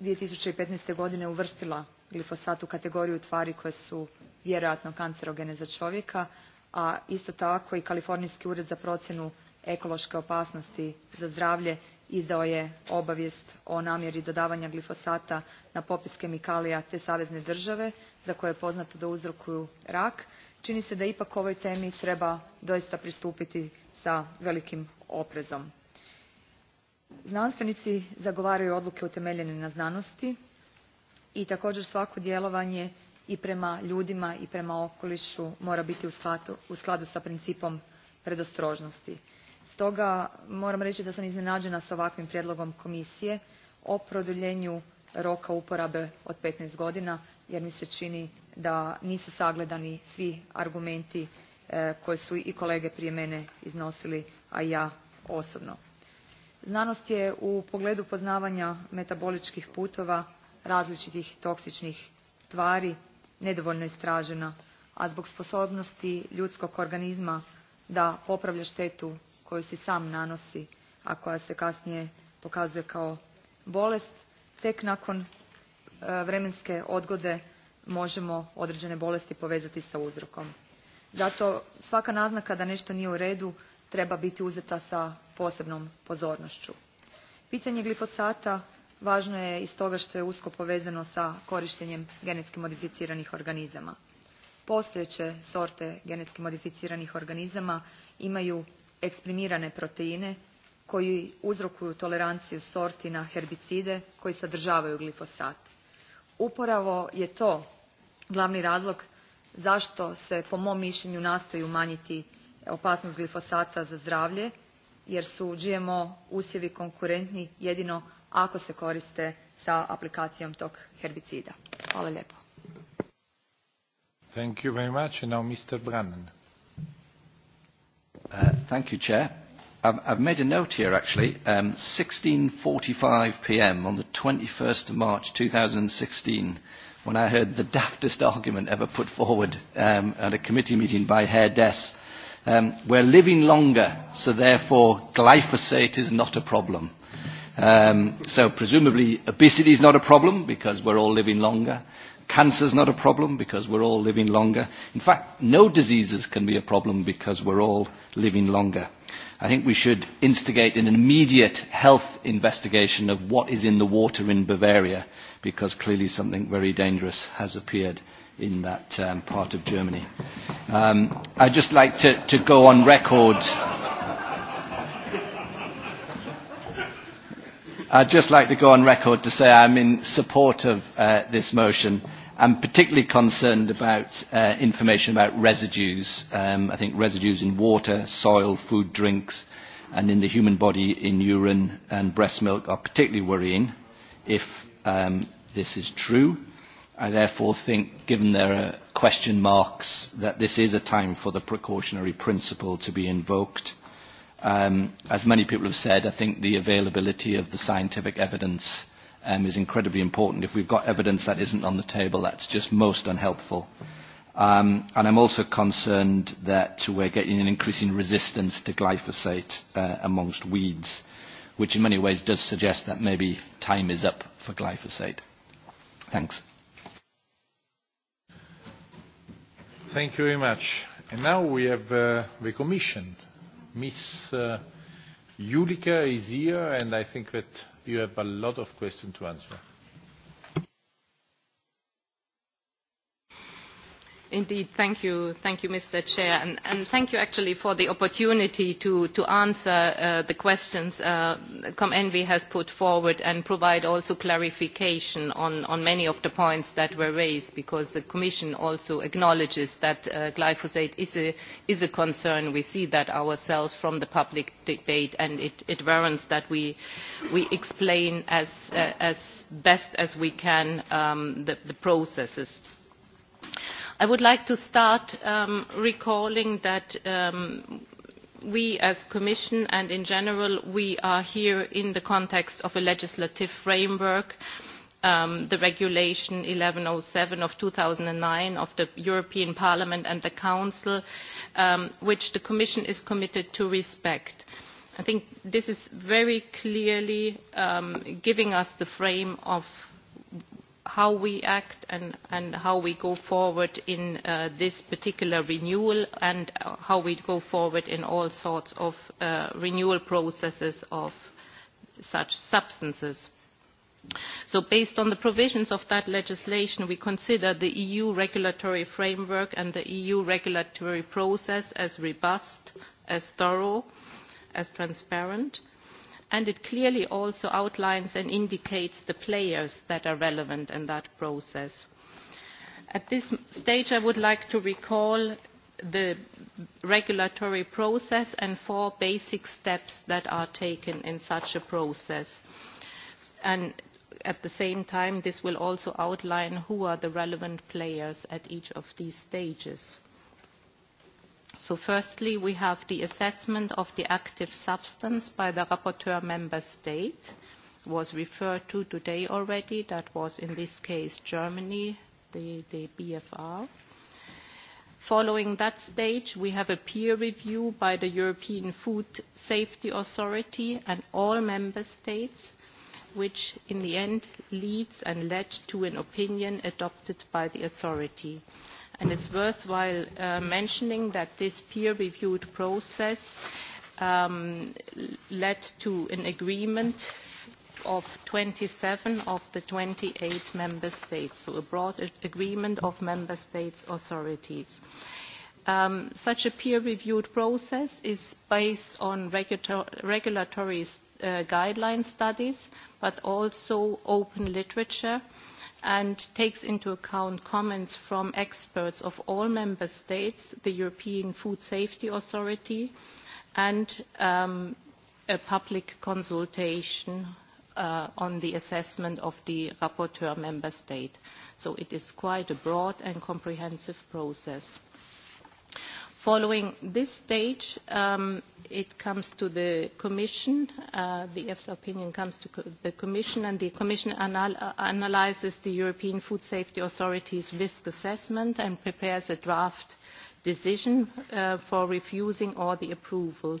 two thousand and fifteen godine uvrstila glifosat u kategoriju tvari koje su vjerojatno kancerogene za čovjeka a isto tako i kalifornijski ured za procjenu ekološke opasnosti za zdravlje izdao je obavijest o namjeri dodavanja glifosata na popis kemikalija te savezne drave za koje je poznato da uzrokuju rak ini se da ipak ovoj temi treba doista pristupiti s velikim oprezom. znanstvenici zagovaraju odluke utemeljene na znanosti i takoer svako djelovanje i prema ljudima i prema okoliu mora biti u skladu s principom predostrožnosti stoga moram rei da sam iznenaena ovakvim prijedlogom komisije o produljenju roka uporabe od fifteen godina jer mi se ini da nisu sagledani svi argumenti e, koje su i kolege prije mene iznosili a i ja osobno. znanost je u pogledu poznavanja metaboliki putova razliitih toksinih tvari nedovoljno istraena a zbog sposobnosti ljudskog organizma da popravlja tetu koju si sam nanosi, a koja se kasnije pokazuje kao bolest, tek nakon e, vremenske odgode možemo određene bolesti povezati sa uzrokom. Zato svaka naznaka da nešto nije u redu treba biti uzeta sa posebnom pozornošću. Pitanje glifosata važno je iz toga što je usko povezano sa korištenjem genetski modificiranih organizama. Postojeće sorte genetski modificiranih organizama imaju eksprimirane proteine koji uzrokuju toleranciju sorti na herbicide koji sadržavaju glifosat. upravo je to glavni razlog zašto se po mom mišljenju nastoji umanjiti opasnost glifosata za zdravlje jer su gmo usjevi konkurentni jedino ako se koriste s aplikacijom tog herbicida. hvala lijepo. Thank you, Chair. I've, I've made a note here, actually. 16.45pm um, on the 21st of March 2016, when I heard the daftest argument ever put forward um, at a committee meeting by Herr Dess, um, we're living longer, so therefore glyphosate is not a problem. Um, so presumably obesity is not a problem because we're all living longer. Cancer is not a problem because we're all living longer. In fact, no diseases can be a problem because we're all living longer. I think we should instigate an immediate health investigation of what is in the water in Bavaria, because clearly something very dangerous has appeared in that um, part of Germany. Um, I'd just like to, to go on record. I'd just like to go on record to say I'm in support of uh, this motion. I'm particularly concerned about uh, information about residues. Um, I think residues in water, soil, food, drinks, and in the human body in urine and breast milk are particularly worrying if um, this is true. I therefore think, given there are question marks, that this is a time for the precautionary principle to be invoked. Um, as many people have said, I think the availability of the scientific evidence uh, um, is incredibly important. If we've got evidence that isn't on the table, that's just most unhelpful. Um, and I'm also concerned that we're getting an increasing resistance to glyphosate uh, amongst weeds, which in many ways does suggest that maybe time is up for glyphosate. Thanks. Thank you very much. And now we have uh, the Commission. Ms. Uh, Julika is here, and I think that you have a lot of questions to answer. indeed thank you thank you mr chair and, and thank you actually for the opportunity to to answer uh, the questions uh, com envy has put forward and provide also clarification on on many of the points that were raised because the commission also acknowledges that uh, glyphosate is a is a concern we see that ourselves from the public debate and it it warrants that we we explain as uh, as best as we can um, the, the processes I would like to start um, recalling that um, we as Commission and in general, we are here in the context of a legislative framework. Um, the regulation 1107 of 2009 of the European Parliament and the Council, um, which the Commission is committed to respect. I think this is very clearly um, giving us the frame of how we act and, and how we go forward in uh, this particular renewal and how we go forward in all sorts of uh, renewal processes of such substances. So based on the provisions of that legislation, we consider the EU regulatory framework and the EU regulatory process as robust, as thorough, as transparent and it clearly also outlines and indicates the players that are relevant in that process. At this stage, I would like to recall the regulatory process and four basic steps that are taken in such a process. And at the same time, this will also outline who are the relevant players at each of these stages. So firstly, we have the assessment of the active substance by the rapporteur member state was referred to today already. That was, in this case, Germany, the, the BFR. Following that stage, we have a peer review by the European Food Safety Authority and all member states, which in the end leads and led to an opinion adopted by the authority. And it's worthwhile uh, mentioning that this peer-reviewed process um, led to an agreement of 27 of the 28 member states, so a broad agreement of member states' authorities. Um, such a peer-reviewed process is based on regulator regulatory uh, guideline studies, but also open literature, and takes into account comments from experts of all member states, the European Food Safety Authority, and um, a public consultation uh, on the assessment of the rapporteur member state. So it is quite a broad and comprehensive process. Following this stage, um, it comes to the Commission. Uh, the EFSA opinion comes to co the Commission, and the Commission anal uh, analyzes the European Food Safety Authority's risk assessment and prepares a draft decision uh, for refusing or the approval.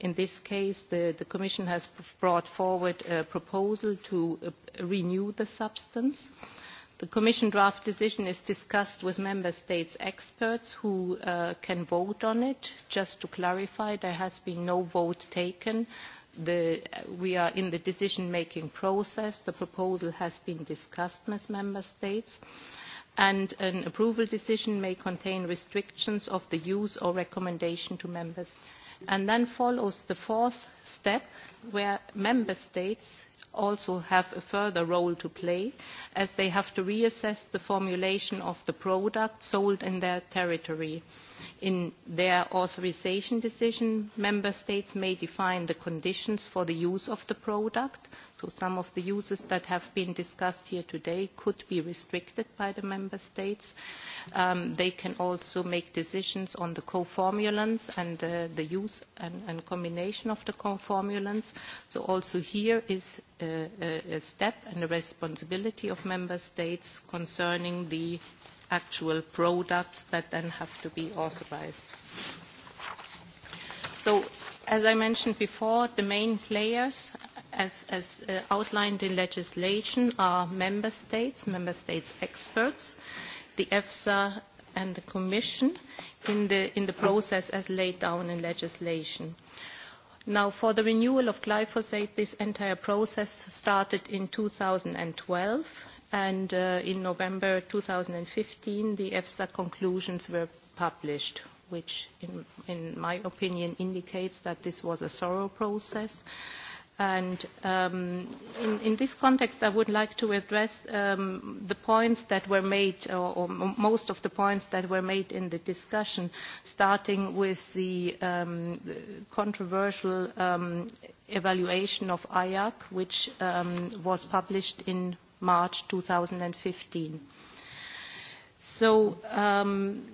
In this case, the, the Commission has brought forward a proposal to uh, renew the substance. Uh, the commission draft decision is discussed with member states' experts who uh, can vote on it. just to clarify, there has been no vote taken. The, uh, we are in the decision-making process. the proposal has been discussed with member states. and an approval decision may contain restrictions of the use or recommendation to members. and then follows the fourth step, where member states also have a further role to play as they have to reassess the formulation of the products sold in their territories. In their authorization decision, member states may define the conditions for the use of the product. So some of the uses that have been discussed here today could be restricted by the member states. Um, they can also make decisions on the co-formulants and uh, the use and, and combination of the co-formulants. So also here is a, a, a step and a responsibility of member states concerning the actual products that then have to be authorized. So, as I mentioned before, the main players, as, as uh, outlined in legislation, are member states, member states experts, the EFSA and the Commission in the, in the process as laid down in legislation. Now, for the renewal of glyphosate, this entire process started in 2012 and uh, in November 2015 the EFSA conclusions were published, which in, in my opinion indicates that this was a thorough process. And um, in, in this context, I would like to address um, the points that were made, or, or most of the points that were made in the discussion, starting with the um, controversial um, evaluation of IAC, which um, was published in March 2015. So um,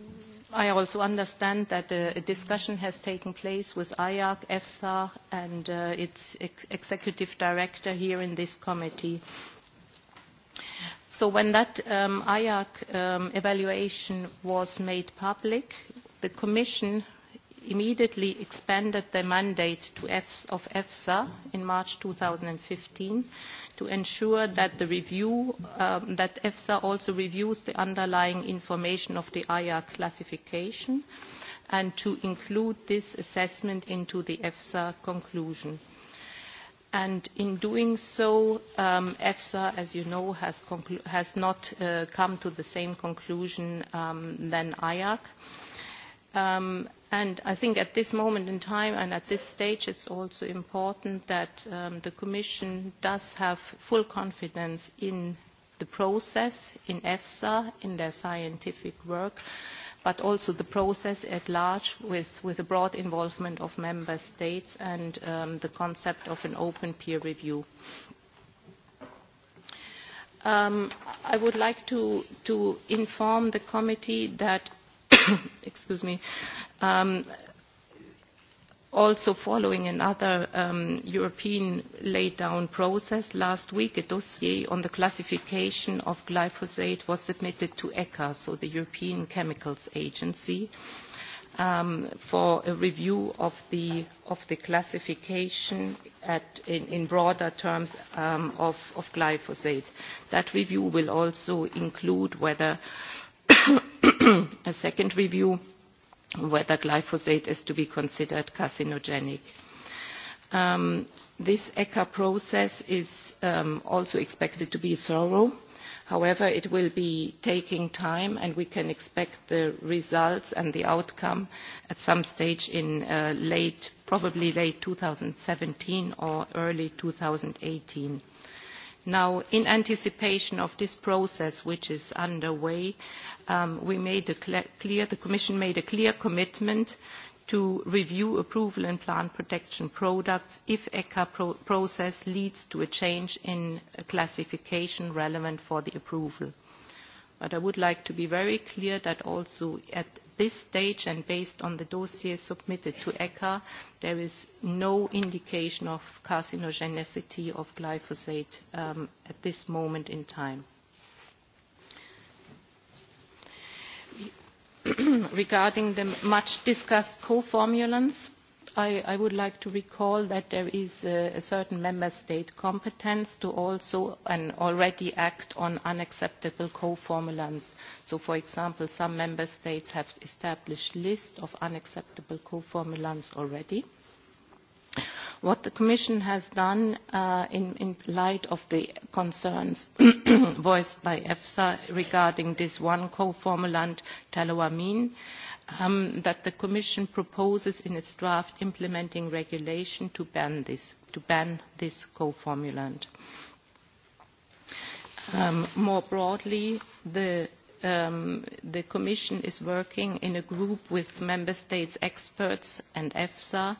I also understand that a, a discussion has taken place with IARC, EFSA, and uh, its ex executive director here in this committee. So when that um, IARC um, evaluation was made public, the Commission immediately expanded the mandate to F of EFSA in March 2015 to ensure that the review um, that EFSA also reviews the underlying information of the IR classification and to include this assessment into the EFSA conclusion. And in doing so, um, EFSA, as you know, has, conclu has not uh, come to the same conclusion um, than IARC. Um, and I think at this moment in time and at this stage, it's also important that um, the Commission does have full confidence in the process, in EFSA, in their scientific work, but also the process at large with, with a broad involvement of member states and um, the concept of an open peer review. Um, I would like to, to inform the committee that *coughs* Um, also following another um, european laid down process last week a dossier on the classification of glyphosate was submitted to echa so the european chemicals agency um, for a review of the, of the classification at, in, in broader terms um, of, of glyphosate. that review will also include whether *coughs* *clears throat* a second review whether glyphosate is to be considered carcinogenic. Um, this eca process is um, also expected to be thorough. however it will be taking time and we can expect the results and the outcome at some stage in uh, late probably late two thousand and seventeen or early two thousand and eighteen. Now, in anticipation of this process, which is underway, um, we made a cl clear, the Commission made a clear commitment to review approval and plant protection products if ECHA pro process leads to a change in a classification relevant for the approval. But I would like to be very clear that also at this stage and based on the dossier submitted to ECHA, there is no indication of carcinogenicity of glyphosate um, at this moment in time. *clears throat* Regarding the much discussed co formulants, i would like to recall that there is a certain member state competence to also and already act on unacceptable coformulants so for example some member states have established lists of unacceptable coformulants already what the commission has done uh, in light of the concerns *clears throat* voiced by efsa regarding this one coformulant tallowamine is um, that the commission proposes in its draft implementing regulation to ban this coformulant. Um, more broadly the um, the Commission is working in a group with Member States experts and EFSA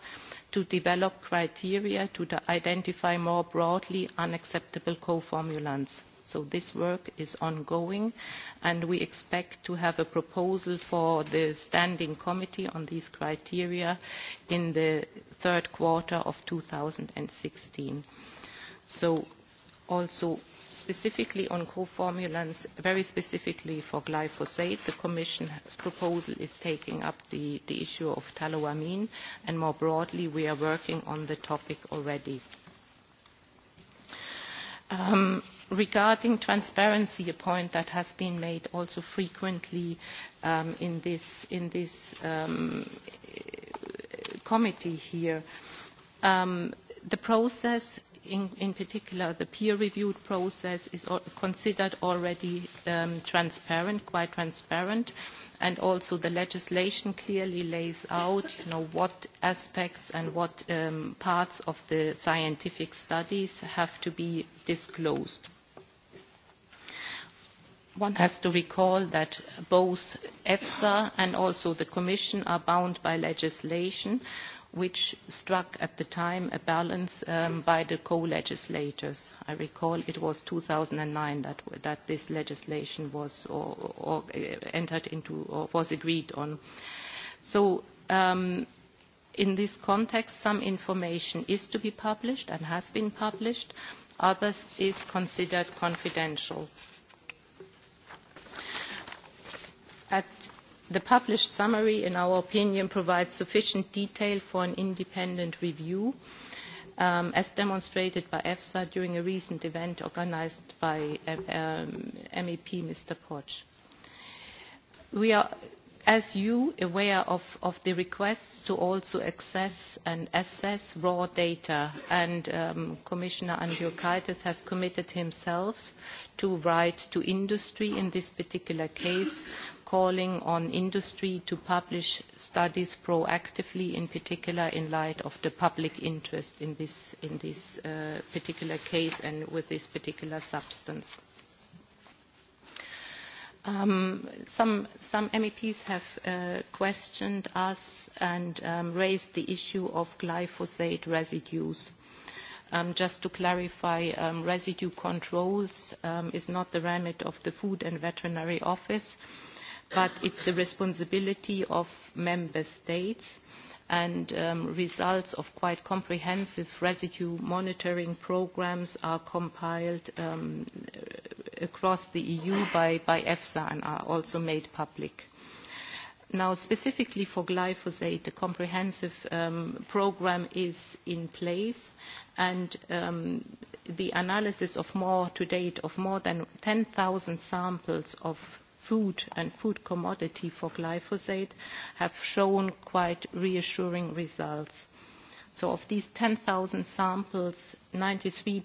to develop criteria to identify more broadly unacceptable co-formulants. So this work is ongoing and we expect to have a proposal for the standing committee on these criteria in the third quarter of 2016. So also specifically on coformulants, very specifically for glyphosate. The Commission's proposal is taking up the, the issue of taloamine, and more broadly, we are working on the topic already. Um, regarding transparency, a point that has been made also frequently um, in this, in this um, committee here, um, the process in, in particular, the peer-reviewed process is considered already um, transparent, quite transparent, and also the legislation clearly lays out you know, what aspects and what um, parts of the scientific studies have to be disclosed. One has to recall that both EFSA and also the Commission are bound by legislation, which struck at the time a balance um, by the co-legislators. I recall it was 2009 that, that this legislation was or, or uh, entered into or was agreed on. So um, in this context, some information is to be published and has been published. Others is considered confidential. At The published summary, in our opinion, provides sufficient detail for an independent review, um, as demonstrated by EFSA during a recent event organized by um, MEP Mr. Poch. We are, as you, aware of, of the requests to also access and assess raw data, and um, Commissioner Andriukaitis has committed himself to write to industry in this particular case calling on industry to publish studies proactively, in particular in light of the public interest in this, in this uh, particular case and with this particular substance. Um, some, some MEPs have uh, questioned us and um, raised the issue of glyphosate residues. Um, just to clarify, um, residue controls um, is not the remit of the Food and Veterinary Office. Uh, but it is the responsibility of member states and um, results of quite comprehensive residue monitoring programmes are compiled um, across the eu by, by efsa and are also made public. Now, specifically for glyphosate, a comprehensive um, program is in place, and um, the analysis of more to date of more than 10,000 samples of food and food commodity for glyphosate have shown quite reassuring results. So of these 10,000 samples, 93,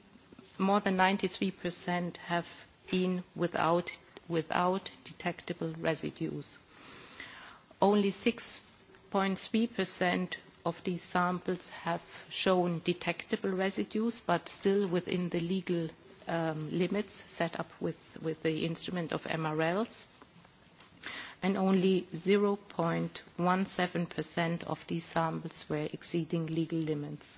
more than 93% have been without, without detectable residues. Only 6.3% of these samples have shown detectable residues, but still within the legal um, limits set up with, with the instrument of MRLs and only 0.17% of these samples were exceeding legal limits.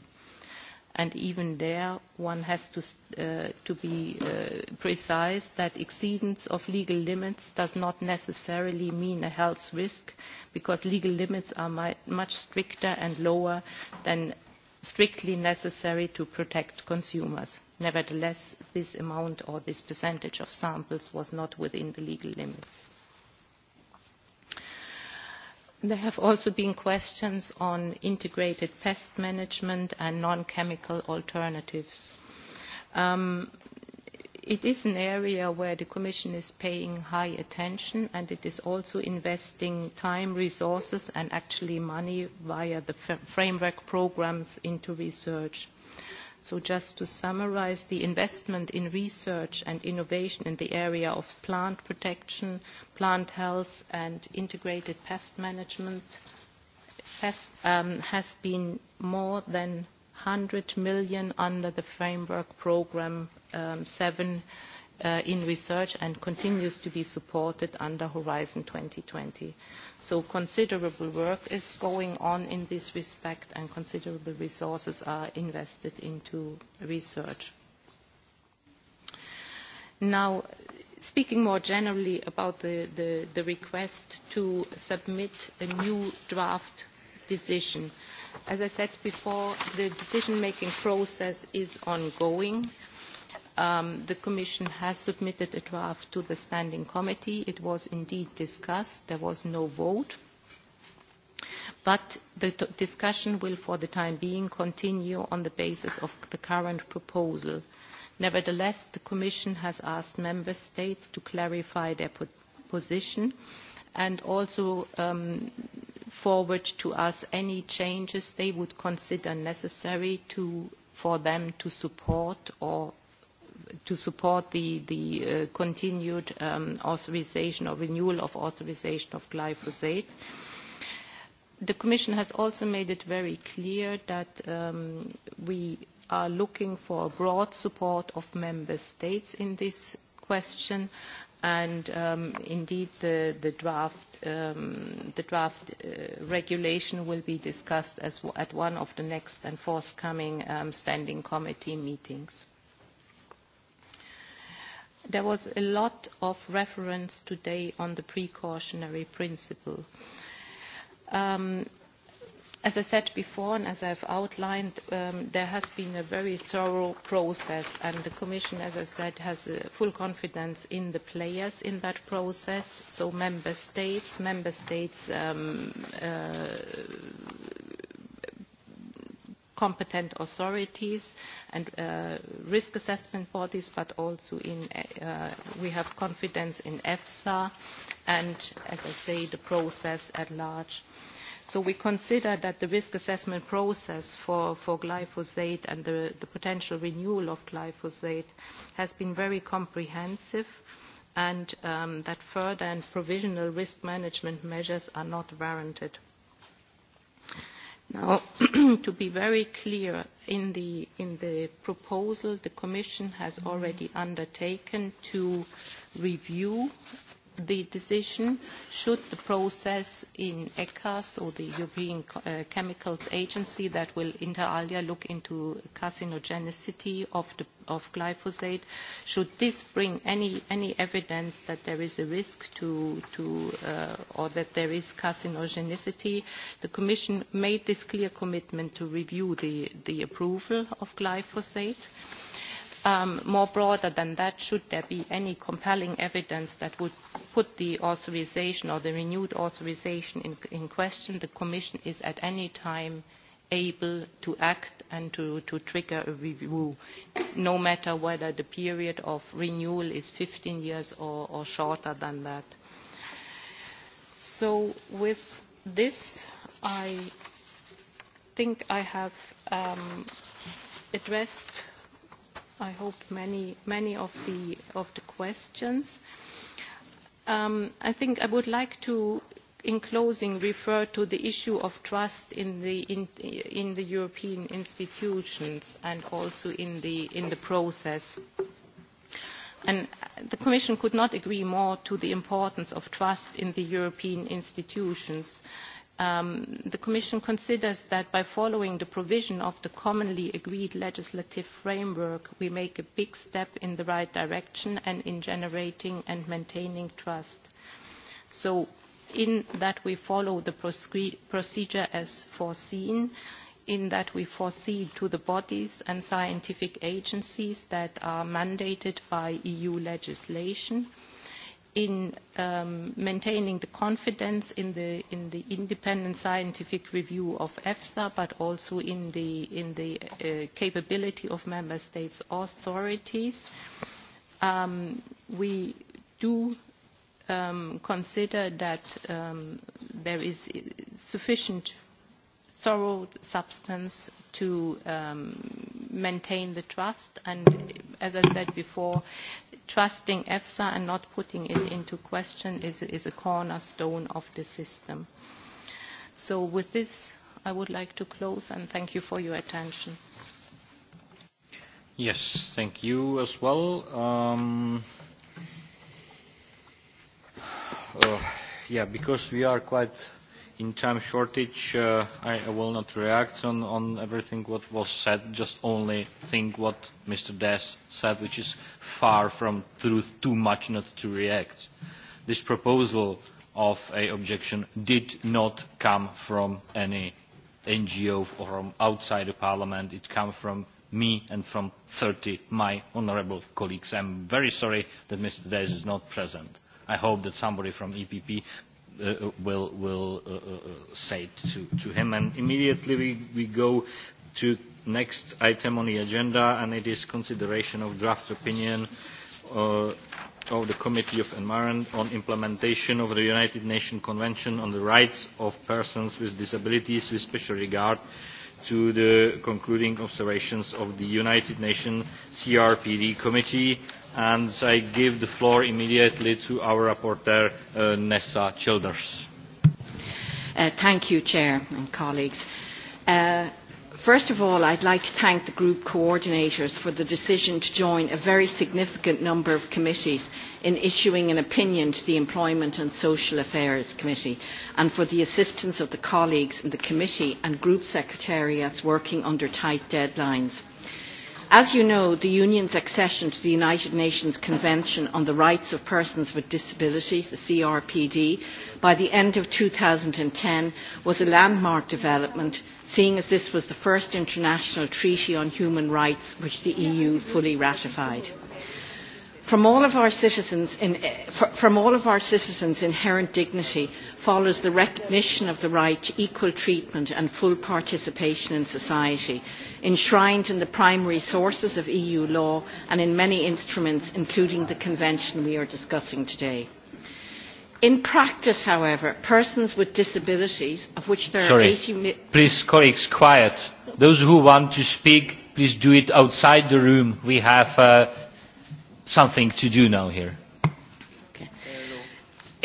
And even there, one has to, uh, to be uh, precise that exceedance of legal limits does not necessarily mean a health risk, because legal limits are my, much stricter and lower than strictly necessary to protect consumers. Nevertheless, this amount or this percentage of samples was not within the legal limits there have also been questions on integrated pest management and non-chemical alternatives. Um, it is an area where the Commission is paying high attention and it is also investing time, resources and actually money via the f framework programs into research. So just to summarize, the investment in research and innovation in the area of plant protection, plant health and integrated pest management has, um, has been more than 100 million under the framework program um, 7 Uh, in research and continues to be supported under Horizon 2020. So considerable work is going on in this respect and considerable resources are invested into research. Now, speaking more generally about the, the, the request to submit a new draft decision, as I said before, the decision-making process is ongoing. Um, the commission has submitted a draft to the standing committee. it was indeed discussed. there was no vote. but the t- discussion will for the time being continue on the basis of the current proposal. nevertheless, the commission has asked member states to clarify their po- position and also um, forward to us any changes they would consider necessary to, for them to support or to support the, the uh, continued um, authorization or renewal of authorization of glyphosate. The Commission has also made it very clear that um, we are looking for broad support of Member States in this question and um, indeed the, the draft, um, the draft uh, regulation will be discussed as w at one of the next and forthcoming um, standing committee meetings. There was a lot of reference today on the precautionary principle. Um, as I said before and as I've outlined, um, there has been a very thorough process and the Commission, as I said, has uh, full confidence in the players in that process. So member states, member states um, uh, competent authorities and uh, risk assessment bodies, but also in, uh, uh, we have confidence in EFSA and, as I say, the process at large. So we consider that the risk assessment process for, for glyphosate and the, the potential renewal of glyphosate has been very comprehensive and um, that further and provisional risk management measures are not warranted. Now, *clears throat* to be very clear, in the, in the proposal, the Commission has already undertaken to review the decision should the process in ECAS or the European uh, Chemicals Agency that will inter alia look into carcinogenicity of, the, of glyphosate, should this bring any, any evidence that there is a risk to, to uh, or that there is carcinogenicity, the Commission made this clear commitment to review the, the approval of glyphosate. Uh, um, more broader than that, should there be any compelling evidence that would put the authorization or the renewed authorization in, in question, the Commission is at any time able to act and to, to trigger a review, no matter whether the period of renewal is 15 years or, or shorter than that. So with this, I think I have um, addressed I hope, many, many of the, of the questions. Um, I think I would like to, in closing, refer to the issue of trust in the, in, in the European institutions and also in the, in the process. And the Commission could not agree more to the importance of trust in the European institutions. Uh, um, the Commission considers that by following the provision of the commonly agreed legislative framework, we make a big step in the right direction and in generating and maintaining trust. So, in that we follow the procedure as foreseen, in that we foresee to the bodies and scientific agencies that are mandated by EU legislation in um, maintaining the confidence in the, in the independent scientific review of EFSA, but also in the, in the uh, capability of member states' authorities. Um, we do um, consider that um, there is sufficient thorough substance to um, maintain the trust and as I said before, trusting EFSA and not putting it into question is, is a cornerstone of the system. So with this, I would like to close and thank you for your attention. Yes, thank you as well. Um, uh, yeah, because we are quite in time shortage, uh, I, I will not react on, on everything what was said, just only think what Mr. Des said, which is far from truth, too much not to react. This proposal of a objection did not come from any NGO or from outside the parliament. It came from me and from 30 my honourable colleagues. I'm very sorry that Mr. Des is not present. I hope that somebody from EPP Uh, will, will uh, uh, uh say to, to him. And immediately we, we go to next item on the agenda, and it is consideration of draft opinion uh, of the Committee of Environment on implementation of the United Nations Convention on the Rights of Persons with Disabilities, with special regard to the concluding observations of the United Nations CRPD Committee. And I give the floor immediately to our rapporteur, uh, Nessa Childers. Uh, thank you, Chair and colleagues. Uh, First of all, I'd like to thank the group coordinators for the decision to join a very significant number of committees in issuing an opinion to the Employment and Social Affairs Committee and for the assistance of the colleagues in the committee and group secretariats working under tight deadlines as you know the union's accession to the united nations convention on the rights of persons with disabilities the crpd by the end of two thousand and ten was a landmark development seeing as this was the first international treaty on human rights which the eu fully ratified. From all, of our citizens in, from all of our citizens, inherent dignity follows the recognition of the right to equal treatment and full participation in society enshrined in the primary sources of EU law and in many instruments, including the convention we are discussing today. In practice, however, persons with disabilities, of which there Sorry. are 80 million... Please, colleagues, quiet. Those who want to speak, please do it outside the room. We have uh, something to do now here.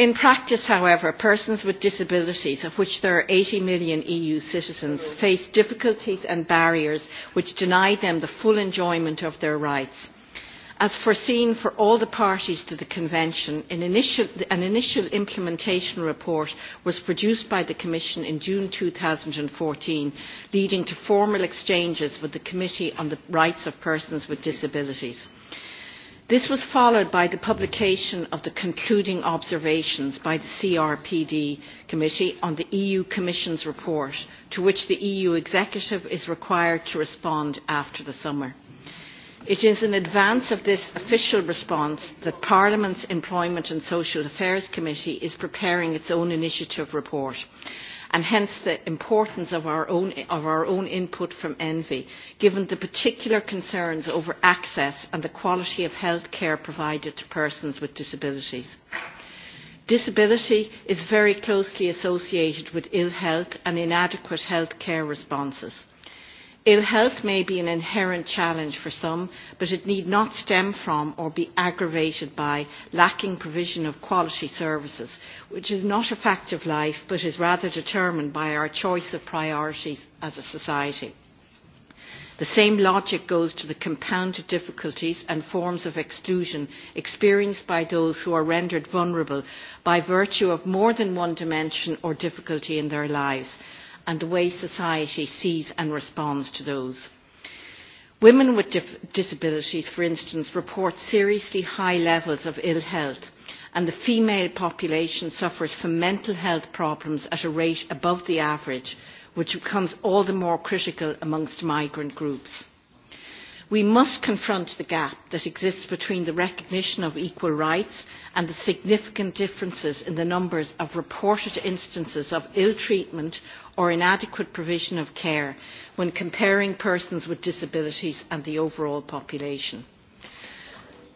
In practice, however, persons with disabilities, of which there are 80 million EU citizens, face difficulties and barriers which deny them the full enjoyment of their rights. As foreseen for all the parties to the Convention, an initial, an initial implementation report was produced by the Commission in June 2014, leading to formal exchanges with the Committee on the Rights of Persons with Disabilities. Okay. This was followed by the publication of the concluding observations by the CRPD Committee on the EU Commission's report, to which the EU Executive is required to respond after the summer. It is in advance of this official response that Parliament's Employment and Social Affairs Committee is preparing its own initiative report and hence the importance of our own, of our own input from envy, given the particular concerns over access and the quality of health care provided to persons with disabilities. Disability is very closely associated with ill health and inadequate health care responses. Ill health may be an inherent challenge for some, but it need not stem from or be aggravated by lacking provision of quality services, which is not a fact of life, but is rather determined by our choice of priorities as a society. The same logic goes to the compounded difficulties and forms of exclusion experienced by those who are rendered vulnerable by virtue of more than one dimension or difficulty in their lives, and the way society sees and responds to those. Women with dif- disabilities, for instance, report seriously high levels of ill health, and the female population suffers from mental health problems at a rate above the average, which becomes all the more critical amongst migrant groups. We must confront the gap that exists between the recognition of equal rights and the significant differences in the numbers of reported instances of ill treatment or inadequate provision of care when comparing persons with disabilities and the overall population.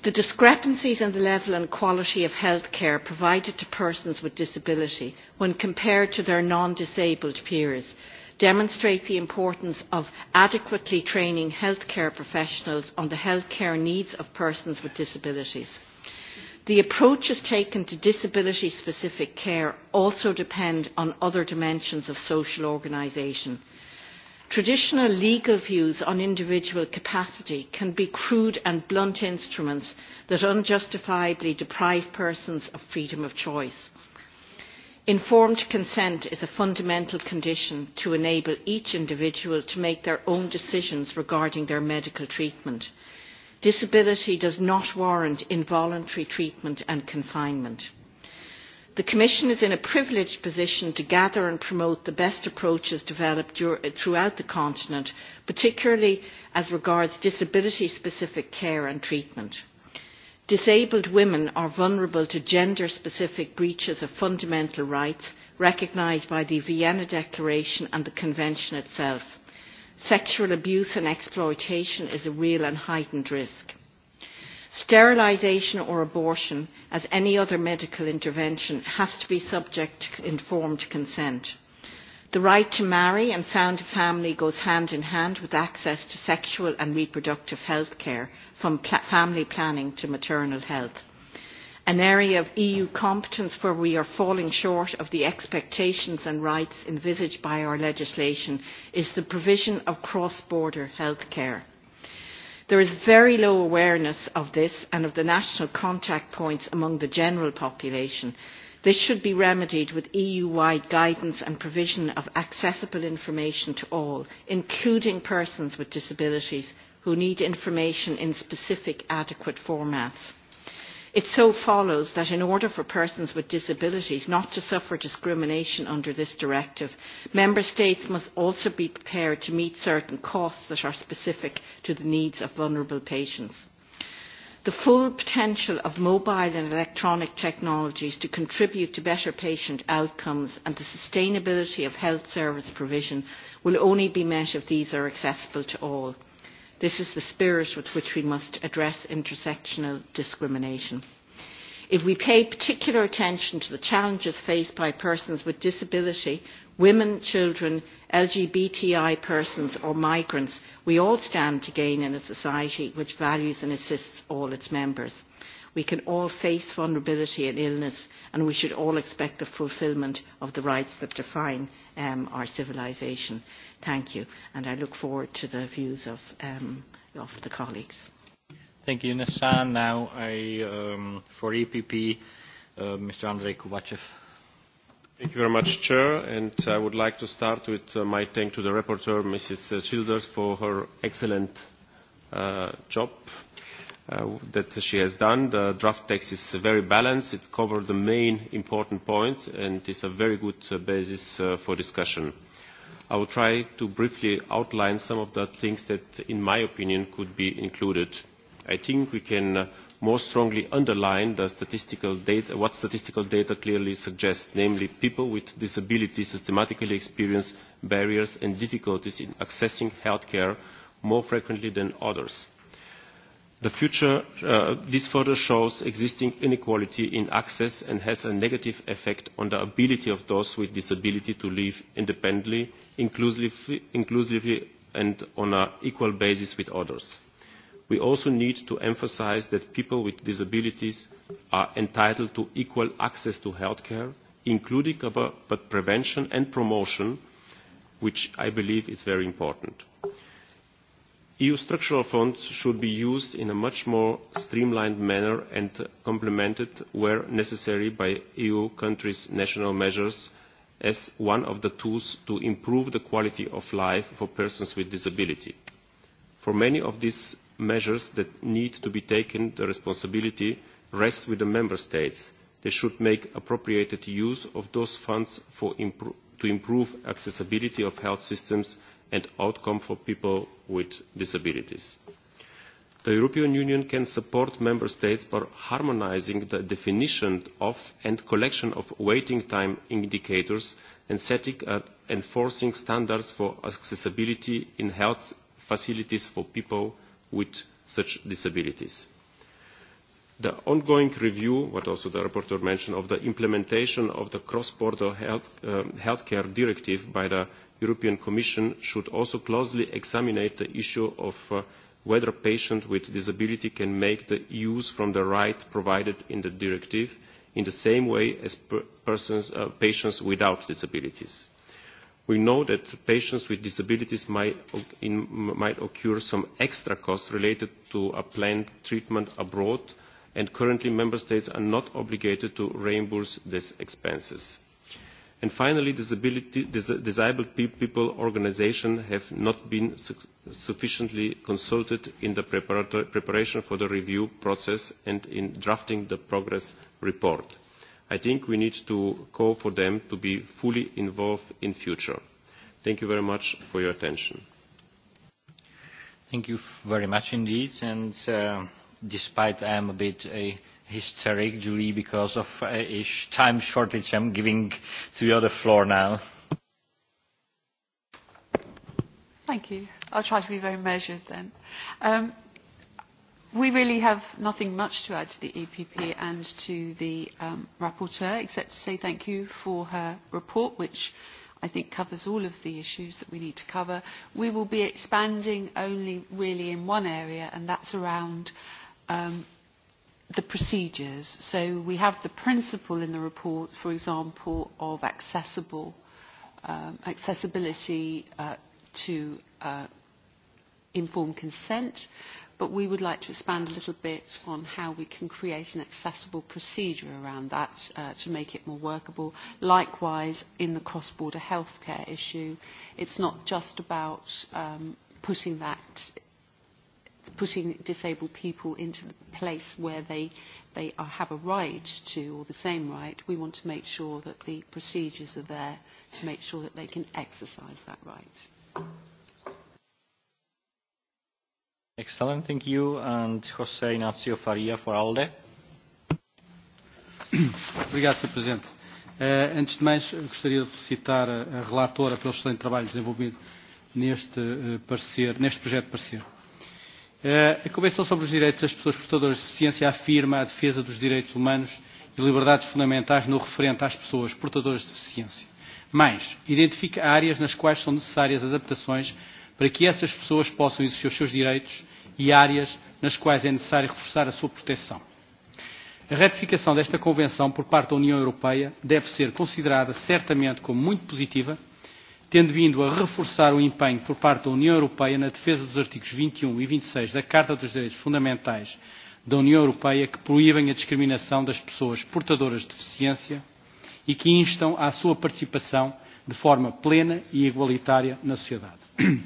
The discrepancies in the level and quality of health care provided to persons with disability when compared to their non-disabled peers demonstrate the importance of adequately training healthcare professionals on the healthcare needs of persons with disabilities. The approaches taken to disability specific care also depend on other dimensions of social organisation. Traditional legal views on individual capacity can be crude and blunt instruments that unjustifiably deprive persons of freedom of choice. Informed consent is a fundamental condition to enable each individual to make their own decisions regarding their medical treatment disability does not warrant involuntary treatment and confinement. The Commission is in a privileged position to gather and promote the best approaches developed throughout the continent, particularly as regards disability specific care and treatment. Disabled women are vulnerable to gender specific breaches of fundamental rights recognised by the Vienna Declaration and the Convention itself sexual abuse and exploitation is a real and heightened risk. Sterilisation or abortion, as any other medical intervention, has to be subject to informed consent. The right to marry and found a family goes hand in hand with access to sexual and reproductive health care, from pl- family planning to maternal health an area of EU competence where we are falling short of the expectations and rights envisaged by our legislation is the provision of cross-border health care. There is very low awareness of this and of the national contact points among the general population. This should be remedied with EU-wide guidance and provision of accessible information to all, including persons with disabilities who need information in specific adequate formats. It so follows that in order for persons with disabilities not to suffer discrimination under this directive, member states must also be prepared to meet certain costs that are specific to the needs of vulnerable patients. The full potential of mobile and electronic technologies to contribute to better patient outcomes and the sustainability of health service provision will only be met if these are accessible to all. This is the spirit with which we must address intersectional discrimination. If we pay particular attention to the challenges faced by persons with disability, women, children, LGBTI persons or migrants, we all stand to gain in a society which values and assists all its members we can all face vulnerability and illness, and we should all expect the fulfilment of the rights that define um, our civilization. Thank you, and I look forward to the views of, um, of the colleagues. Thank you, Nassan. Now, I, um, for EPP, uh, Mr. Andrei Kubachev. Thank you very much, Chair, and I would like to start with uh, my thanks to the rapporteur, Mrs. Childers, for her excellent uh, job. Uh, that she has done. The draft text is very balanced. It covers the main important points and is a very good uh, basis uh, for discussion. I will try to briefly outline some of the things that, in my opinion, could be included. I think we can more strongly underline the statistical data, what statistical data clearly suggests, namely people with disabilities systematically experience barriers and difficulties in accessing healthcare more frequently than others the future, uh, this further shows existing inequality in access and has a negative effect on the ability of those with disability to live independently, inclusively, and on an equal basis with others. We also need to emphasize that people with disabilities are entitled to equal access to healthcare, including but prevention and promotion, which I believe is very important. EU structural funds should be used in a much more streamlined manner and complemented where necessary by EU countries' national measures as one of the tools to improve the quality of life for persons with disability. For many of these measures that need to be taken, the responsibility rests with the member states. They should make appropriated use of those funds for impro to improve accessibility of health systems and outcome for people with disabilities. The European Union can support Member States by harmonising the definition of and collection of waiting time indicators and setting and uh, enforcing standards for accessibility in health facilities for people with such disabilities. The ongoing review, what also the rapporteur mentioned, of the implementation of the cross-border health, uh, healthcare directive by the european commission should also closely examine the issue of uh, whether patients with disabilities can make use of the rights provided in the directive in the same way as persons, uh, patients without disabilities. we know that patients with disabilities might, in, might occur some extra costs related to a planned treatment abroad and currently member states are not obligated to reimburse these expenses and finally disabled people organisations have not been sufficiently consulted in the preparation for the review process and in drafting the progress report. i think we need to call for them to be fully involved in future. thank you very much for your attention. thank you very much indeed and uh, despite i am a bit a uh, historic, Julie, because of a uh, time shortage. I'm giving to you the floor now. Thank you. I'll try to be very measured then. Um, we really have nothing much to add to the EPP and to the um, rapporteur, except to say thank you for her report, which I think covers all of the issues that we need to cover. We will be expanding only really in one area, and that's around um, the procedures. So we have the principle in the report, for example, of accessible um, accessibility uh, to uh, informed consent, but we would like to expand a little bit on how we can create an accessible procedure around that uh, to make it more workable. Likewise, in the cross-border healthcare issue, it's not just about um, putting that putting disabled people into the place where they, they are, have a right to, or the same right, we want to make sure that the procedures are there to make sure that they can exercise that right. Excellent, thank you. And Jose Ignacio Faria for ALDE. *coughs* Obrigado, Sr. Presidente. Uh, antes de mais, gostaria de felicitar a, a relatora pelo excelente trabalho desenvolvido neste, uh, parecer, neste projeto de parecer. Uh, eh, a e Convenção sobre os Direitos das Pessoas Portadoras de Deficiência afirma a defesa dos direitos humanos e liberdades fundamentais no referente às pessoas portadoras de deficiência. Mais, identifica áreas nas quais são necessárias adaptações para que essas pessoas possam exercer os seus direitos e áreas nas quais é necessário reforçar a sua proteção. A ratificação desta Convenção por parte da União Europeia deve ser considerada certamente como muito positiva tendo vindo a reforçar o empenho por parte da União Europeia na defesa dos artigos 21 e 26 um e e da Carta dos Direitos Fundamentais da União Europeia que proíbem a discriminação das pessoas portadoras de deficiência e que instam à sua participação de forma plena e igualitária na sociedade. *clears throat*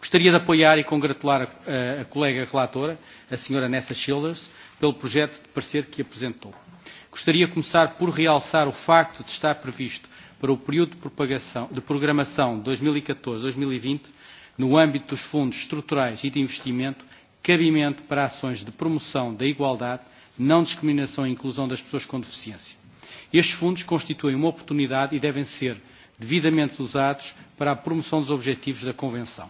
Gostaria de apoiar e congratular a, a, a colega relatora, a senhora Nessa Childers, pelo projeto de parecer que apresentou. Gostaria de começar por realçar o facto de estar previsto para o período de programação 2014-2020, e e no âmbito dos fundos estruturais e de investimento, cabimento para ações de promoção da igualdade, não discriminação e inclusão das pessoas com deficiência. Estes fundos constituem uma oportunidade e devem ser devidamente usados para a promoção dos objetivos da Convenção.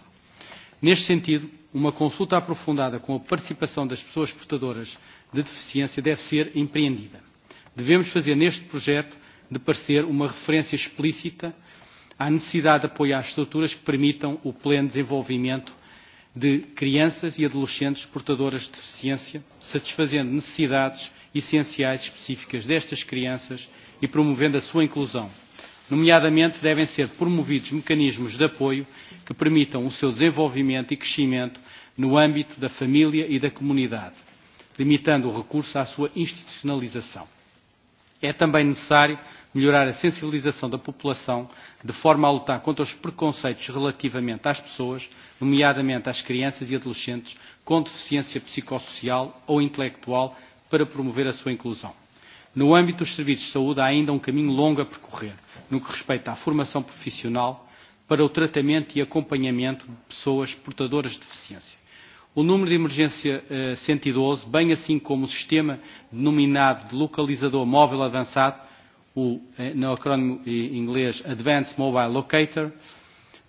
Neste sentido, uma consulta aprofundada com a participação das pessoas portadoras de deficiência deve ser empreendida. Devemos fazer neste projeto de parecer uma referência explícita à necessidade de apoiar estruturas que permitam o pleno desenvolvimento de crianças e adolescentes portadoras de deficiência, satisfazendo necessidades essenciais específicas destas crianças e promovendo a sua inclusão. Nomeadamente, devem ser promovidos mecanismos de apoio que permitam o seu desenvolvimento e crescimento no âmbito da família e da comunidade, limitando o recurso à sua institucionalização. É também necessário melhorar a sensibilização da população de forma a lutar contra os preconceitos relativamente às pessoas, nomeadamente às crianças e adolescentes com deficiência psicossocial ou intelectual, para promover a sua inclusão. No âmbito dos serviços de saúde, há ainda um caminho longo a percorrer no que respeita à formação profissional para o tratamento e acompanhamento de pessoas portadoras de deficiência. O número de emergência 112, eh, e bem assim como o sistema denominado de localizador móvel avançado, o, e, no acrónimo em inglês Advanced Mobile Locator,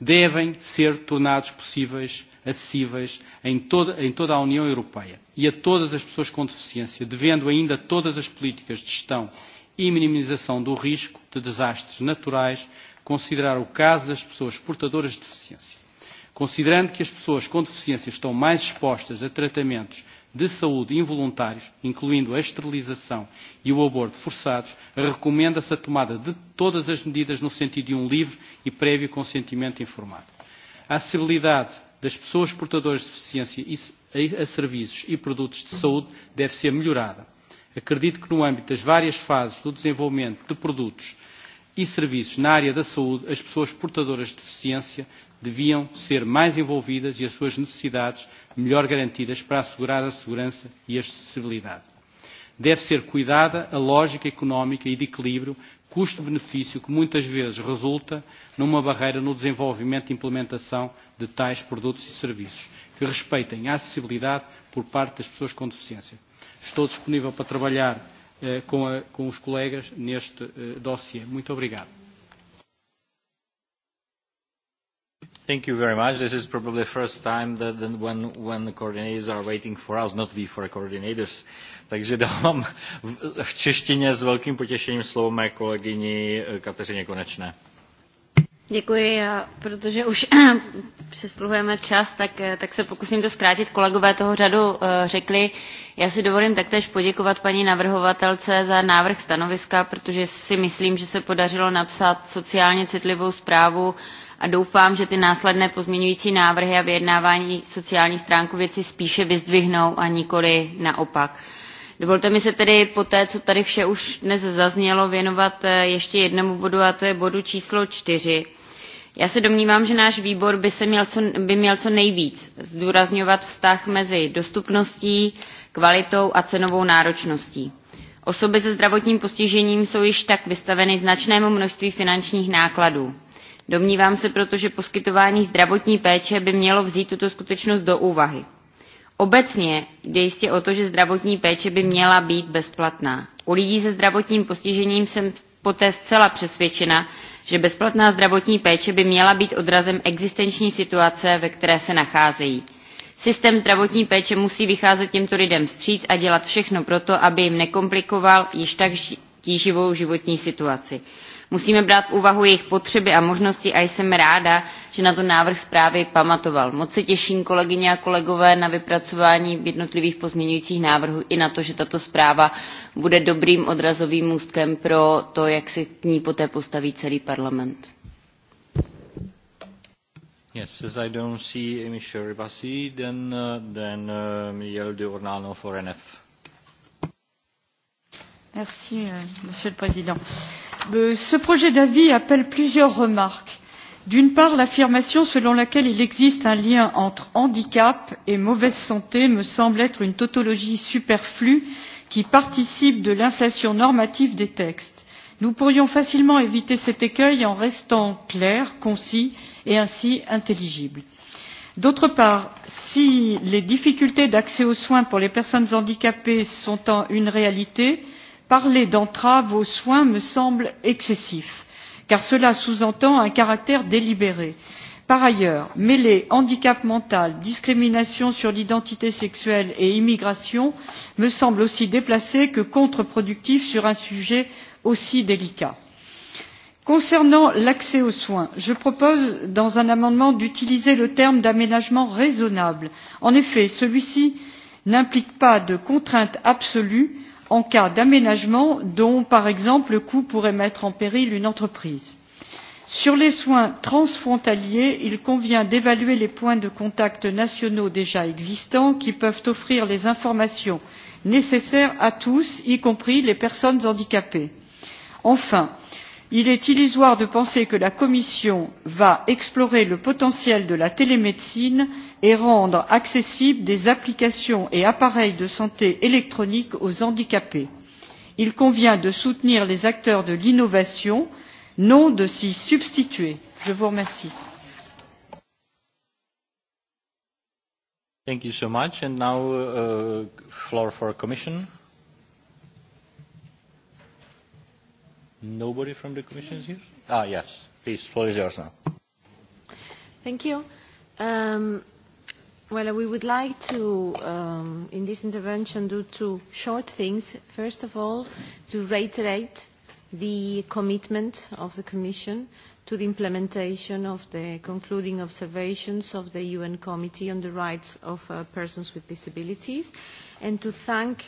devem ser tornados possíveis, acessíveis em toda, em toda a União Europeia e a todas as pessoas com deficiência, devendo ainda todas as políticas de gestão e minimização do risco de desastres naturais considerar o caso das pessoas portadoras de deficiência. Considerando que as pessoas com deficiência estão mais expostas a tratamentos de saúde involuntários, incluindo a esterilização e o aborto forçados, recomenda-se a tomada de todas as medidas no sentido de um livre e prévio consentimento informado. A acessibilidade das pessoas portadoras de deficiência e e a serviços e produtos de saúde deve ser melhorada. Acredito que, no âmbito das várias fases do desenvolvimento de produtos e serviços na área da saúde, as pessoas portadoras de deficiência deviam ser mais envolvidas e as suas necessidades melhor garantidas para assegurar a segurança e a acessibilidade. Deve ser cuidada a lógica económica e de equilíbrio custo-benefício que muitas vezes resulta numa barreira no desenvolvimento e implementação de tais produtos e serviços que respeitem a acessibilidade por parte das pessoas com deficiência. Estou disponível para trabalhar Eh, com, a, com os colegas neste eh, dossiê. Muito obrigado. Thank you very much. This is probably the first time that, that when, when the coordinators are waiting for us, not we for coordinators. Takže dávám v češtině s velkým potěšením slovo mé kolegyni eh, Kateřině Konečné. Děkuji, protože už *clears throat* přesluhujeme čas, tak, eh, tak se pokusím to zkrátit. Kolegové toho řadu eh, řekli, já si dovolím taktéž poděkovat paní navrhovatelce za návrh stanoviska, protože si myslím, že se podařilo napsat sociálně citlivou zprávu a doufám, že ty následné pozměňující návrhy a vyjednávání sociální stránku věci spíše vyzdvihnou a nikoli naopak. Dovolte mi se tedy po té, co tady vše už dnes zaznělo, věnovat eh, ještě jednomu bodu, a to je bodu číslo čtyři já se domnívám že náš výbor by měl co nejvíc zdůrazňovat vztah mezi dostupností kvalitou a cenovou náročností. osoby se zdravotním postižením jsou již tak vystaveny značnému množství finančních nákladů. domnívám se proto že poskytování zdravotní péče by mělo vzít tuto skutečnost do úvahy. obecně jde jistě o to že zdravotní péče by měla být bezplatná. u lidí se zdravotním postižením jsem poté zcela přesvědčena že bezplatná zdravotní péče by měla být odrazem existenční situace, ve které se nacházejí. Systém zdravotní péče musí vycházet těmto lidem vstříc a dělat všechno proto, aby jim nekomplikoval již tak tíživou životní situaci musíme brát v úvahu jejich potřeby a možnosti a jsem ráda že na to návrh zprávy pamatoval. moc se těším kolegyně a kolegové na vypracování jednotlivých pozměňujících návrhů i na to že tato zpráva bude dobrým odrazovým můstkem pro to jak se k ní poté postaví celý parlament. Yes, as I don't see Michel Ribasi, then, uh, then uh, Miguel de Ornano for NF. Euh, monsieur le président euh, ce projet d'avis appelle plusieurs remarques d'une part l'affirmation selon laquelle il existe un lien entre handicap et mauvaise santé me semble être une tautologie superflue qui participe de l'inflation normative des textes. nous pourrions facilement éviter cet écueil en restant clairs concis et ainsi intelligibles. d'autre part si les difficultés d'accès aux soins pour les personnes handicapées sont une réalité il parler d'entrave aux soins me semble excessif car cela sous entend un caractère délibéré. Par ailleurs, mêler handicap mental, discrimination sur l'identité sexuelle et immigration me semble aussi déplacé que contreproductif sur un sujet aussi délicat. Concernant l'accès aux soins, je propose dans un amendement d'utiliser le terme d'aménagement raisonnable. En effet, celui ci n'implique pas de contraintes absolues, en cas d'aménagement dont par exemple le coût pourrait mettre en péril une entreprise. sur les soins transfrontaliers il convient d'évaluer les points de contact nationaux déjà existants qui peuvent offrir les informations nécessaires à tous y compris les personnes handicapées. enfin il est illusoire de penser que la commission va explorer le potentiel de la télémédecine et rendre accessibles des applications et appareils de santé électroniques aux handicapés. il convient de soutenir les acteurs de l'innovation non de s'y substituer. je vous remercie. Thank you so much. And now, uh, floor for commission. Nobody from the commission is here? Ah, yes. Please, floor is yours now. Thank you. Um, Well, we would like to, um, in this intervention, do two short things. First of all, to reiterate the commitment of the Commission to the implementation of the concluding observations of the UN Committee on the Rights of uh, Persons with Disabilities, and to thank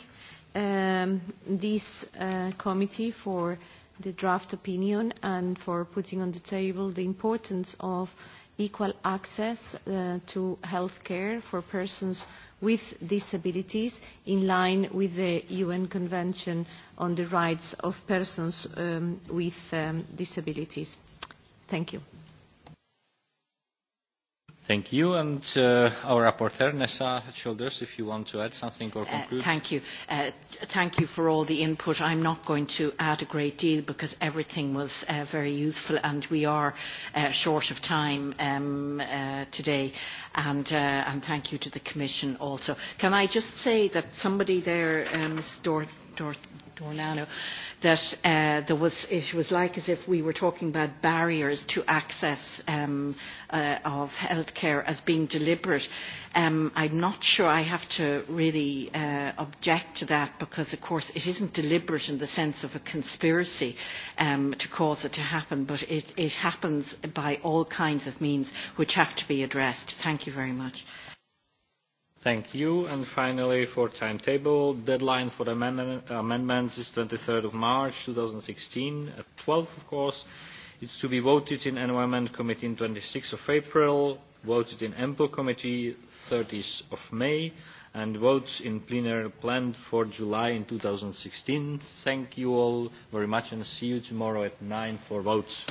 um, this uh, committee for the draft opinion and for putting on the table the importance of uh, equal access uh, to health care for persons with disabilities in line with the UN Convention on the Rights of Persons um, with um, Disabilities. Thank you thank you and uh, our rapporteur Nessa Childers if you want to add something or uh, conclude uh, thank you uh, thank you for all the input I'm not going to add a great deal because everything was uh, very useful and we are uh, short of time um, uh, today and, uh, and thank you to the Commission also can I just say that somebody there um, uh, Ms Dor- Dor- Dornano that uh, there was, it was like as if we were talking about barriers to access um, uh, of healthcare as being deliberate. Um, I'm not sure I have to really uh, object to that because, of course, it isn't deliberate in the sense of a conspiracy um, to cause it to happen, but it, it happens by all kinds of means which have to be addressed. Thank you very much thank you and finally for timetable deadline for amendments is twenty three march two thousand and sixteen at twelve of course it is to be voted in environment committee on twenty six april voted in empl committee thirty may and votes in plenary planned for july in two thousand and sixteen thank you all very much and see you tomorrow at nine for votes.